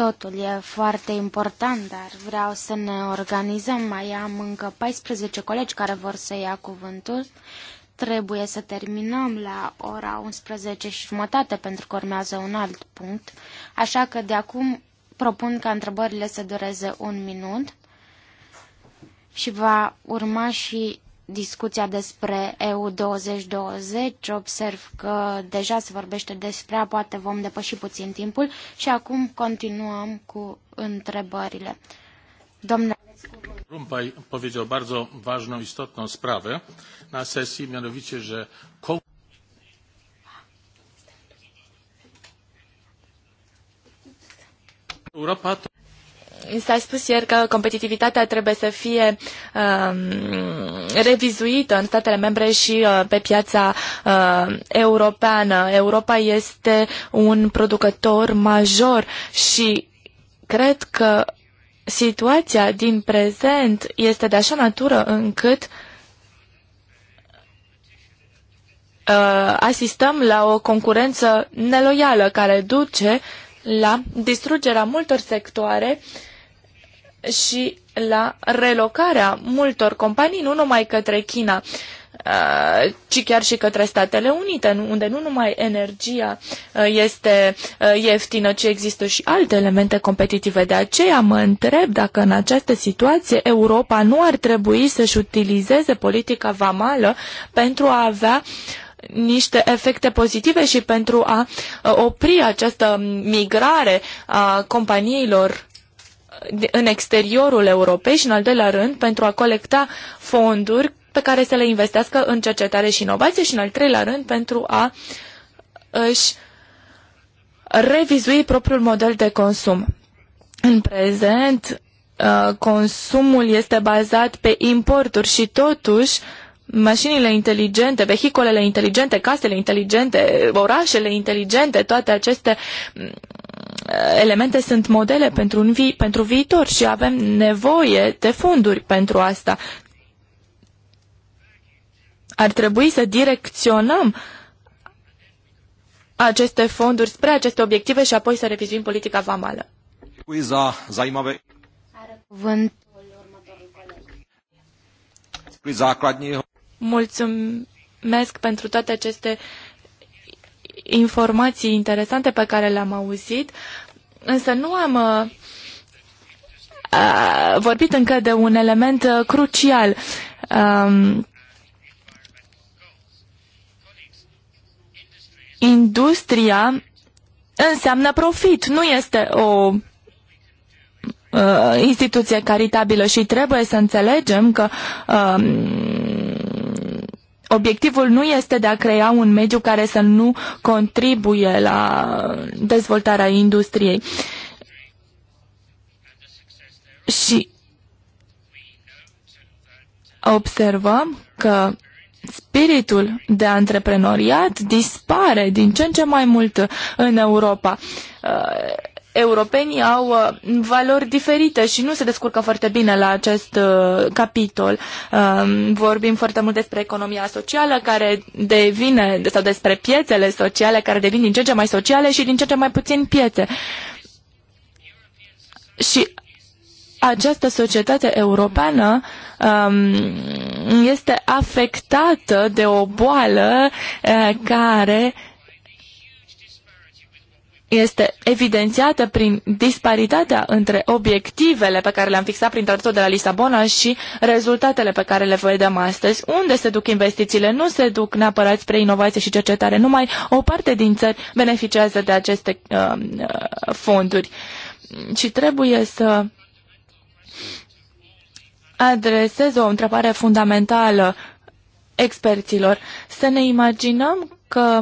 Totul e foarte important, dar vreau să ne organizăm. Mai am încă 14 colegi care vor să ia cuvântul. Trebuie să terminăm la ora 11 și jumătate pentru că urmează un alt punct. Așa că de acum propun ca întrebările să dureze un minut și va urma și discuția despre EU 2020, observ că deja se vorbește despre ea, poate vom depăși puțin timpul și acum continuăm cu întrebările. Domnule Rumpaj powiedział bardzo ważną, istotną sprawę na sesji, mianowicie, że Europa to S-a spus ieri că competitivitatea trebuie să fie um, revizuită în statele membre și uh, pe piața uh, europeană. Europa este un producător major și cred că situația din prezent este de așa natură încât uh, asistăm la o concurență neloială care duce la distrugerea multor sectoare uh, și la relocarea multor companii, nu numai către China, uh, ci chiar și către Statele Unite, unde nu numai energia uh, este uh, ieftină, ci există și alte elemente competitive. De aceea mă întreb dacă în această situație Europa nu ar trebui să-și utilizeze politica vamală pentru a avea niște efecte pozitive și pentru a opri această migrare a companiilor în exteriorul Europei și, în al doilea rând, pentru a colecta fonduri pe care să le investească în cercetare și inovație și, în al treilea rând, pentru a își revizui propriul model de consum. În prezent, uh, consumul este bazat pe importuri și, totuși, mașinile inteligente, vehiculele inteligente, casele inteligente, orașele inteligente, toate aceste elemente sunt modele pentru, un vi- pentru viitor și avem nevoie de fonduri pentru asta. Ar trebui să direcționăm aceste fonduri spre aceste obiective și apoi să revizuim politica vamală. Are cuvânt Mulțumesc pentru toate aceste informații interesante pe care le-am auzit, însă nu am uh, uh, vorbit încă de un element uh, crucial. Um, industria înseamnă profit, nu este o uh, instituție caritabilă și trebuie să înțelegem că uh, obiectivul nu este de a crea un mediu care să nu contribuie la dezvoltarea industriei. Și observăm că spiritul de antreprenoriat dispare din ce în ce mai mult în Europa europenii au uh, valori diferite și nu se descurcă foarte bine la acest uh, capitol. Um, vorbim foarte mult despre economia socială care devine, sau despre piețele sociale care devin din ce ce mai sociale și din ce ce mai puțin piețe. Și această societate europeană um, este afectată de o boală uh, care uh, este evidențiată prin disparitatea între obiectivele pe care le-am fixat prin tratatul de la Lisabona și rezultatele pe care le vedem astăzi. Unde se duc investițiile? Nu se duc neapărat spre inovație și cercetare. Numai o parte din țări beneficiază de aceste uh, uh fonduri. Și trebuie să adresez o întrebare fundamentală experților. Să ne imaginăm că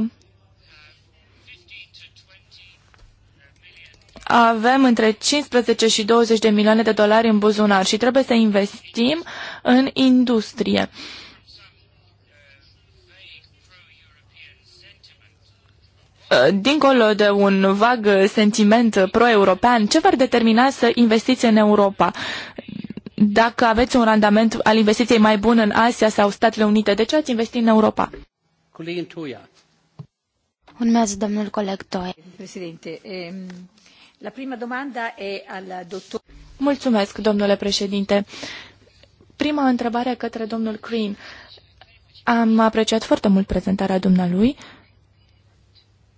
avem între 15 și 20 de milioane de dolari în buzunar și trebuie să investim în industrie. Dincolo de un vag sentiment pro-european, ce v-ar determina să investiți în Europa? Dacă aveți un randament al investiției mai bun în Asia sau Statele Unite, de ce ați investi în Europa? Urmează domnul colector. Președinte, la prima domanda e al Mulțumesc, domnule președinte. Prima întrebare către domnul Green. Am apreciat foarte mult prezentarea dumnealui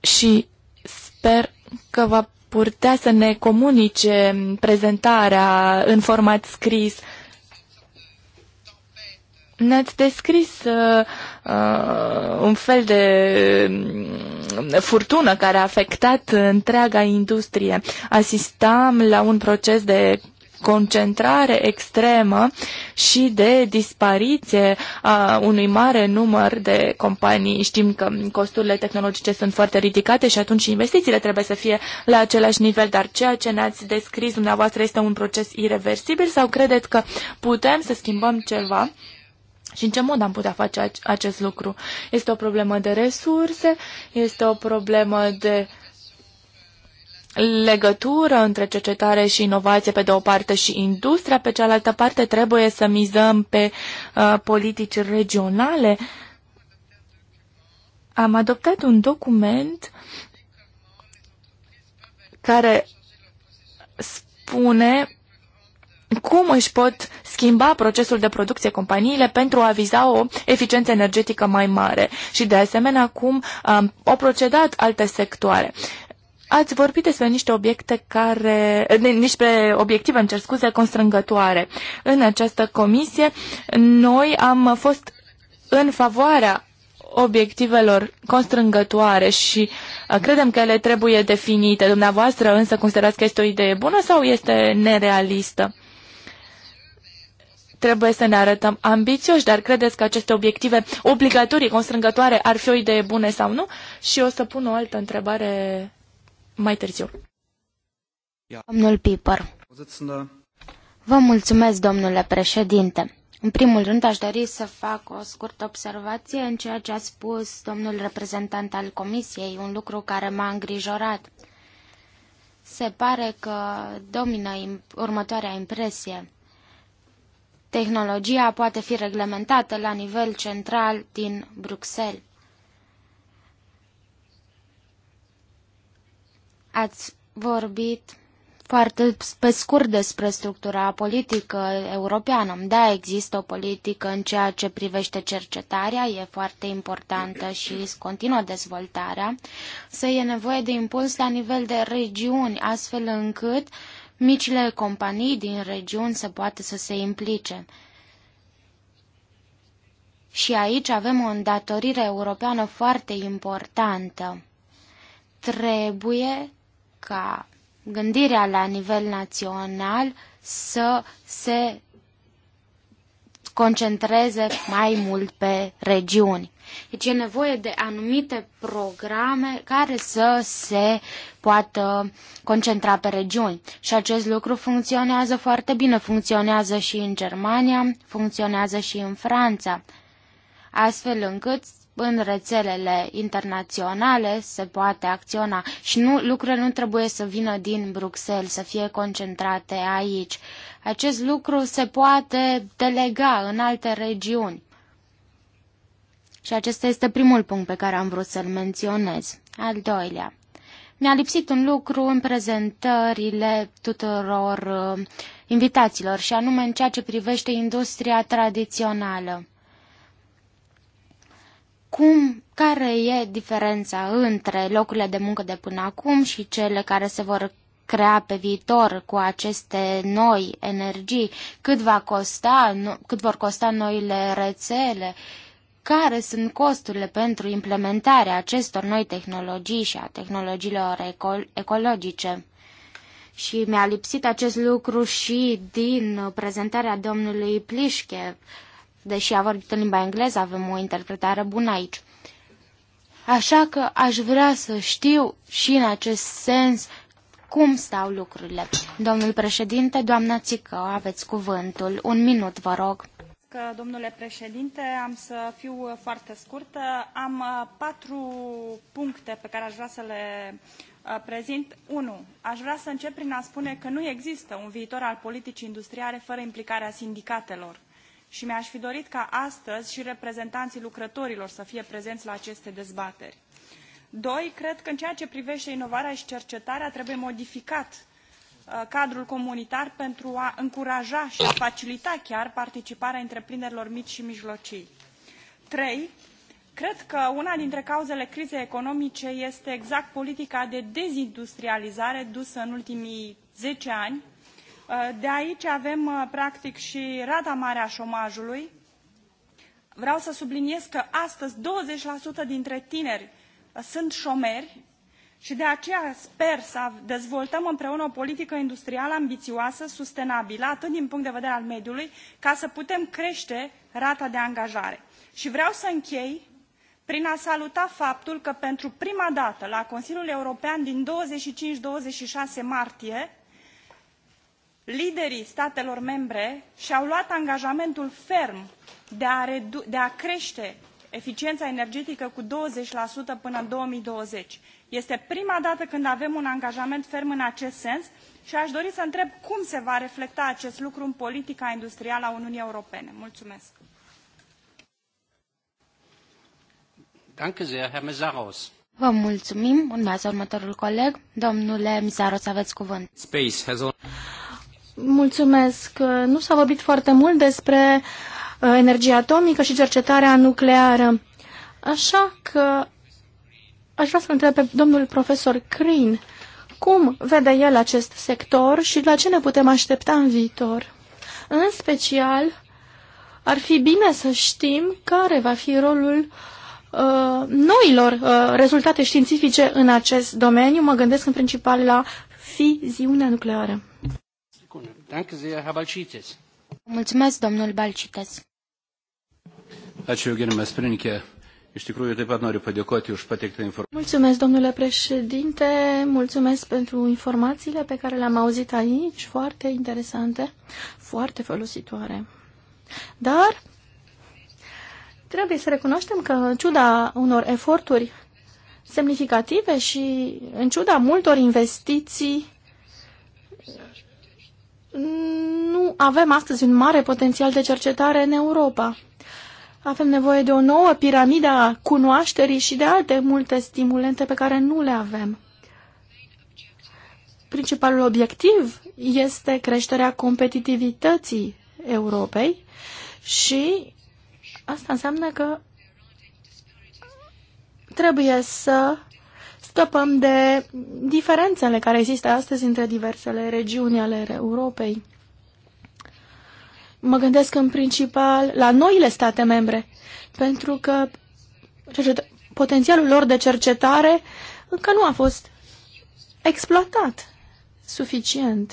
și sper că va putea să ne comunice prezentarea în format scris. Ne-ați descris uh, Uh, un fel de mm, furtună care a afectat întreaga industrie. Asistam la un proces de concentrare extremă și de dispariție a unui mare număr de companii. Știm că costurile tehnologice sunt foarte ridicate și atunci investițiile trebuie să fie la același nivel, dar ceea ce ne-ați descris dumneavoastră este un proces irreversibil sau credeți că putem să schimbăm ceva și în ce mod am putea face acest lucru? Este o problemă de resurse, este o problemă de legătură între cercetare și inovație pe de o parte și industria pe cealaltă parte. Trebuie să mizăm pe uh, politici regionale. Am adoptat un document care spune cum își pot schimba procesul de producție companiile pentru a viza o eficiență energetică mai mare și de asemenea cum um, au procedat alte sectoare. Ați vorbit despre niște obiecte care, despre obiective, îmi cer scuze, constrângătoare. În această comisie, noi am fost în favoarea obiectivelor constrângătoare și uh, credem că ele trebuie definite. Dumneavoastră însă considerați că este o idee bună sau este nerealistă? Trebuie să ne arătăm ambițioși, dar credeți că aceste obiective obligatorii, constrângătoare, ar fi o idee bună sau nu? Și o să pun o altă întrebare mai târziu. Domnul Piper. Vă mulțumesc, domnule președinte. În primul rând, aș dori să fac o scurtă observație în ceea ce a spus domnul reprezentant al Comisiei, un lucru care m-a îngrijorat. Se pare că domină următoarea impresie. Tehnologia poate fi reglementată la nivel central din Bruxelles. Ați vorbit foarte pe scurt despre structura politică europeană. Da, există o politică în ceea ce privește cercetarea, e foarte importantă și continuă dezvoltarea. Să e nevoie de impuls la nivel de regiuni, astfel încât uh, micile companii din regiuni să poată să se implice. Și aici avem o îndatorire europeană foarte importantă. Trebuie ca gândirea la nivel național să se concentreze mai mult pe regiuni. Deci e nevoie de anumite programe care să se poată concentra pe regiuni. Și acest lucru funcționează foarte bine. Funcționează și în Germania, funcționează și în Franța. Astfel încât în rețelele internaționale se poate acționa și nu, lucrurile nu trebuie să vină din Bruxelles, să fie concentrate aici. Acest lucru se poate delega în alte regiuni. Și acesta este primul punct pe care am vrut să-l menționez. Al doilea. Mi-a lipsit un lucru în prezentările tuturor uh, invitaților, și anume în ceea ce privește industria tradițională. Cum, care e diferența între locurile de muncă de până acum și cele care se vor crea pe viitor cu aceste noi energii? Cât, va costa, cât vor costa noile rețele? Uh, care sunt costurile pentru implementarea acestor noi tehnologii și a tehnologiilor eco- ecologice. Și mi-a lipsit acest lucru și din prezentarea domnului Plișche, deși a vorbit în limba engleză, avem o interpretare bună aici. Așa că aș vrea să știu și în acest sens cum stau lucrurile. Domnul președinte, doamna Țică, aveți cuvântul. Un minut, vă rog domnule președinte. Am să fiu uh, foarte scurtă. Am uh, patru puncte pe care aș vrea să le uh, prezint. 1. Aș vrea să încep prin a spune că nu există un viitor al politicii industriale fără implicarea sindicatelor. Și mi-aș fi dorit ca astăzi și reprezentanții lucrătorilor să fie prezenți la aceste dezbateri. Doi, cred că în ceea ce privește inovarea și cercetarea trebuie modificat Uh, cadrul comunitar pentru a încuraja și a facilita chiar participarea întreprinderilor mici și mijlocii. Trei, Cred că una dintre cauzele crizei economice este exact politica de dezindustrializare dusă în ultimii zece ani. Uh, de aici avem, uh, practic, și rata mare a șomajului. Vreau să subliniez că astăzi 20% dintre tineri sunt șomeri, și de aceea sper să dezvoltăm împreună o politică industrială ambițioasă, sustenabilă, atât din punct de vedere al mediului, ca să putem crește rata de angajare. Și vreau să închei prin a saluta faptul că pentru prima dată la Consiliul European din 25-26 martie, liderii statelor membre și-au luat angajamentul ferm de a, de a crește eficiența energetică cu 20% până în 2020 este prima dată când avem un angajament ferm în acest sens și aș dori să întreb cum se va reflecta acest lucru în politica industrială a Uniunii Europene. Mulțumesc! Vă mulțumim. Urmează următorul coleg. Domnule Mizaros, aveți cuvânt. Space has Mulțumesc. Nu s-a vorbit foarte mult despre uh, energia atomică și cercetarea nucleară. Așa că Aș vrea să întreb pe domnul profesor Crin cum vede el acest sector și la ce ne putem aștepta în viitor. În special, ar fi bine să știm care va fi rolul uh, noilor uh, rezultate științifice în acest domeniu. Mă gândesc în principal la fiziunea nucleară. Mulțumesc, domnul Balcites. Ačiū, gerimas pirmininkė. Iš tikrųjų, taip pat noriu padėkoti už pateiktą informaciją. Mulțumesc, domnule președinte, mulțumesc pentru informațiile pe care le-am auzit aici, foarte interesante, foarte folositoare. Dar trebuie să recunoaștem că, în ciuda unor eforturi semnificative și în ciuda multor investiții, nu avem astăzi un mare potențial de cercetare în Europa. Avem nevoie de o nouă piramidă a cunoașterii și de alte multe stimulente pe care nu le avem. Principalul obiectiv este creșterea competitivității Europei și asta înseamnă că trebuie să stăpăm de diferențele care există astăzi între diversele regiuni ale Europei. Mă gândesc în principal la noile state membre, pentru că potențialul lor de cercetare încă nu a fost exploatat suficient.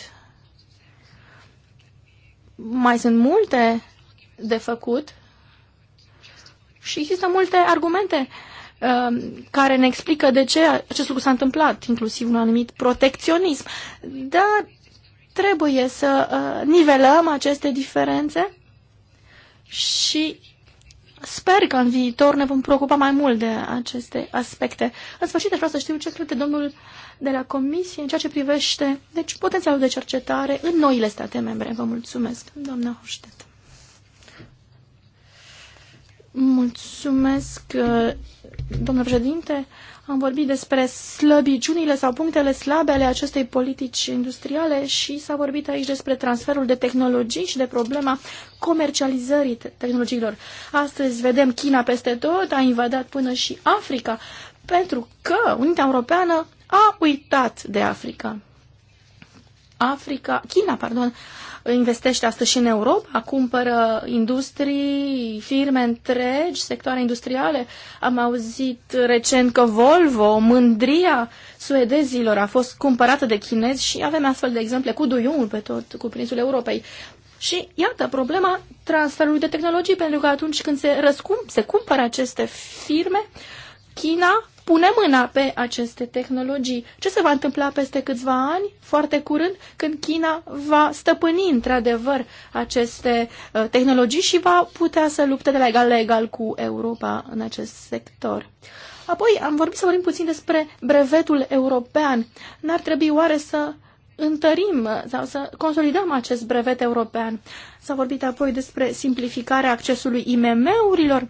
Mai sunt multe de făcut și există multe argumente uh, care ne explică de ce acest lucru s-a întâmplat, inclusiv un anumit protecționism. Dar Trebuie să uh, nivelăm aceste diferențe și sper că în viitor ne vom preocupa mai mult de aceste aspecte. În sfârșit, vreau să știu ce crede domnul de la Comisie în ceea ce privește deci, potențialul de cercetare în noile state membre. Vă mulțumesc, doamna Hoștet. Mulțumesc, uh, domnule președinte. Am vorbit despre slăbiciunile sau punctele slabe ale acestei politici industriale și s-a vorbit aici despre transferul de tehnologii și de problema comercializării tehnologiilor. Astăzi vedem China peste tot, a invadat până și Africa, pentru că Uniunea Europeană a uitat de Africa. Africa, China, pardon, investește astăzi și în Europa, cumpără industrii, firme întregi, sectoare industriale. Am auzit recent că Volvo, mândria suedezilor, a fost cumpărată de chinezi și avem astfel de exemple cu duiumul pe tot cuprinsul Europei. Și iată problema transferului de tehnologii, pentru că atunci când se răscum, se cumpără aceste firme, China Pune mâna pe aceste tehnologii. Ce se va întâmpla peste câțiva ani, foarte curând, când China va stăpâni într-adevăr aceste uh, tehnologii și va putea să lupte de la egal la egal cu Europa în acest sector? Apoi am vorbit să vorbim puțin despre brevetul european. N-ar trebui oare să întărim uh, sau să consolidăm acest brevet european? S-a vorbit apoi despre simplificarea accesului IMM-urilor,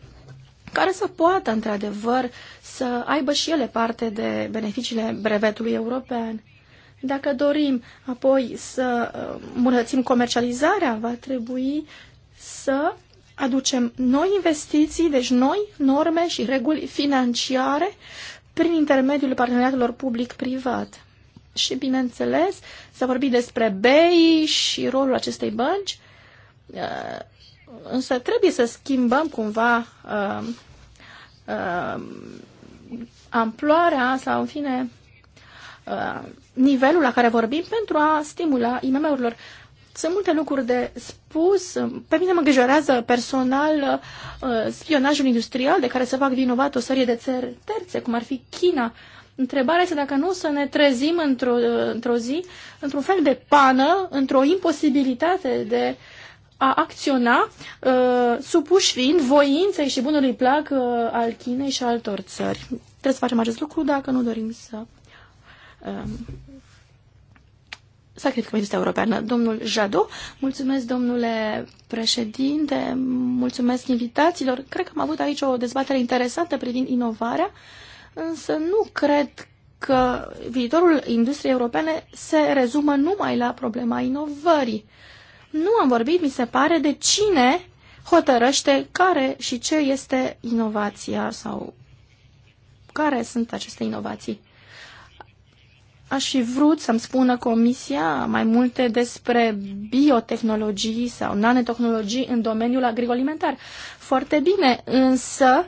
care să poată, într-adevăr, să aibă și ele parte de beneficiile brevetului european. Dacă dorim apoi să uh, îmbunătățim comercializarea, va trebui să aducem noi investiții, deci noi norme și reguli financiare prin intermediul parteneriatelor public-privat. Și, bineînțeles, s-a vorbit despre BEI și rolul acestei bănci, uh, însă trebuie să schimbăm cumva uh, amploarea sau, în fine, uh, nivelul la care vorbim pentru a stimula IMM-urilor. Sunt multe lucruri de spus. Pe mine mă îngrijorează personal uh, spionajul industrial de care se fac vinovat o serie de țări terțe, cum ar fi China. Întrebarea este dacă nu să ne trezim într-o, uh, într-o zi într-un fel de pană, într-o imposibilitate de a acționa, supuși fiind voinței și bunului plac al Chinei și altor țări. Trebuie să facem acest lucru dacă nu dorim să um, sacrificăm industria europeană. Domnul Jadot. mulțumesc domnule președinte, mulțumesc invitațiilor. Cred că am avut aici o dezbatere interesantă privind inovarea, însă nu cred că viitorul industriei europene se rezumă numai la problema inovării. Nu am vorbit, mi se pare, de cine hotărăște care și ce este inovația sau care sunt aceste inovații. Aș fi vrut să-mi spună Comisia mai multe despre biotehnologii sau nanotehnologii în domeniul agroalimentar. Foarte bine, însă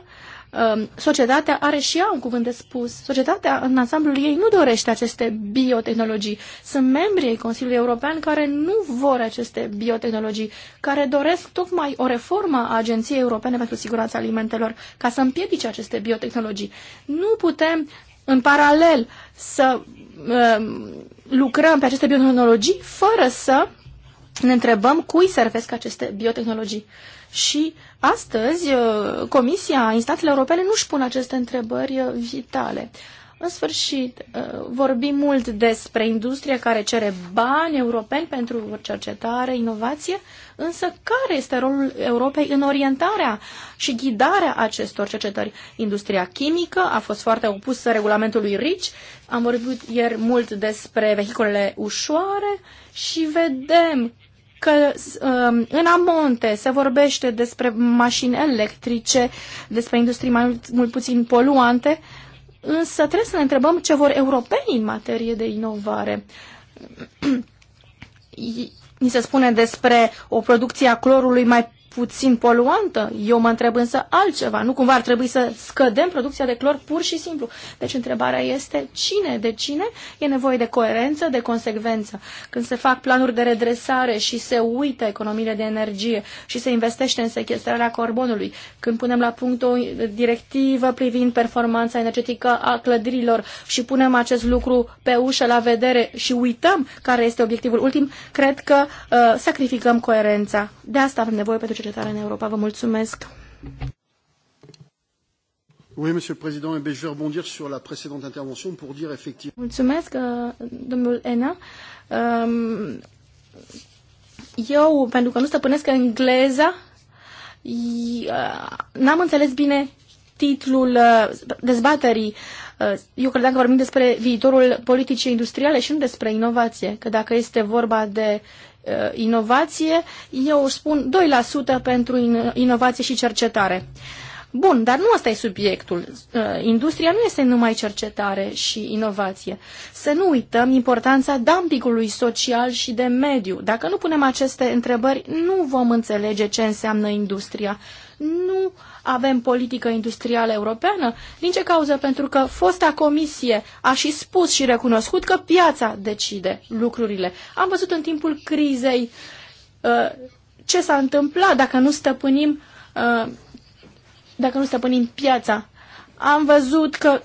Um, societatea are și ea un cuvânt de spus. Societatea, în ansamblul ei, nu dorește aceste biotehnologii. Sunt membrii Consiliului European care nu vor aceste biotehnologii, care doresc tocmai o reformă a Agenției Europene pentru Siguranța Alimentelor, ca să împiedice aceste biotehnologii. Nu putem, în paralel, să uh, lucrăm pe aceste biotehnologii fără să ne întrebăm cui servesc aceste biotehnologii. Uh, și astăzi uh, Comisia, Instanțelor europene nu-și pun aceste întrebări uh, vitale. În sfârșit, uh, vorbim mult despre industrie care cere bani europeni pentru cercetare, inovație, însă care este rolul Europei în orientarea și ghidarea acestor cercetări? Industria chimică a fost foarte opusă regulamentului RICI, am vorbit ieri mult despre vehiculele ușoare și vedem că um, în amonte se vorbește despre mașini electrice, despre industrii mai mult, mult puțin poluante, însă trebuie să ne întrebăm ce vor europenii în materie de inovare. <clears throat> Ni se spune despre o producție a clorului mai puțin poluantă? Eu mă întreb însă altceva. Nu cumva ar trebui să scădem producția de clor pur și simplu. Deci întrebarea este cine de cine e nevoie de coerență, de consecvență. Când se fac planuri de redresare și se uită economiile de energie și se investește în sequestrarea carbonului, când punem la punct o directivă privind performanța energetică a clădirilor și punem acest lucru pe ușă la vedere și uităm care este obiectivul ultim, cred că uh, sacrificăm coerența. De asta avem nevoie pentru cercetare în Europa. Vă mulțumesc! Oui, Monsieur le Président, eh bien, je vais rebondir sur la précédente intervention pour dire effectivement. Mulțumesc, uh, domnul Ena. Um, eu, pentru că nu stăpânesc engleza, uh, n-am înțeles bine titlul uh, dezbaterii. Eu credeam că vorbim despre viitorul politicii industriale și nu despre inovație, că dacă este vorba de Uh, inovație, eu spun 2% pentru inovație și cercetare. Bun, dar nu asta e subiectul. Uh, industria nu este numai cercetare și inovație. Să nu uităm importanța dumpingului social și de mediu. Dacă nu punem aceste întrebări, nu vom înțelege ce înseamnă industria. Nu avem politică industrială europeană? Din ce cauză? Pentru că fosta comisie a și spus și recunoscut că piața decide lucrurile. Am văzut în timpul crizei uh, ce s-a întâmplat dacă nu stăpânim uh, dacă nu stăpânim piața. Am văzut că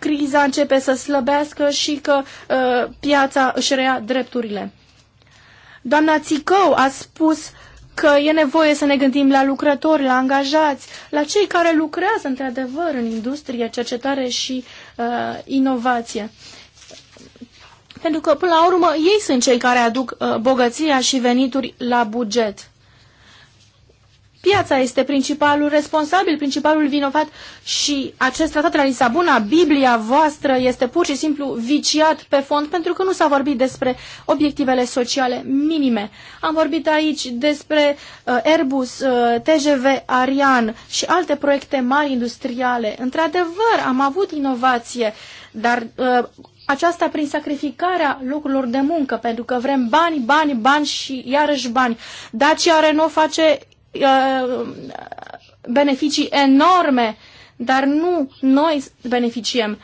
criza începe să slăbească și că uh, piața își rea drepturile. Doamna Țicău a spus că e nevoie să ne gândim la lucrători, la angajați, la cei care lucrează într-adevăr în industrie, cercetare și uh, inovație. Pentru că, până la urmă, ei sunt cei care aduc uh, bogăția și venituri la buget. Piața este principalul responsabil, principalul vinovat și acest tratat la Lisabona, Biblia voastră, este pur și simplu viciat pe fond pentru că nu s-a vorbit despre obiectivele sociale minime. Am vorbit aici despre uh, Airbus, uh, TGV, Arian și alte proiecte mari industriale. Într-adevăr, am avut inovație, dar... Uh, aceasta prin sacrificarea locurilor de muncă, pentru că vrem bani, bani, bani și iarăși bani. Dacia Renault face Uh, beneficii enorme, dar nu noi beneficiem.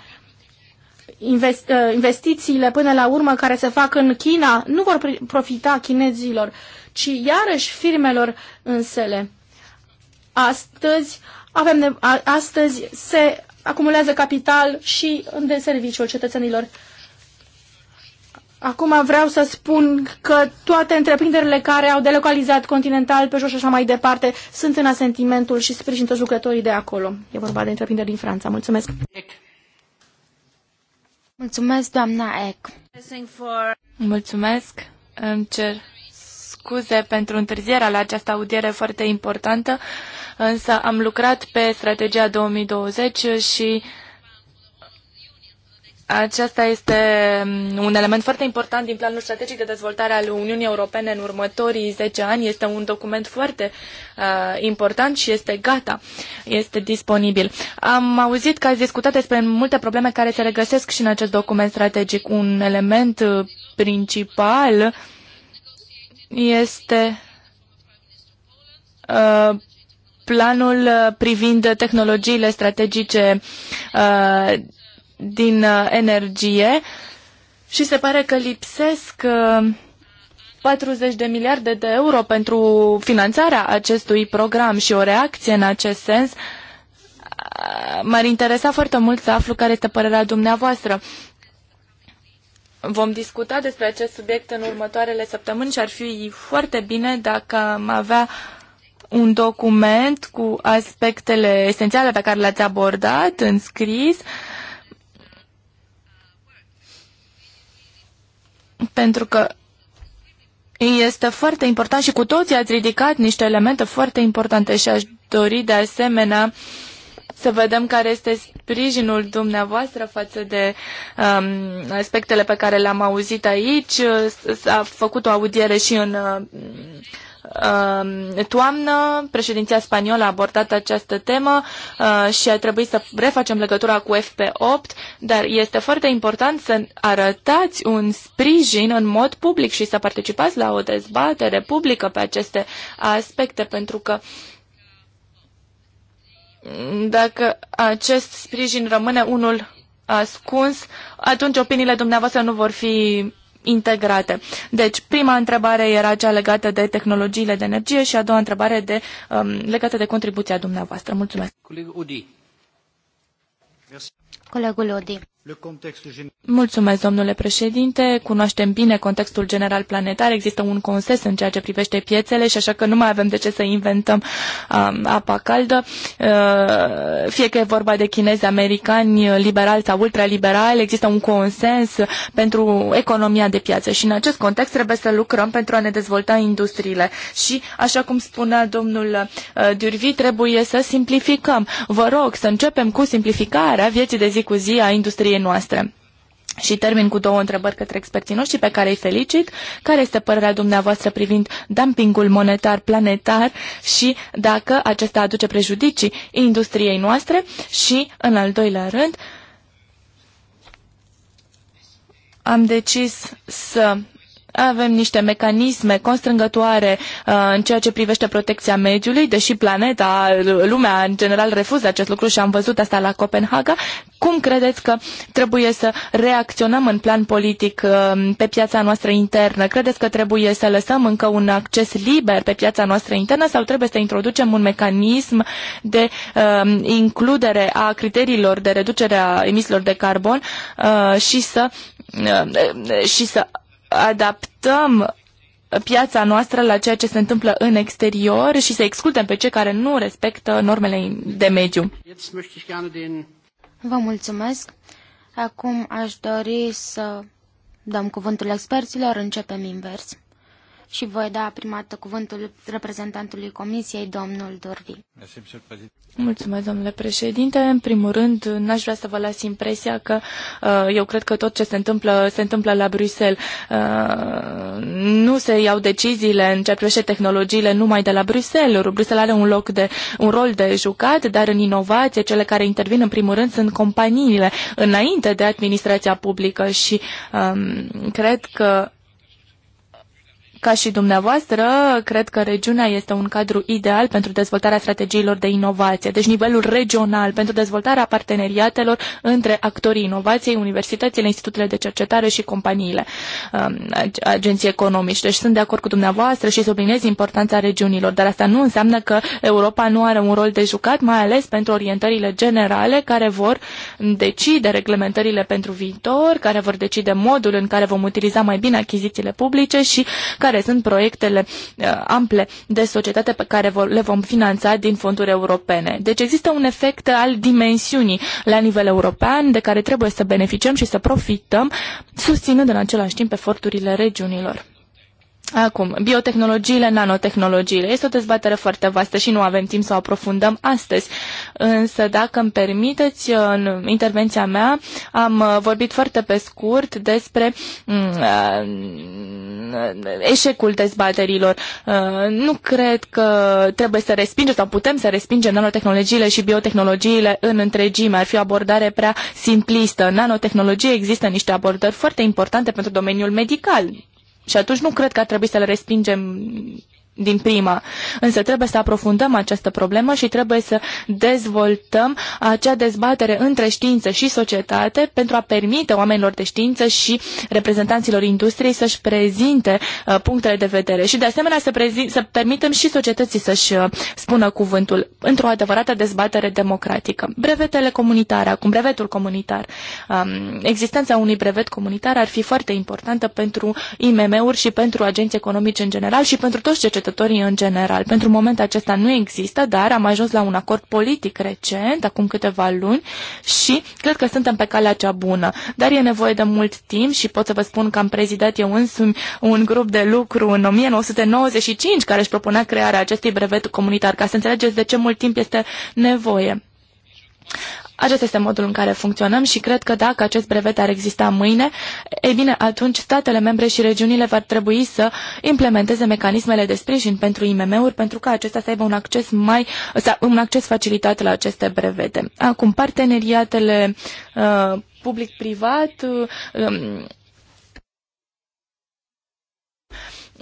Uh, investițiile până la urmă care se fac în China nu vor profita chinezilor, ci iarăși firmelor însele. Astăzi, avem, astăzi se acumulează capital și de serviciul cetățenilor Acum vreau să spun că toate întreprinderile care au delocalizat Continental, pe jos și așa mai departe, sunt în asentimentul și sprijin toți lucrătorii de acolo. E vorba de întreprinderi din Franța. Mulțumesc! Mulțumesc, doamna Eck! Mulțumesc! Îmi cer scuze pentru întârzierea la această audiere foarte importantă, însă am lucrat pe strategia 2020 și acesta este mm, un element foarte important din planul strategic de dezvoltare al Uniunii Europene în următorii 10 ani. Este un document foarte uh, important și este gata, este disponibil. Am auzit că ați discutat despre multe probleme care se regăsesc și în acest document strategic. Un element uh, principal este uh, planul uh, privind tehnologiile strategice uh, din uh, energie și se pare că lipsesc 40 uh, de miliarde de euro pentru finanțarea acestui program și o reacție în acest sens. Uh, m-ar interesa foarte mult să aflu care este părerea dumneavoastră. Vom discuta despre acest subiect în următoarele săptămâni și ar fi foarte bine dacă am avea un document cu aspectele esențiale pe care le-ați abordat în scris pentru că este foarte important și cu toții ați ridicat niște elemente foarte importante și aș dori de asemenea uh, să vedem care este sprijinul dumneavoastră față de um, aspectele pe care le-am auzit aici. S-a făcut o audiere și în uh, toamnă. Președinția spaniolă a abordat această temă uh, și a trebuit să refacem legătura cu FP8, dar este foarte important să arătați un sprijin în mod public și să participați la o dezbatere publică pe aceste aspecte, pentru că uh, dacă acest sprijin rămâne unul ascuns, atunci opiniile dumneavoastră nu vor fi integrate. Deci, prima întrebare era cea legată de tehnologiile de energie și a doua întrebare de, um, legată de contribuția dumneavoastră. Mulțumesc. Colegul Udi. Colegul Udi. Mulțumesc, domnule președinte. Cunoaștem bine contextul general planetar. Există un consens în ceea ce privește piețele și așa că nu mai avem de ce să inventăm um, apa caldă. Uh, fie că e vorba de chinezi, americani, liberali sau ultraliberali, există un consens pentru economia de piață și în acest context trebuie să lucrăm pentru a ne dezvolta industriile. Și, așa cum spunea domnul uh, Durvi, trebuie să simplificăm. Vă rog să începem cu simplificarea vieții de zi cu zi a industriei comisiei noastre. Și termin cu două întrebări către experții noștri pe care îi felicit. Care este părerea dumneavoastră privind dumpingul monetar planetar și dacă acesta aduce prejudicii industriei noastre? Și, în al doilea rând, am decis să avem niște mecanisme constrângătoare uh, în ceea ce privește protecția mediului, deși planeta, lumea în general refuză acest lucru și am văzut asta la Copenhaga. Cum credeți că trebuie să reacționăm în plan politic uh, pe piața noastră internă? Credeți că trebuie să lăsăm încă un acces liber pe piața noastră internă sau trebuie să introducem un mecanism de uh, includere a criteriilor de reducere a emisiilor de carbon uh, și să uh, și să adaptăm piața noastră la ceea ce se întâmplă în exterior și să excludem pe cei care nu respectă normele de mediu. Vă mulțumesc. Acum aș dori să dăm cuvântul experților, începem invers și voi da prima dată cuvântul reprezentantului Comisiei, domnul Dorvi. Mulțumesc, domnule președinte. În primul rând, n-aș vrea să vă las impresia că uh, eu cred că tot ce se întâmplă, se întâmplă la Bruxelles. Uh, nu se iau deciziile în ce privește tehnologiile numai de la Bruxelles. Bruxelles are un, loc de, un rol de jucat, dar în inovație, cele care intervin în primul rând sunt companiile, înainte de administrația publică și um, cred că ca și dumneavoastră, cred că regiunea este un cadru ideal pentru dezvoltarea strategiilor de inovație, deci nivelul regional pentru dezvoltarea parteneriatelor între actorii inovației, universitățile, institutele de cercetare și companiile, um, agenții economici. Deci sunt de acord cu dumneavoastră și subliniez importanța regiunilor, dar asta nu înseamnă că Europa nu are un rol de jucat, mai ales pentru orientările generale care vor decide reglementările pentru viitor, care vor decide modul în care vom utiliza mai bine achizițiile publice și care care sunt proiectele uh, ample de societate pe care le vom finanța din fonduri europene. Deci există un efect al dimensiunii la nivel european de care trebuie să beneficiem și să profităm, susținând în același timp eforturile regiunilor. Acum, biotehnologiile, nanotehnologiile. Este o dezbatere foarte vastă și nu avem timp să o aprofundăm astăzi. Însă, dacă îmi permiteți, în intervenția mea am uh, vorbit foarte pe scurt despre mm, uh, eșecul dezbaterilor. Uh, nu cred că trebuie să respingem sau putem să respingem nanotehnologiile și biotehnologiile în întregime. Ar fi o abordare prea simplistă. În nanotehnologie există niște abordări foarte importante pentru domeniul medical și atunci nu cred că ar trebui să le respingem din prima. Însă trebuie să aprofundăm această problemă și trebuie să dezvoltăm acea dezbatere între știință și societate pentru a permite oamenilor de știință și reprezentanților industriei să-și prezinte uh, punctele de vedere și de asemenea să, să permitem și societății să-și uh, spună cuvântul într-o adevărată dezbatere democratică. Brevetele comunitare, acum brevetul comunitar, um, existența unui brevet comunitar ar fi foarte importantă pentru IMM-uri și pentru agenții economici în general și pentru toți cercetătorii cercetătorii în general. Pentru moment acesta nu există, dar am ajuns la un acord politic recent, acum câteva luni, și cred că suntem pe calea cea bună. Dar e nevoie de mult timp și pot să vă spun că am prezidat eu însumi un grup de lucru în 1995 care își propunea crearea acestui brevet comunitar, ca să înțelegeți de ce mult timp este nevoie. Acesta este modul în care funcționăm și cred că dacă acest brevet ar exista mâine, e bine, atunci statele membre și regiunile vor trebui să implementeze mecanismele de sprijin pentru IMM-uri pentru ca acesta să aibă un acces mai un acces facilitat la aceste brevete. Acum, parteneriatele uh, public-privat, uh, um,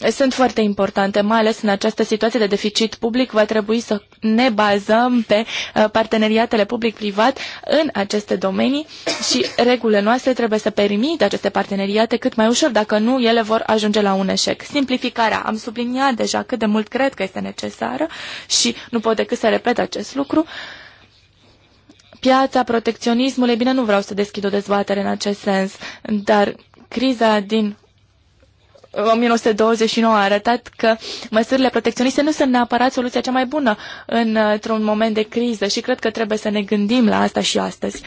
sunt foarte importante, mai ales în această situație de deficit public. Va trebui să ne bazăm pe uh, parteneriatele public-privat în aceste domenii și regulile noastre trebuie să permită aceste parteneriate cât mai ușor, dacă nu, ele vor ajunge la un eșec. Simplificarea. Am subliniat deja cât de mult cred că este necesară și nu pot decât să repet acest lucru piața protecționismului, bine, nu vreau să deschid o dezbatere în acest sens, dar criza din 1929 a arătat că măsurile protecționiste nu sunt neapărat soluția cea mai bună într-un moment de criză și cred că trebuie să ne gândim la asta și astăzi.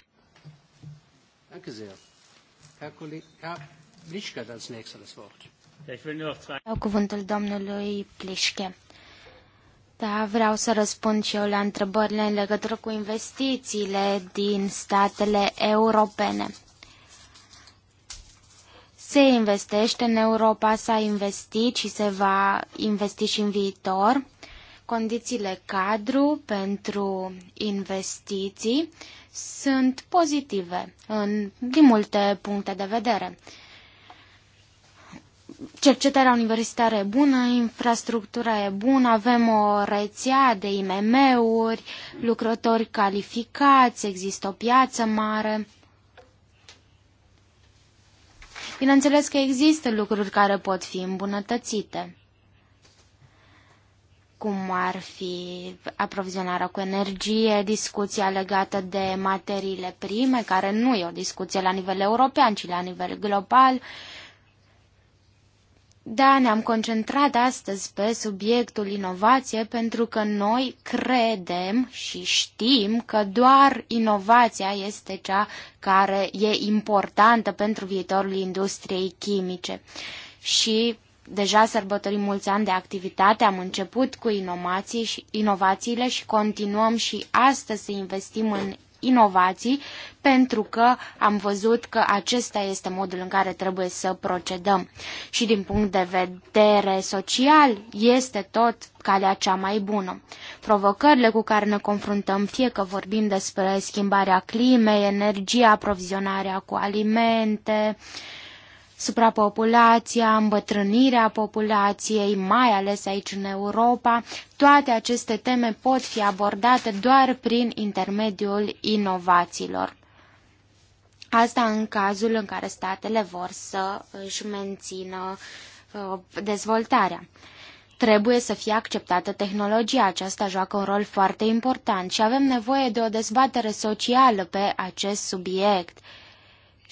Dau cuvântul domnului Plișche. Da, vreau să răspund și eu la întrebările în legătură cu investițiile din statele europene. Se investește în Europa, s-a investit și se va investi și în viitor. Condițiile cadru pentru investiții sunt pozitive în, din multe puncte de vedere. Cercetarea universitară e bună, infrastructura e bună, avem o rețea de IMM-uri, lucrători calificați, există o piață mare. Bineînțeles că există lucruri care pot fi îmbunătățite, cum ar fi aprovizionarea cu energie, discuția legată de materiile prime, care nu e o discuție la nivel european, ci la nivel global, da, ne-am concentrat astăzi pe subiectul inovație pentru că noi credem și știm că doar inovația este cea care e importantă pentru viitorul industriei chimice. Și deja sărbătorim mulți ani de activitate, am început cu inovații și, inovațiile și continuăm și astăzi să investim în inovații, pentru că am văzut că acesta este modul în care trebuie să procedăm. Și din punct de vedere social, este tot calea cea mai bună. Provocările cu care ne confruntăm, fie că vorbim despre schimbarea climei, energia, aprovizionarea cu alimente, uh, suprapopulația, îmbătrânirea populației, mai ales aici în Europa, toate aceste teme pot fi abordate doar prin intermediul inovațiilor. Asta în cazul în care statele vor să își mențină uh, dezvoltarea. Trebuie să fie acceptată tehnologia, aceasta joacă un rol foarte important și avem nevoie de o dezbatere socială pe acest subiect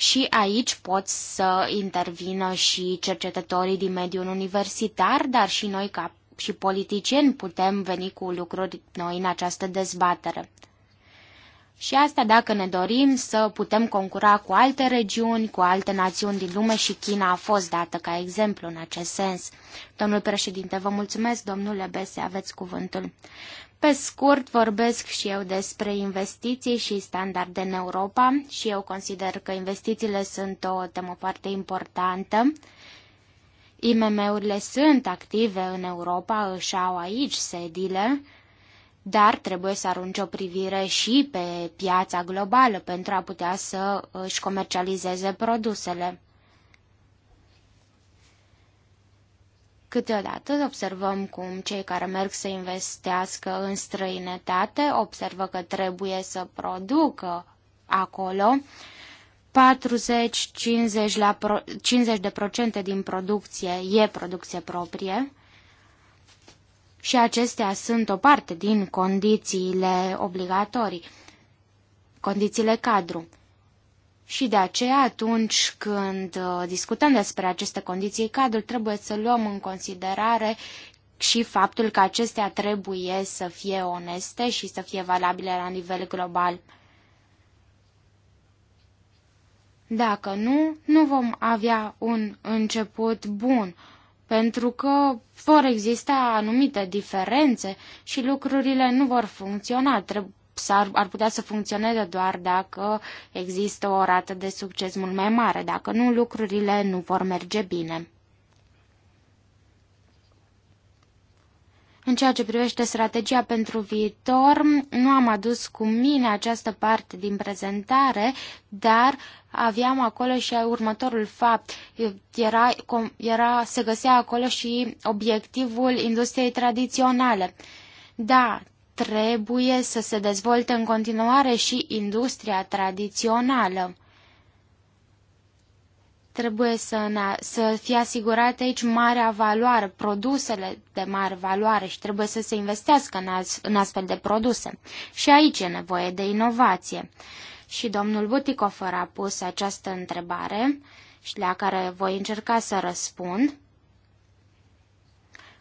și aici pot să intervină și cercetătorii din mediul universitar, dar și noi ca și politicieni putem veni cu lucruri noi în această dezbatere. Și asta dacă ne dorim să putem concura cu alte regiuni, cu alte națiuni din lume și China a fost dată ca exemplu în acest sens. Domnul președinte, vă mulțumesc, domnule Bese, aveți cuvântul. Pe scurt, vorbesc și eu despre investiții și standarde în Europa și eu consider că investițiile sunt o temă foarte importantă. IMM-urile sunt active în Europa, își au aici sediile, dar trebuie să arunci o privire și pe piața globală pentru a putea să își comercializeze produsele. Câteodată observăm cum cei care merg să investească în străinătate observă că trebuie să producă acolo 40-50% la pro, 50 de procente din producție e producție proprie și acestea sunt o parte din condițiile obligatorii, condițiile cadru. Și de aceea, atunci când uh, discutăm despre aceste condiții cadru, trebuie să luăm în considerare și faptul că acestea trebuie să fie oneste și să fie valabile la nivel global. Dacă nu, nu vom avea un început bun, pentru că vor exista anumite diferențe și lucrurile nu vor funcționa. Trebuie ar, ar putea să funcționeze doar dacă există o rată de succes mult mai mare. Dacă nu, lucrurile nu vor merge bine. În ceea ce privește strategia pentru viitor, nu am adus cu mine această parte din prezentare, dar aveam acolo și următorul fapt. Era, era, se găsea acolo și obiectivul industriei tradiționale. Da, trebuie să se dezvolte în continuare și industria tradițională. Trebuie să, ne, să fie asigurate aici marea valoare, produsele de mare valoare și trebuie să se investească în, as, în astfel de produse. Și aici e nevoie de inovație. Și domnul Buticofer a pus această întrebare și la care voi încerca să răspund.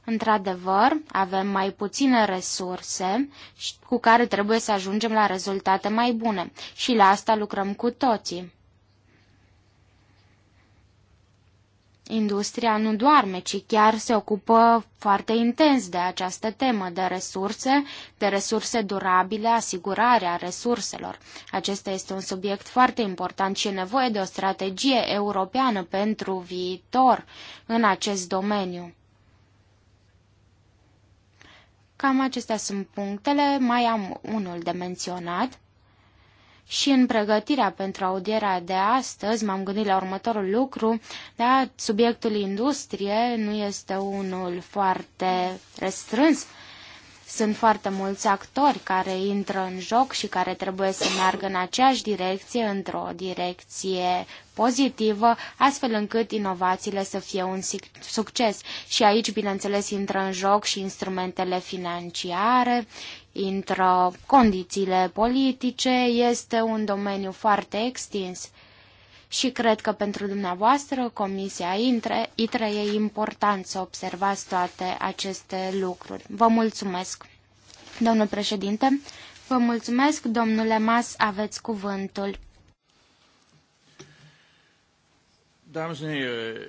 Într-adevăr, avem mai puține resurse cu care trebuie să ajungem la rezultate mai bune și la asta lucrăm cu toții. Industria nu doarme, ci chiar se ocupă foarte intens de această temă de resurse, de resurse durabile, asigurarea resurselor. Acesta este un subiect foarte important și e nevoie de o strategie europeană pentru viitor în acest domeniu. Cam acestea sunt punctele, mai am unul de menționat. Și în pregătirea pentru audierea de astăzi m-am gândit la următorul lucru, da, subiectul industrie nu este unul foarte restrâns, sunt foarte mulți actori care intră în joc și care trebuie să meargă în aceeași direcție, într-o direcție pozitivă, astfel încât inovațiile să fie un succes. Și aici, bineînțeles, intră în joc și instrumentele financiare, intră condițiile politice, este un domeniu foarte extins și cred că pentru dumneavoastră, Comisia Intre, ITRE e important să observați toate aceste lucruri. Vă mulțumesc, domnul președinte. Vă mulțumesc, domnule Mas, aveți cuvântul. Eh,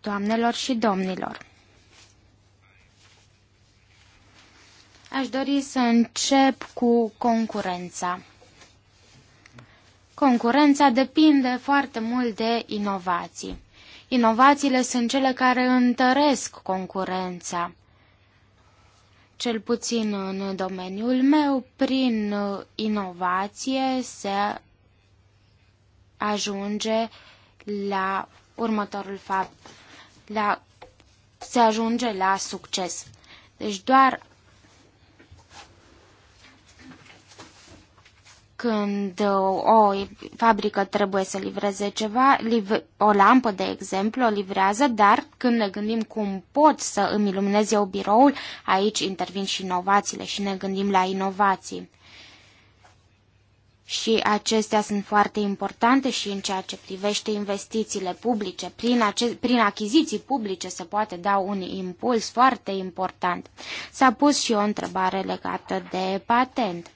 Doamnelor și domnilor, aș dori să încep cu concurența. Concurența depinde foarte mult de inovații. Inovațiile sunt cele care întăresc concurența. Cel puțin în domeniul meu, prin inovație se ajunge la următorul fapt, la, se ajunge la succes. Deci doar când uh, o fabrică trebuie să livreze ceva, liv- o lampă, de exemplu, o livrează, dar când ne gândim cum pot să îmi iluminez eu biroul, aici intervin și inovațiile și ne gândim la inovații. Și acestea sunt foarte importante și în ceea ce privește investițiile publice. Prin, ace- prin achiziții publice se poate da un impuls foarte important. S-a pus și o întrebare legată de patent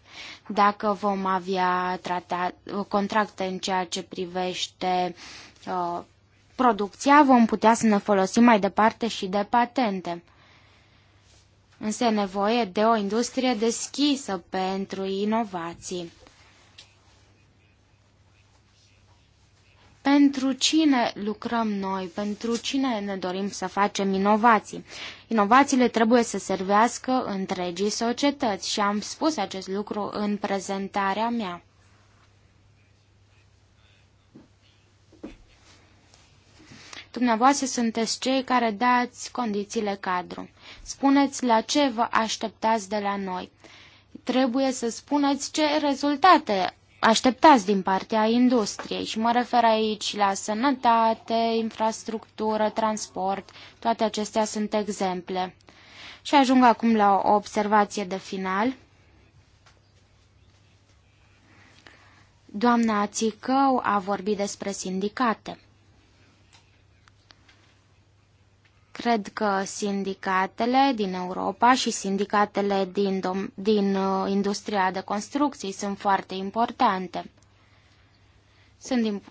dacă vom avea tratat, contracte în ceea ce privește uh, producția, vom putea să ne folosim mai departe și de patente. Însă e nevoie de o industrie deschisă pentru inovații. Pentru cine lucrăm noi? Pentru cine ne dorim să facem inovații? Inovațiile trebuie să servească întregii societăți și am spus acest lucru în prezentarea mea. Dumneavoastră sunteți cei care dați condițiile cadru. Spuneți la ce vă așteptați de la noi. Trebuie să spuneți ce rezultate așteptați din partea industriei și mă refer aici la sănătate, infrastructură, transport, toate acestea sunt exemple. Și ajung acum la o observație de final. Doamna Țicău a vorbit despre sindicate. Cred că sindicatele din Europa și sindicatele din, din uh, industria de construcții sunt foarte importante. Sunt, imp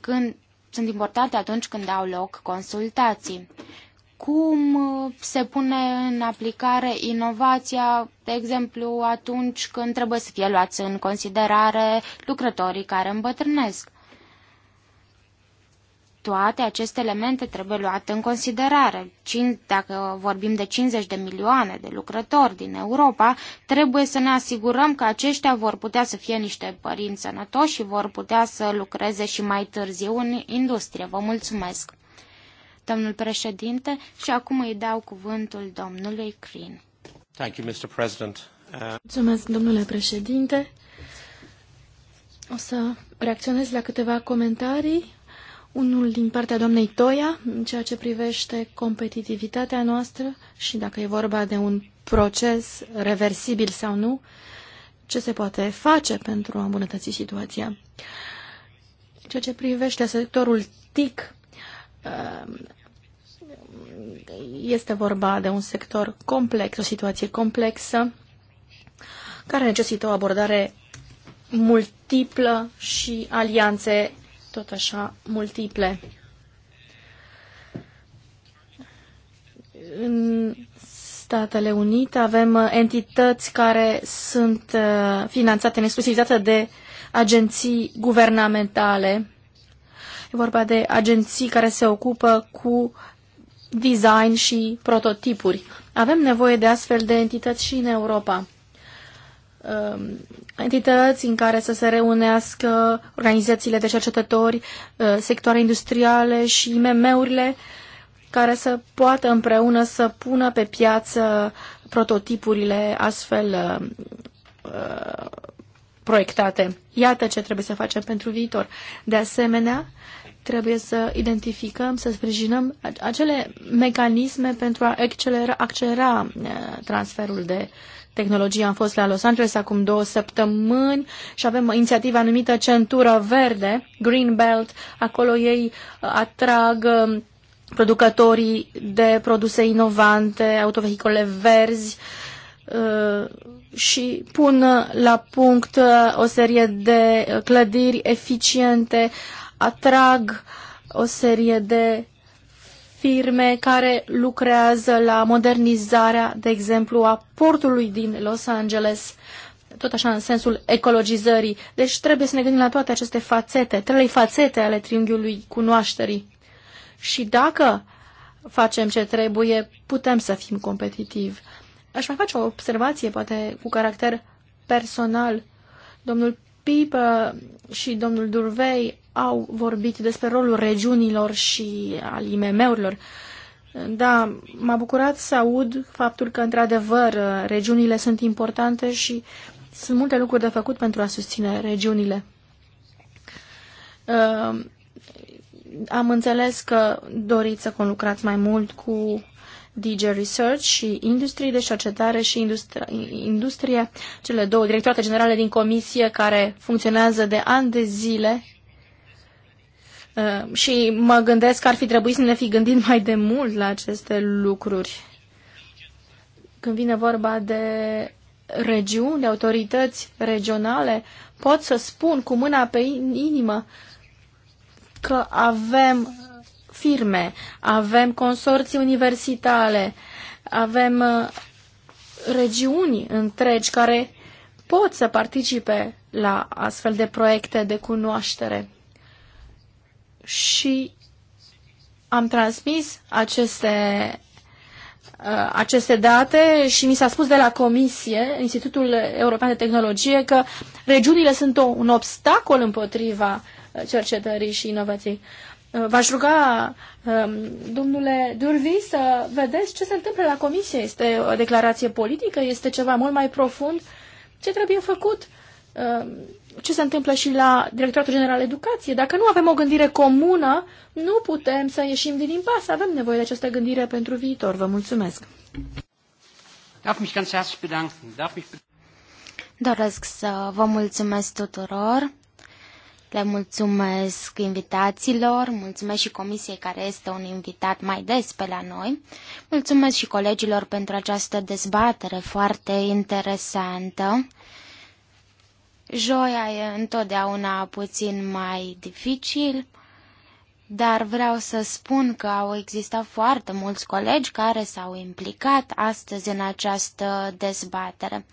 când, sunt importante atunci când au loc consultații. Cum uh, se pune în aplicare inovația, de exemplu, atunci când trebuie să fie luați în considerare lucrătorii care îmbătrânesc? toate aceste elemente trebuie luate în considerare. Dacă vorbim de 50 de milioane de lucrători din Europa, trebuie să ne asigurăm că aceștia vor putea să fie niște părinți sănătoși și vor putea să lucreze și mai târziu în industrie. Vă mulțumesc! Domnul președinte, și acum îi dau cuvântul domnului Crin. Thank you, Mr. President. Uh... Mulțumesc, domnule președinte. O să reacționez la câteva comentarii unul din partea doamnei Toia, în ceea ce privește competitivitatea noastră și dacă e vorba de un proces reversibil sau nu, ce se poate face pentru a îmbunătăți situația. În ceea ce privește sectorul TIC, uh, este vorba de un sector complex, o situație complexă, care necesită o abordare multiplă și alianțe tot așa multiple. În Statele Unite avem uh, entități care sunt uh, finanțate în exclusivitate de agenții guvernamentale. E vorba de agenții care se ocupă cu design și prototipuri. Avem nevoie de astfel de entități și în Europa. Um, entități în care să se reunească organizațiile de cercetători, uh, sectoare industriale și IMM-urile care să poată împreună să pună pe piață prototipurile astfel uh, proiectate. Iată ce trebuie să facem pentru viitor. De asemenea, trebuie să identificăm, să sprijinăm acele mecanisme pentru a accelera, accelera uh, transferul de uh, tehnologie. Am fost la Los Angeles acum două săptămâni și avem inițiativa numită Centură Verde, Green Belt. Acolo ei uh, atrag um, producătorii de produse inovante, autovehicole verzi uh, și pun uh, la punct o serie de clădiri eficiente, atrag o serie de firme care lucrează la modernizarea, de exemplu, a portului din Los Angeles, tot așa în sensul ecologizării. Deci trebuie să ne gândim la toate aceste fațete, trei fațete ale triunghiului cunoașterii. Și dacă facem ce trebuie, putem să fim competitivi. Aș mai face o observație, poate cu caracter personal. Domnul Pipă și domnul Durvei au vorbit despre rolul regiunilor și al IMM-urilor. Da, m-a bucurat să aud faptul că, într-adevăr, regiunile sunt importante și sunt multe lucruri de făcut pentru a susține regiunile. Am înțeles că doriți să conlucrați mai mult cu DG Research și Industrie de Cercetare și industrie, Industrie, cele două directorate generale din comisie care funcționează de ani de zile uh, și mă gândesc că ar fi trebuit să ne fi gândit mai de mult la aceste lucruri. Când vine vorba de regiuni, de autorități regionale, pot să spun cu mâna pe inimă că avem firme, avem consorții universitare, avem uh, regiuni întregi care pot să participe la astfel de proiecte de cunoaștere. Și am transmis aceste, uh, aceste date și mi s-a spus de la Comisie, Institutul European de Tehnologie, că regiunile sunt un obstacol împotriva uh, cercetării și inovației. Uh, v-aș ruga, um, domnule Durvi, să vedeți ce se întâmplă la comisie. Este o declarație politică? Este ceva mult mai profund? Ce trebuie făcut? Um, ce se întâmplă și la Directoratul General Educație? Dacă nu avem o gândire comună, nu putem să ieșim din impas. Avem nevoie de această gândire pentru viitor. Vă mulțumesc! Darf mich ganz herzlich bedanken. Darf mich Doresc să vă mulțumesc tuturor le mulțumesc invitațiilor, mulțumesc și comisiei care este un invitat mai des pe la noi. Mulțumesc și colegilor pentru această dezbatere foarte interesantă. Joia e întotdeauna puțin mai dificil, dar vreau să spun că au existat foarte mulți colegi care s-au implicat astăzi în această dezbatere.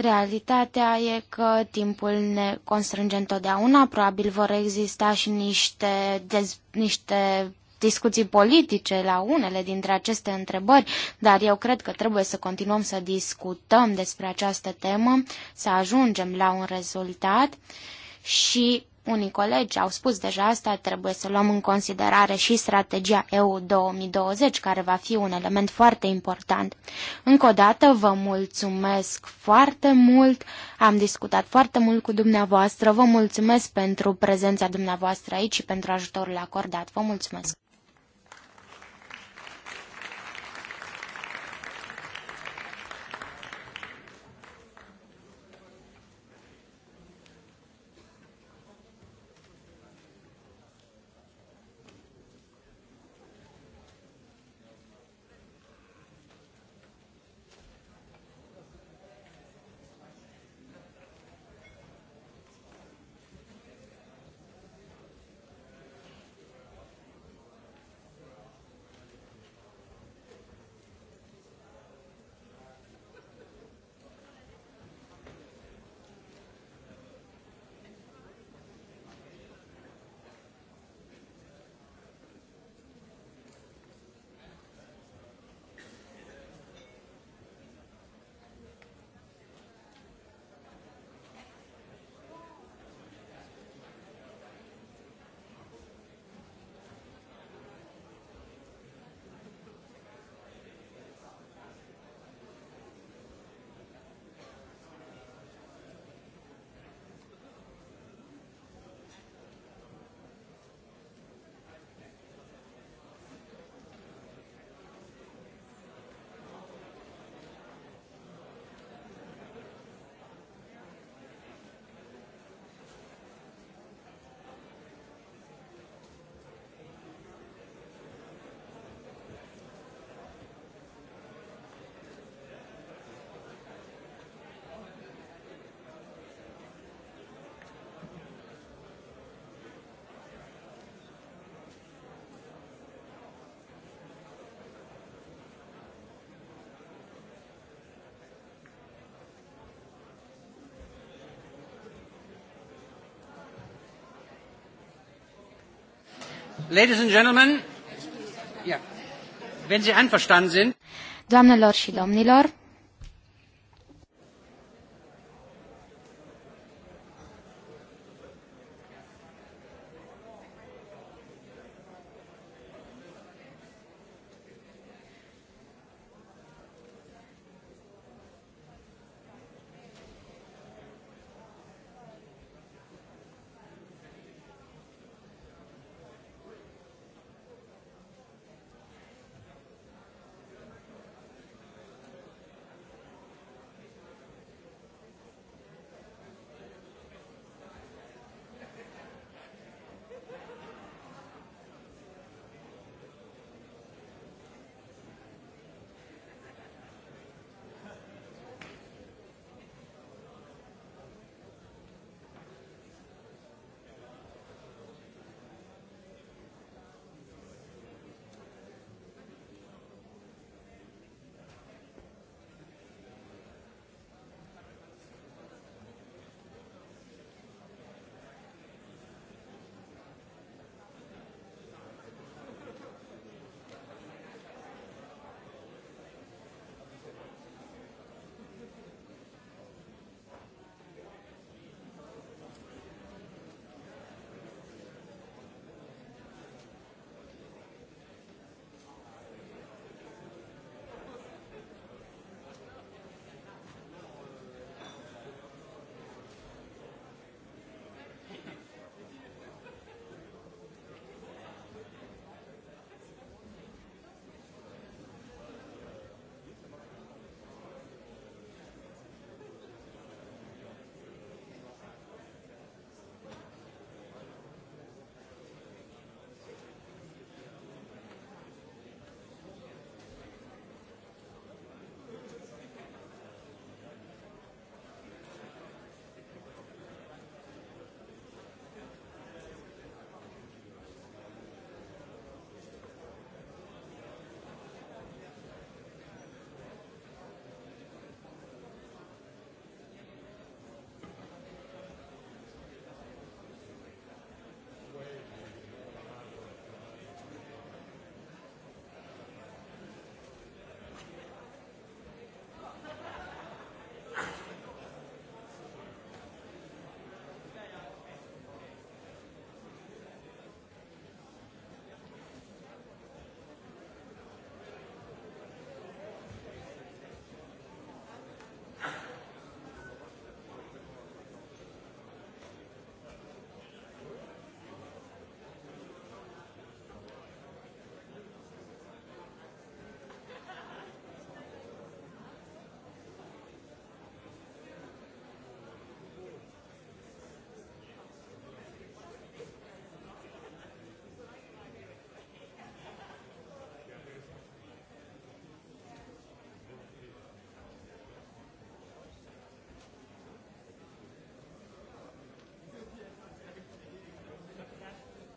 Realitatea e că timpul ne constrânge întotdeauna, probabil vor exista și niște, dez, niște discuții politice la unele dintre aceste întrebări, dar eu cred că trebuie să continuăm să discutăm despre această temă, să ajungem la un rezultat și unii colegi au spus deja asta, trebuie să luăm în considerare și strategia EU 2020, care va fi un element foarte important. Încă o dată vă mulțumesc foarte mult, am discutat foarte mult cu dumneavoastră, vă mulțumesc pentru prezența dumneavoastră aici și pentru ajutorul acordat. Vă mulțumesc! Ladies and gentlemen, yeah. Wenn Sie einverstanden sind. Doamnelor și domnilor,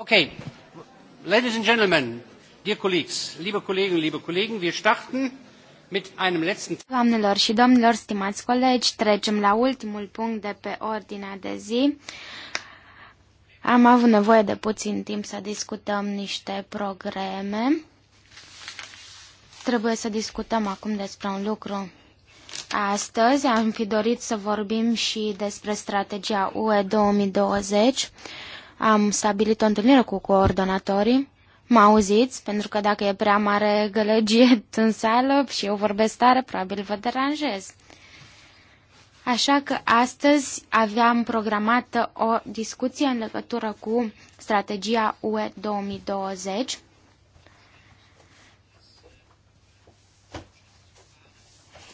Okay, ladies and gentlemen, dear colleagues, liebe Kollegen, liebe Kollegen, wir starten mit einem letzten. Doamnelor și domnilor, stimați colegi, trecem la ultimul punct de pe ordinea de zi. Am avut nevoie de puțin timp să discutăm niște programe. Trebuie să discutăm acum despre un lucru Astăzi am fi dorit să vorbim și despre strategia UE 2020 am stabilit o întâlnire cu coordonatorii. Mă auziți? Pentru că dacă e prea mare gălăgie în sală și eu vorbesc tare, probabil vă deranjez. Așa că astăzi aveam programată o discuție în legătură cu strategia UE 2020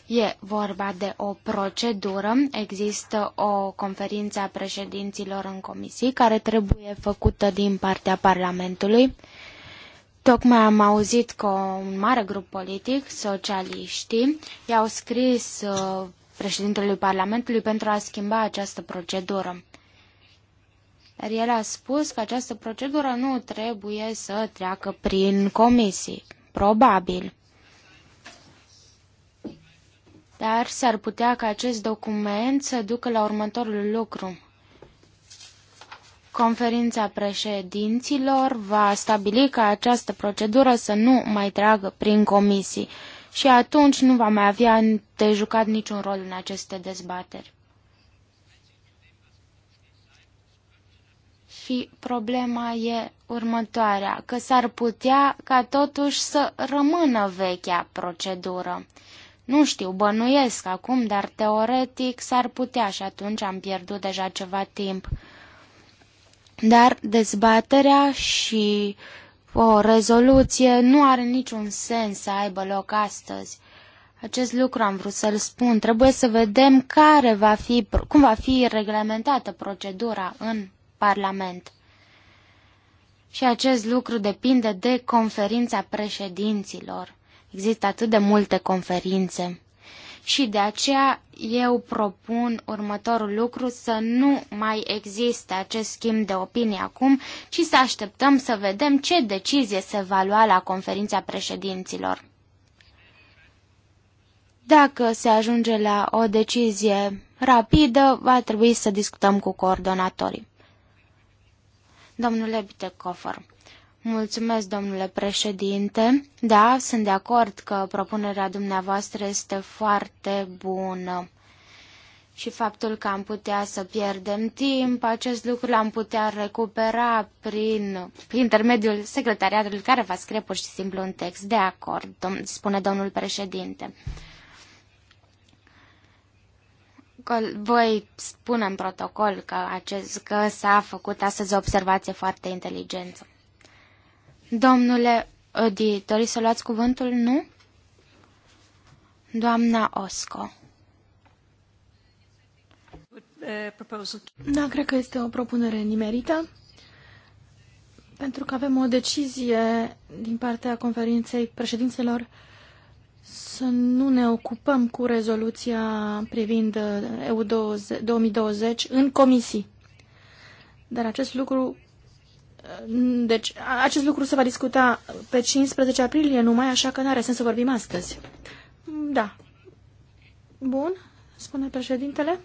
E vorba de o procedură, există o conferință a președinților în comisii care trebuie făcută din partea Parlamentului. Tocmai am auzit că un mare grup politic, socialiștii, i-au scris uh, președintelui Parlamentului pentru a schimba această procedură. Dar el a spus că această procedură nu trebuie să treacă prin comisii. Probabil dar s-ar putea ca acest document să ducă la următorul lucru. Conferința președinților va stabili ca această procedură să nu mai tragă prin comisii și atunci nu va mai avea de jucat niciun rol în aceste dezbateri. Și problema e următoarea, că s-ar putea ca totuși să rămână vechea procedură nu știu, bănuiesc acum, dar teoretic s-ar putea și atunci am pierdut deja ceva timp. Dar dezbaterea și o rezoluție nu are niciun sens să aibă loc astăzi. Acest lucru am vrut să-l spun. Trebuie să vedem care va fi, cum va fi reglementată procedura în Parlament. Și acest lucru depinde de conferința președinților. Există atât de multe conferințe. Și de aceea eu propun următorul lucru, să nu mai existe acest schimb de opinie acum, ci să așteptăm să vedem ce decizie se va lua la conferința președinților. Dacă se ajunge la o decizie rapidă, va trebui să discutăm cu coordonatorii. Domnule Bitecofer. Mulțumesc, domnule președinte. Da, sunt de acord că propunerea dumneavoastră este foarte bună. Și faptul că am putea să pierdem timp, acest lucru l-am putea recupera prin, prin intermediul secretariatului care va scrie pur și simplu un text. De acord, dom- spune domnul președinte. Voi spune în protocol că, acest, că s-a făcut astăzi o observație foarte inteligentă. Domnule Odi, doriți să luați cuvântul? Nu? Doamna Osco. Da, cred că este o propunere nimerită, pentru că avem o decizie din partea conferinței președinților să nu ne ocupăm cu rezoluția privind EU 2020 în comisii. Dar acest lucru deci, acest lucru se va discuta pe 15 aprilie numai, așa că nu are sens să vorbim astăzi. Da. Bun, spune președintele.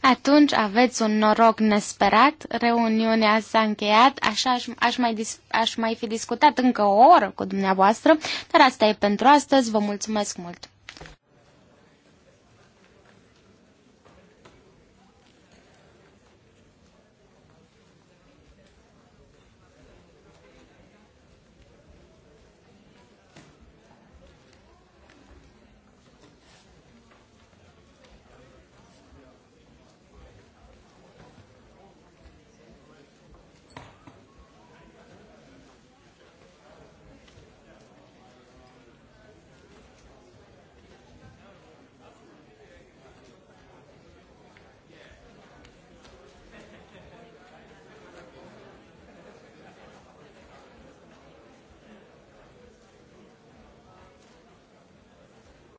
Atunci aveți un noroc nesperat, reuniunea s-a încheiat, așa aș, aș, mai dis, aș mai fi discutat încă o oră cu dumneavoastră, dar asta e pentru astăzi, vă mulțumesc mult!